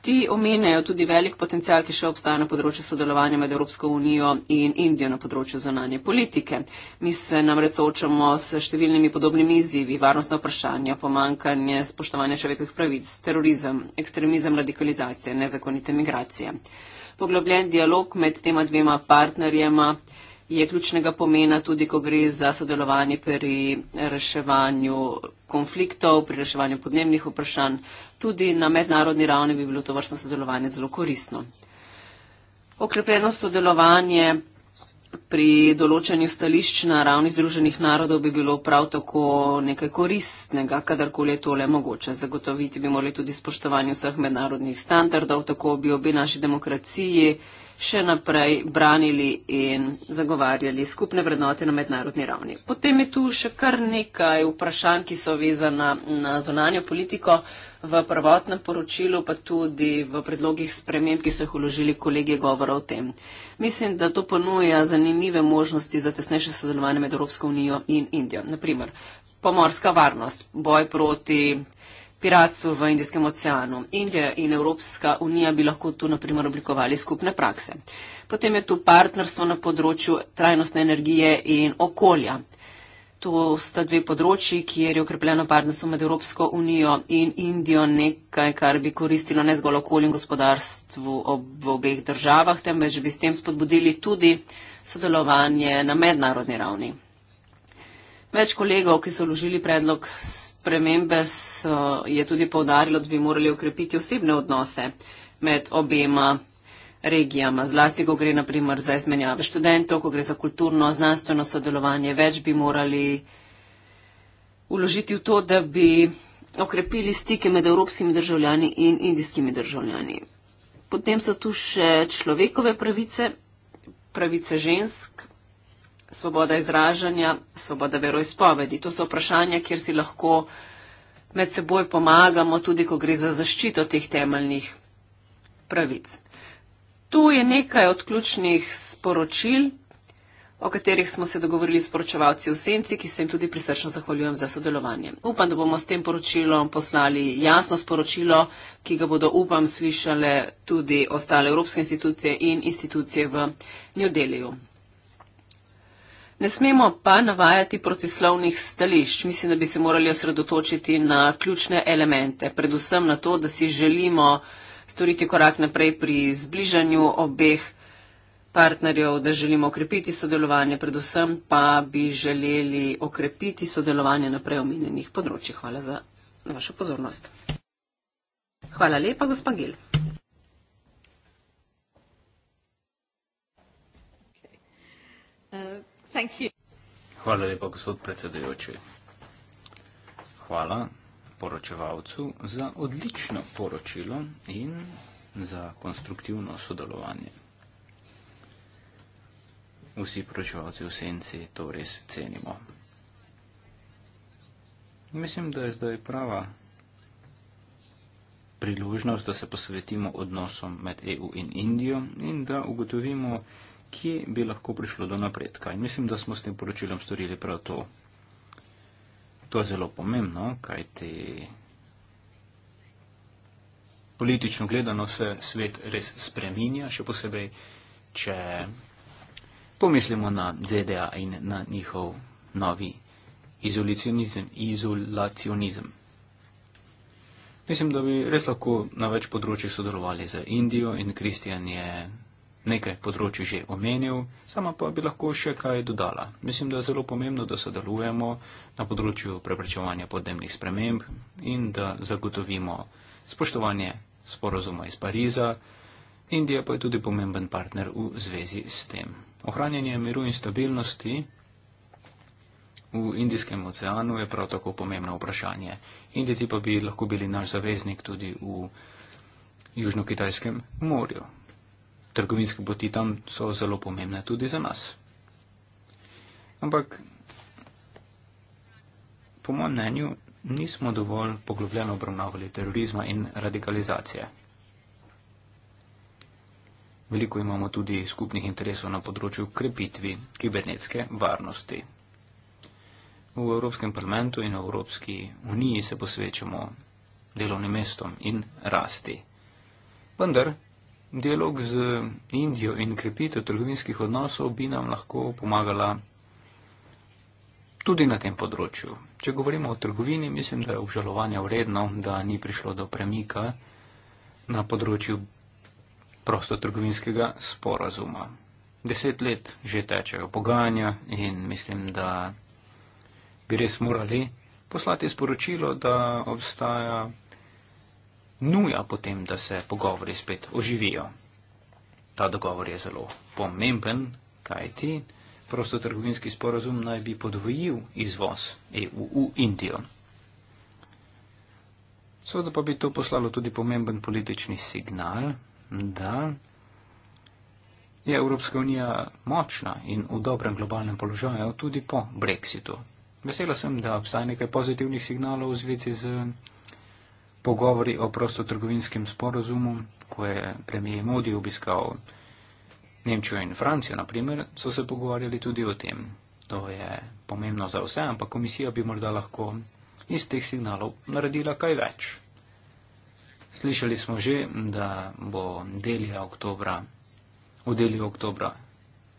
Ti omenjajo tudi velik potencial, ki še obstaja na področju sodelovanja med Evropsko unijo in Indijo na področju zonanje politike. Mi se namreč soočamo s številnimi podobnimi izzivi, varnostna vprašanja, pomankanje spoštovanja človekovih pravic, terorizem, ekstremizem, radikalizacija, nezakonite migracije. Poglobljen dialog med tema dvema partnerjema je ključnega pomena tudi, ko gre za sodelovanje pri reševanju konfliktov, pri reševanju podnebnih vprašanj. Tudi na mednarodni ravni bi bilo to vrstno sodelovanje zelo koristno. Okrepljeno sodelovanje pri določanju stališč na ravni Združenih narodov bi bilo prav tako nekaj koristnega, kadarkoli je tole mogoče. Zagotoviti bi morali tudi spoštovanje vseh mednarodnih standardov, tako bi obi naši demokraciji še naprej branili in zagovarjali skupne vrednote na mednarodni ravni. Potem je tu še kar nekaj vprašanj, ki so vezana na zonanjo politiko v prvotnem poročilu, pa tudi v predlogih sprememb, ki so jih uložili kolegi govora o tem. Mislim, da to ponuja zanimive možnosti za tesnejše sodelovanje med Evropsko unijo in Indijo. Naprimer, pomorska varnost, boj proti piratstvu v Indijskem oceanu. Indija in Evropska unija bi lahko tu, na primer, oblikovali skupne prakse. Potem je tu partnerstvo na področju trajnostne energije in okolja. To sta dve področji, kjer je okrepljeno partnerstvo med Evropsko unijo in Indijo nekaj, kar bi koristilo ne zgolj okolju in gospodarstvu ob, v obeh državah, temveč bi s tem spodbudili tudi sodelovanje na mednarodni ravni. Več kolegov, ki so vložili predlog, spremembe so, je tudi povdarilo, da bi morali ukrepiti osebne odnose med obema regijama. Zlasti, ko gre naprimer za izmenjave študentov, ko gre za kulturno, znanstveno sodelovanje, več bi morali uložiti v to, da bi okrepili stike med evropskimi državljani in indijskimi državljani. Potem so tu še človekove pravice, pravice žensk, svoboda izražanja, svoboda veroizpovedi. To so vprašanja, kjer si lahko med seboj pomagamo, tudi ko gre za zaščito teh temeljnih pravic. Tu je nekaj od ključnih sporočil, o katerih smo se dogovorili s poročevalci v Senci, ki se jim tudi prisrčno zahvaljujem za sodelovanje. Upam, da bomo s tem poročilom poslali jasno sporočilo, ki ga bodo, upam, slišale tudi ostale evropske institucije in institucije v New Delhiju. Ne smemo pa navajati protislovnih stališč. Mislim, da bi se morali osredotočiti na ključne elemente, predvsem na to, da si želimo storiti korak naprej pri zbližanju obeh partnerjev, da želimo okrepiti sodelovanje, predvsem pa bi želeli okrepiti sodelovanje na preomenjenih področjih. Hvala za vašo pozornost. Hvala lepa, gospod Gil. Hvala lepa, gospod predsedujoči. Hvala poročevalcu za odlično poročilo in za konstruktivno sodelovanje. Vsi poročevalci v senci to res cenimo. Mislim, da je zdaj prava priložnost, da se posvetimo odnosom med EU in Indijo in da ugotovimo, da je kje bi lahko prišlo do napredka. In mislim, da smo s tem poročilom storili prav to. To je zelo pomembno, kajti politično gledano se svet res spreminja, še posebej, če pomislimo na ZDA in na njihov novi izolacionizem. izolacionizem. Mislim, da bi res lahko na več področjih sodelovali z Indijo in Kristjan je nekaj področji že omenil, sama pa bi lahko še kaj dodala. Mislim, da je zelo pomembno, da sodelujemo na področju preprečevanja podnebnih sprememb in da zagotovimo spoštovanje sporozuma iz Pariza. Indija pa je tudi pomemben partner v zvezi s tem. Ohranjanje miru in stabilnosti v Indijskem oceanu je prav tako pomembno vprašanje. Indijci pa bi lahko bili naš zaveznik tudi v Južno-Kitajskem morju trgovinske poti tam so zelo pomembne tudi za nas. Ampak, po mojem mnenju, nismo dovolj poglobljeno obravnavali terorizma in radikalizacije. Veliko imamo tudi skupnih interesov na področju krepitvi kibernetske varnosti. V Evropskem parlamentu in Evropski uniji se posvečamo delovnim mestom in rasti. Vendar Dialog z Indijo in krepitev trgovinskih odnosov bi nam lahko pomagala tudi na tem področju. Če govorimo o trgovini, mislim, da je obžalovanja vredno, da ni prišlo do premika na področju prostotrgovinskega sporazuma. Deset let že tečejo pogajanja in mislim, da bi res morali poslati sporočilo, da obstaja nuja potem, da se pogovori spet oživijo. Ta dogovor je zelo pomemben, kajti prostotrgovinski sporozum naj bi podvojil izvoz EU v Indijo. Seveda pa bi to poslalo tudi pomemben politični signal, da je Evropska unija močna in v dobrem globalnem položaju tudi po Brexitu. Vesela sem, da obstaja nekaj pozitivnih signalov v zvezi z pogovori o prostotrgovinskem sporozumu, ko je premijer Modi obiskal Nemčijo in Francijo, naprimer, so se pogovarjali tudi o tem. To je pomembno za vse, ampak komisija bi morda lahko iz teh signalov naredila kaj več. Slišali smo že, da bo oktobra, v delu oktobra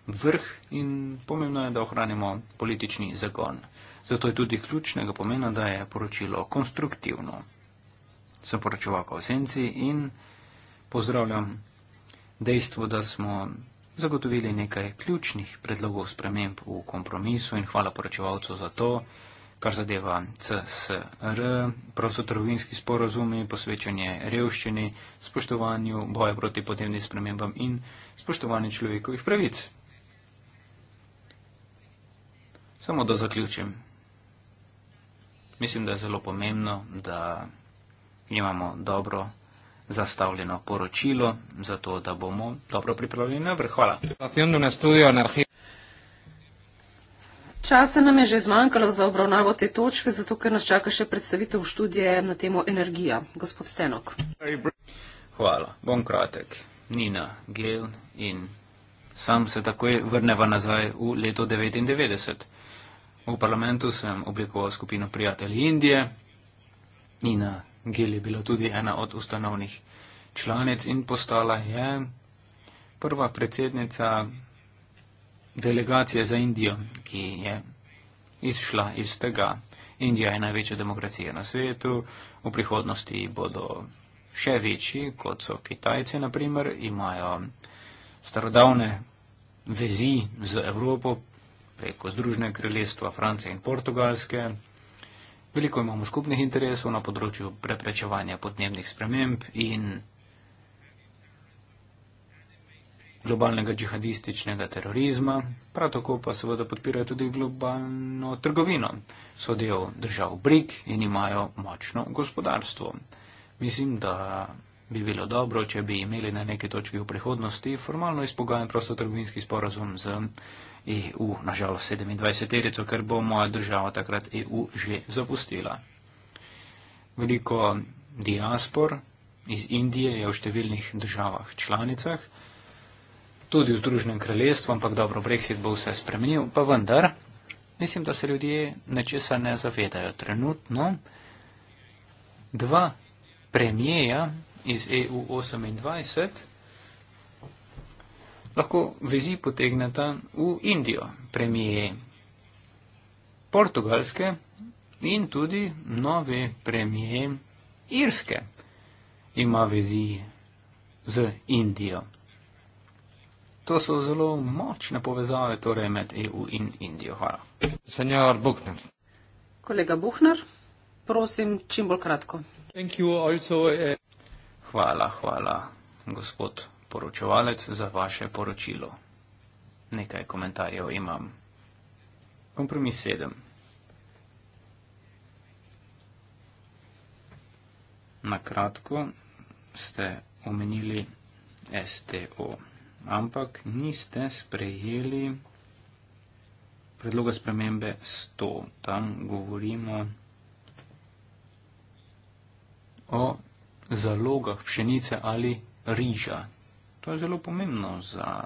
vrh in pomembno je, da ohranimo politični zagon. Zato je tudi ključnega pomena, da je poročilo konstruktivno soporočevalka v senci in pozdravljam dejstvo, da smo zagotovili nekaj ključnih predlogov sprememb v kompromisu in hvala poročevalcu za to, kar zadeva CSR, prostotrovinski sporozumi, posvečanje revščini, spoštovanju boja proti podnebnim spremembam in spoštovanje človekovih pravic. Samo da zaključim. Mislim, da je zelo pomembno, da imamo dobro zastavljeno poročilo, zato da bomo dobro pripravljeni na vrh. Hvala. Časa nam je že zmanjkalo za obravnavo te točke, zato ker nas čaka še predstavitev študije na temo energija. Gospod Stenok. Hvala. Bom kratek. Nina Gel in sam se takoj vrneva nazaj v leto 99. V parlamentu sem oblikoval skupino prijatelji Indije. Nina Gil je bila tudi ena od ustanovnih članic in postala je prva predsednica delegacije za Indijo, ki je izšla iz tega. Indija je največja demokracija na svetu, v prihodnosti bodo še večji, kot so Kitajci, naprimer, imajo starodavne vezi z Evropo preko Združne kraljestva, Francije in Portugalske. Veliko imamo skupnih interesov na področju preprečevanja podnebnih sprememb in globalnega džihadističnega terorizma, prav tako pa seveda podpirajo tudi globalno trgovino. So del držav BRIK in imajo močno gospodarstvo. Mislim, da bi bilo dobro, če bi imeli na neki točki v prihodnosti formalno izpogajen prostotrgovinski sporazum z EU. Nažalost, 27 terico, ker bo moja država takrat EU že zapustila. Veliko diaspor iz Indije je v številnih državah članicah, tudi v Združenem kraljestvu, ampak dobro, Brexit bo vse spremenil, pa vendar, mislim, da se ljudje nečesa ne zavedajo. Trenutno dva premijeja iz EU 28 lahko vezi potegneta v Indijo, premije portugalske in tudi nove premije irske ima vezi z Indijo. To so zelo močne povezave torej med EU in Indijo. Hvala. Senjor Buhner. Kolega Buhner, prosim, čim bolj kratko. Eh. Hvala, hvala, gospod poročevalec za vaše poročilo. Nekaj komentarjev imam. Kompromis 7. Na kratko ste omenili STO, ampak niste sprejeli predloga spremembe 100. Tam govorimo o zalogah pšenice ali riža. To je zelo pomembno za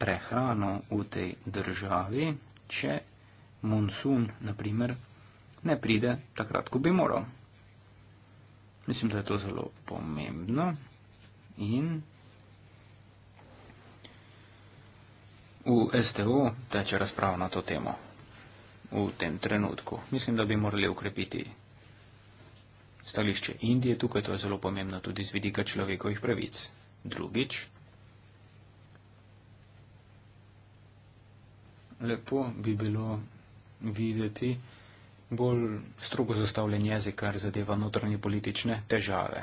prehrano v tej državi, če monsun, na primer, ne pride takrat, ko bi moral. Mislim, da je to zelo pomembno in v STO teče razprava na to temo v tem trenutku. Mislim, da bi morali ukrepiti Stališče Indije tukaj je to zelo pomembno tudi z vidika človekovih pravic. Drugič. Lepo bi bilo videti bolj strogo zastavljen jezik, kar zadeva notranje politične težave.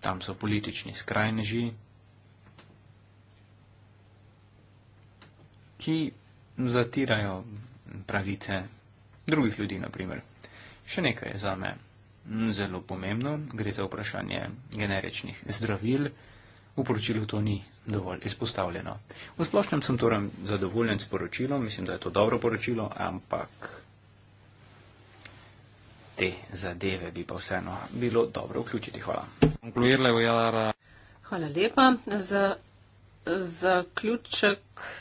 Tam so politični skrajneži, ki zatirajo pravice drugih ljudi, naprimer. Še nekaj je za me mm, zelo pomembno, gre za vprašanje generičnih zdravil. V poročilu to ni dovolj izpostavljeno. V splošnem sem torej zadovoljen s poročilom, mislim, da je to dobro poročilo, ampak te zadeve bi pa vseeno bilo dobro vključiti. Hvala. Eh, Hvala lepa. Za zaključek. Za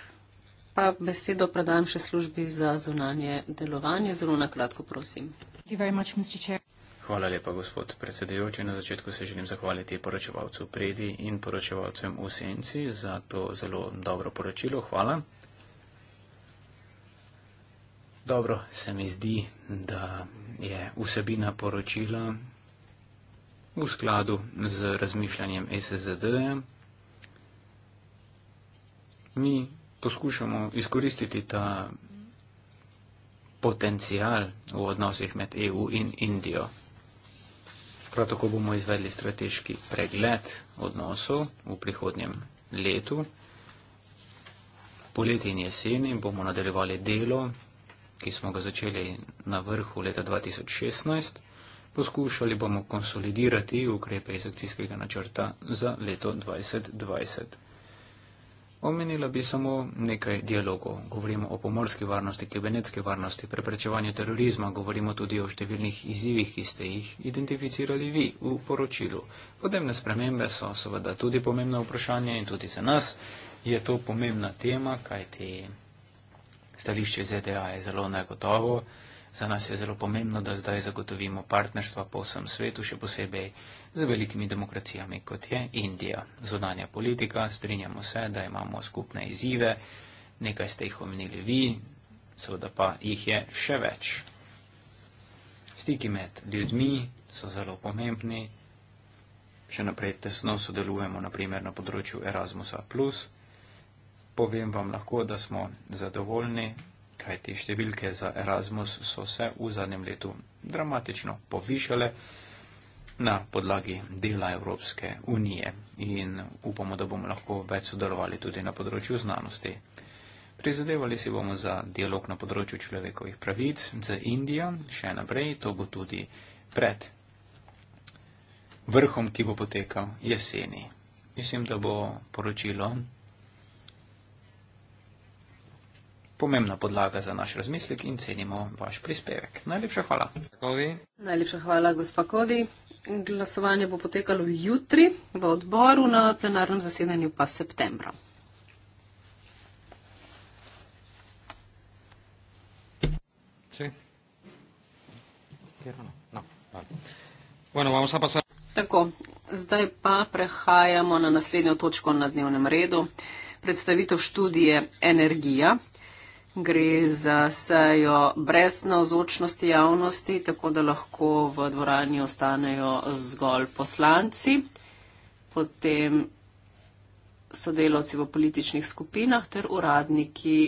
pa besedo predam še službi za zunanje delovanje. Zelo na kratko, prosim. Hvala lepa, gospod predsedujoči. Na začetku se želim zahvaliti poročevalcu Predi in poročevalcem v Senci za to zelo dobro poročilo. Hvala. Dobro, se mi zdi, da je vsebina poročila v skladu z razmišljanjem SSD. -ja. Mi poskušamo izkoristiti ta potencial v odnosih med EU in Indijo. Prav tako bomo izvedli strateški pregled odnosov v prihodnjem letu. Poleti in jeseni bomo nadaljevali delo, ki smo ga začeli na vrhu leta 2016. Poskušali bomo konsolidirati ukrepe iz akcijskega načrta za leto 2020. Omenila bi samo nekaj dialogov. Govorimo o pomorski varnosti, kibernetski varnosti, preprečevanju terorizma, govorimo tudi o številnih izzivih, ki ste jih identificirali vi v poročilu. Podnebne spremembe so seveda tudi pomembno vprašanje in tudi za nas je to pomembna tema, kajti stališče ZDA je zelo negotovo. Za nas je zelo pomembno, da zdaj zagotovimo partnerstva po vsem svetu, še posebej z velikimi demokracijami, kot je Indija. Zunanja politika, strinjamo se, da imamo skupne izzive, nekaj ste jih omenili vi, seveda pa jih je še več. Stiki med ljudmi so zelo pomembni, še naprej tesno sodelujemo naprimer na področju Erasmusa. Povem vam lahko, da smo zadovoljni, kajti številke za Erasmus so se v zadnjem letu dramatično povišale na podlagi dela Evropske unije in upamo, da bomo lahko več sodelovali tudi na področju znanosti. Prizadevali si bomo za dialog na področju človekovih pravic z Indijo, še naprej, to bo tudi pred vrhom, ki bo potekal jeseni. Mislim, da bo poročilo pomembna podlaga za naš razmislek in cenimo vaš prispevek. Najlepša hvala. Najlepša hvala, gospa Kodi. Glasovanje bo potekalo jutri v odboru na plenarnem zasedanju pa septembra. No. No, bueno, Tako, zdaj pa prehajamo na naslednjo točko na dnevnem redu. Predstavitev študije Energija. Gre za sejo brez navzočnosti javnosti, tako da lahko v dvorani ostanejo zgolj poslanci, potem sodelovci v političnih skupinah ter uradniki.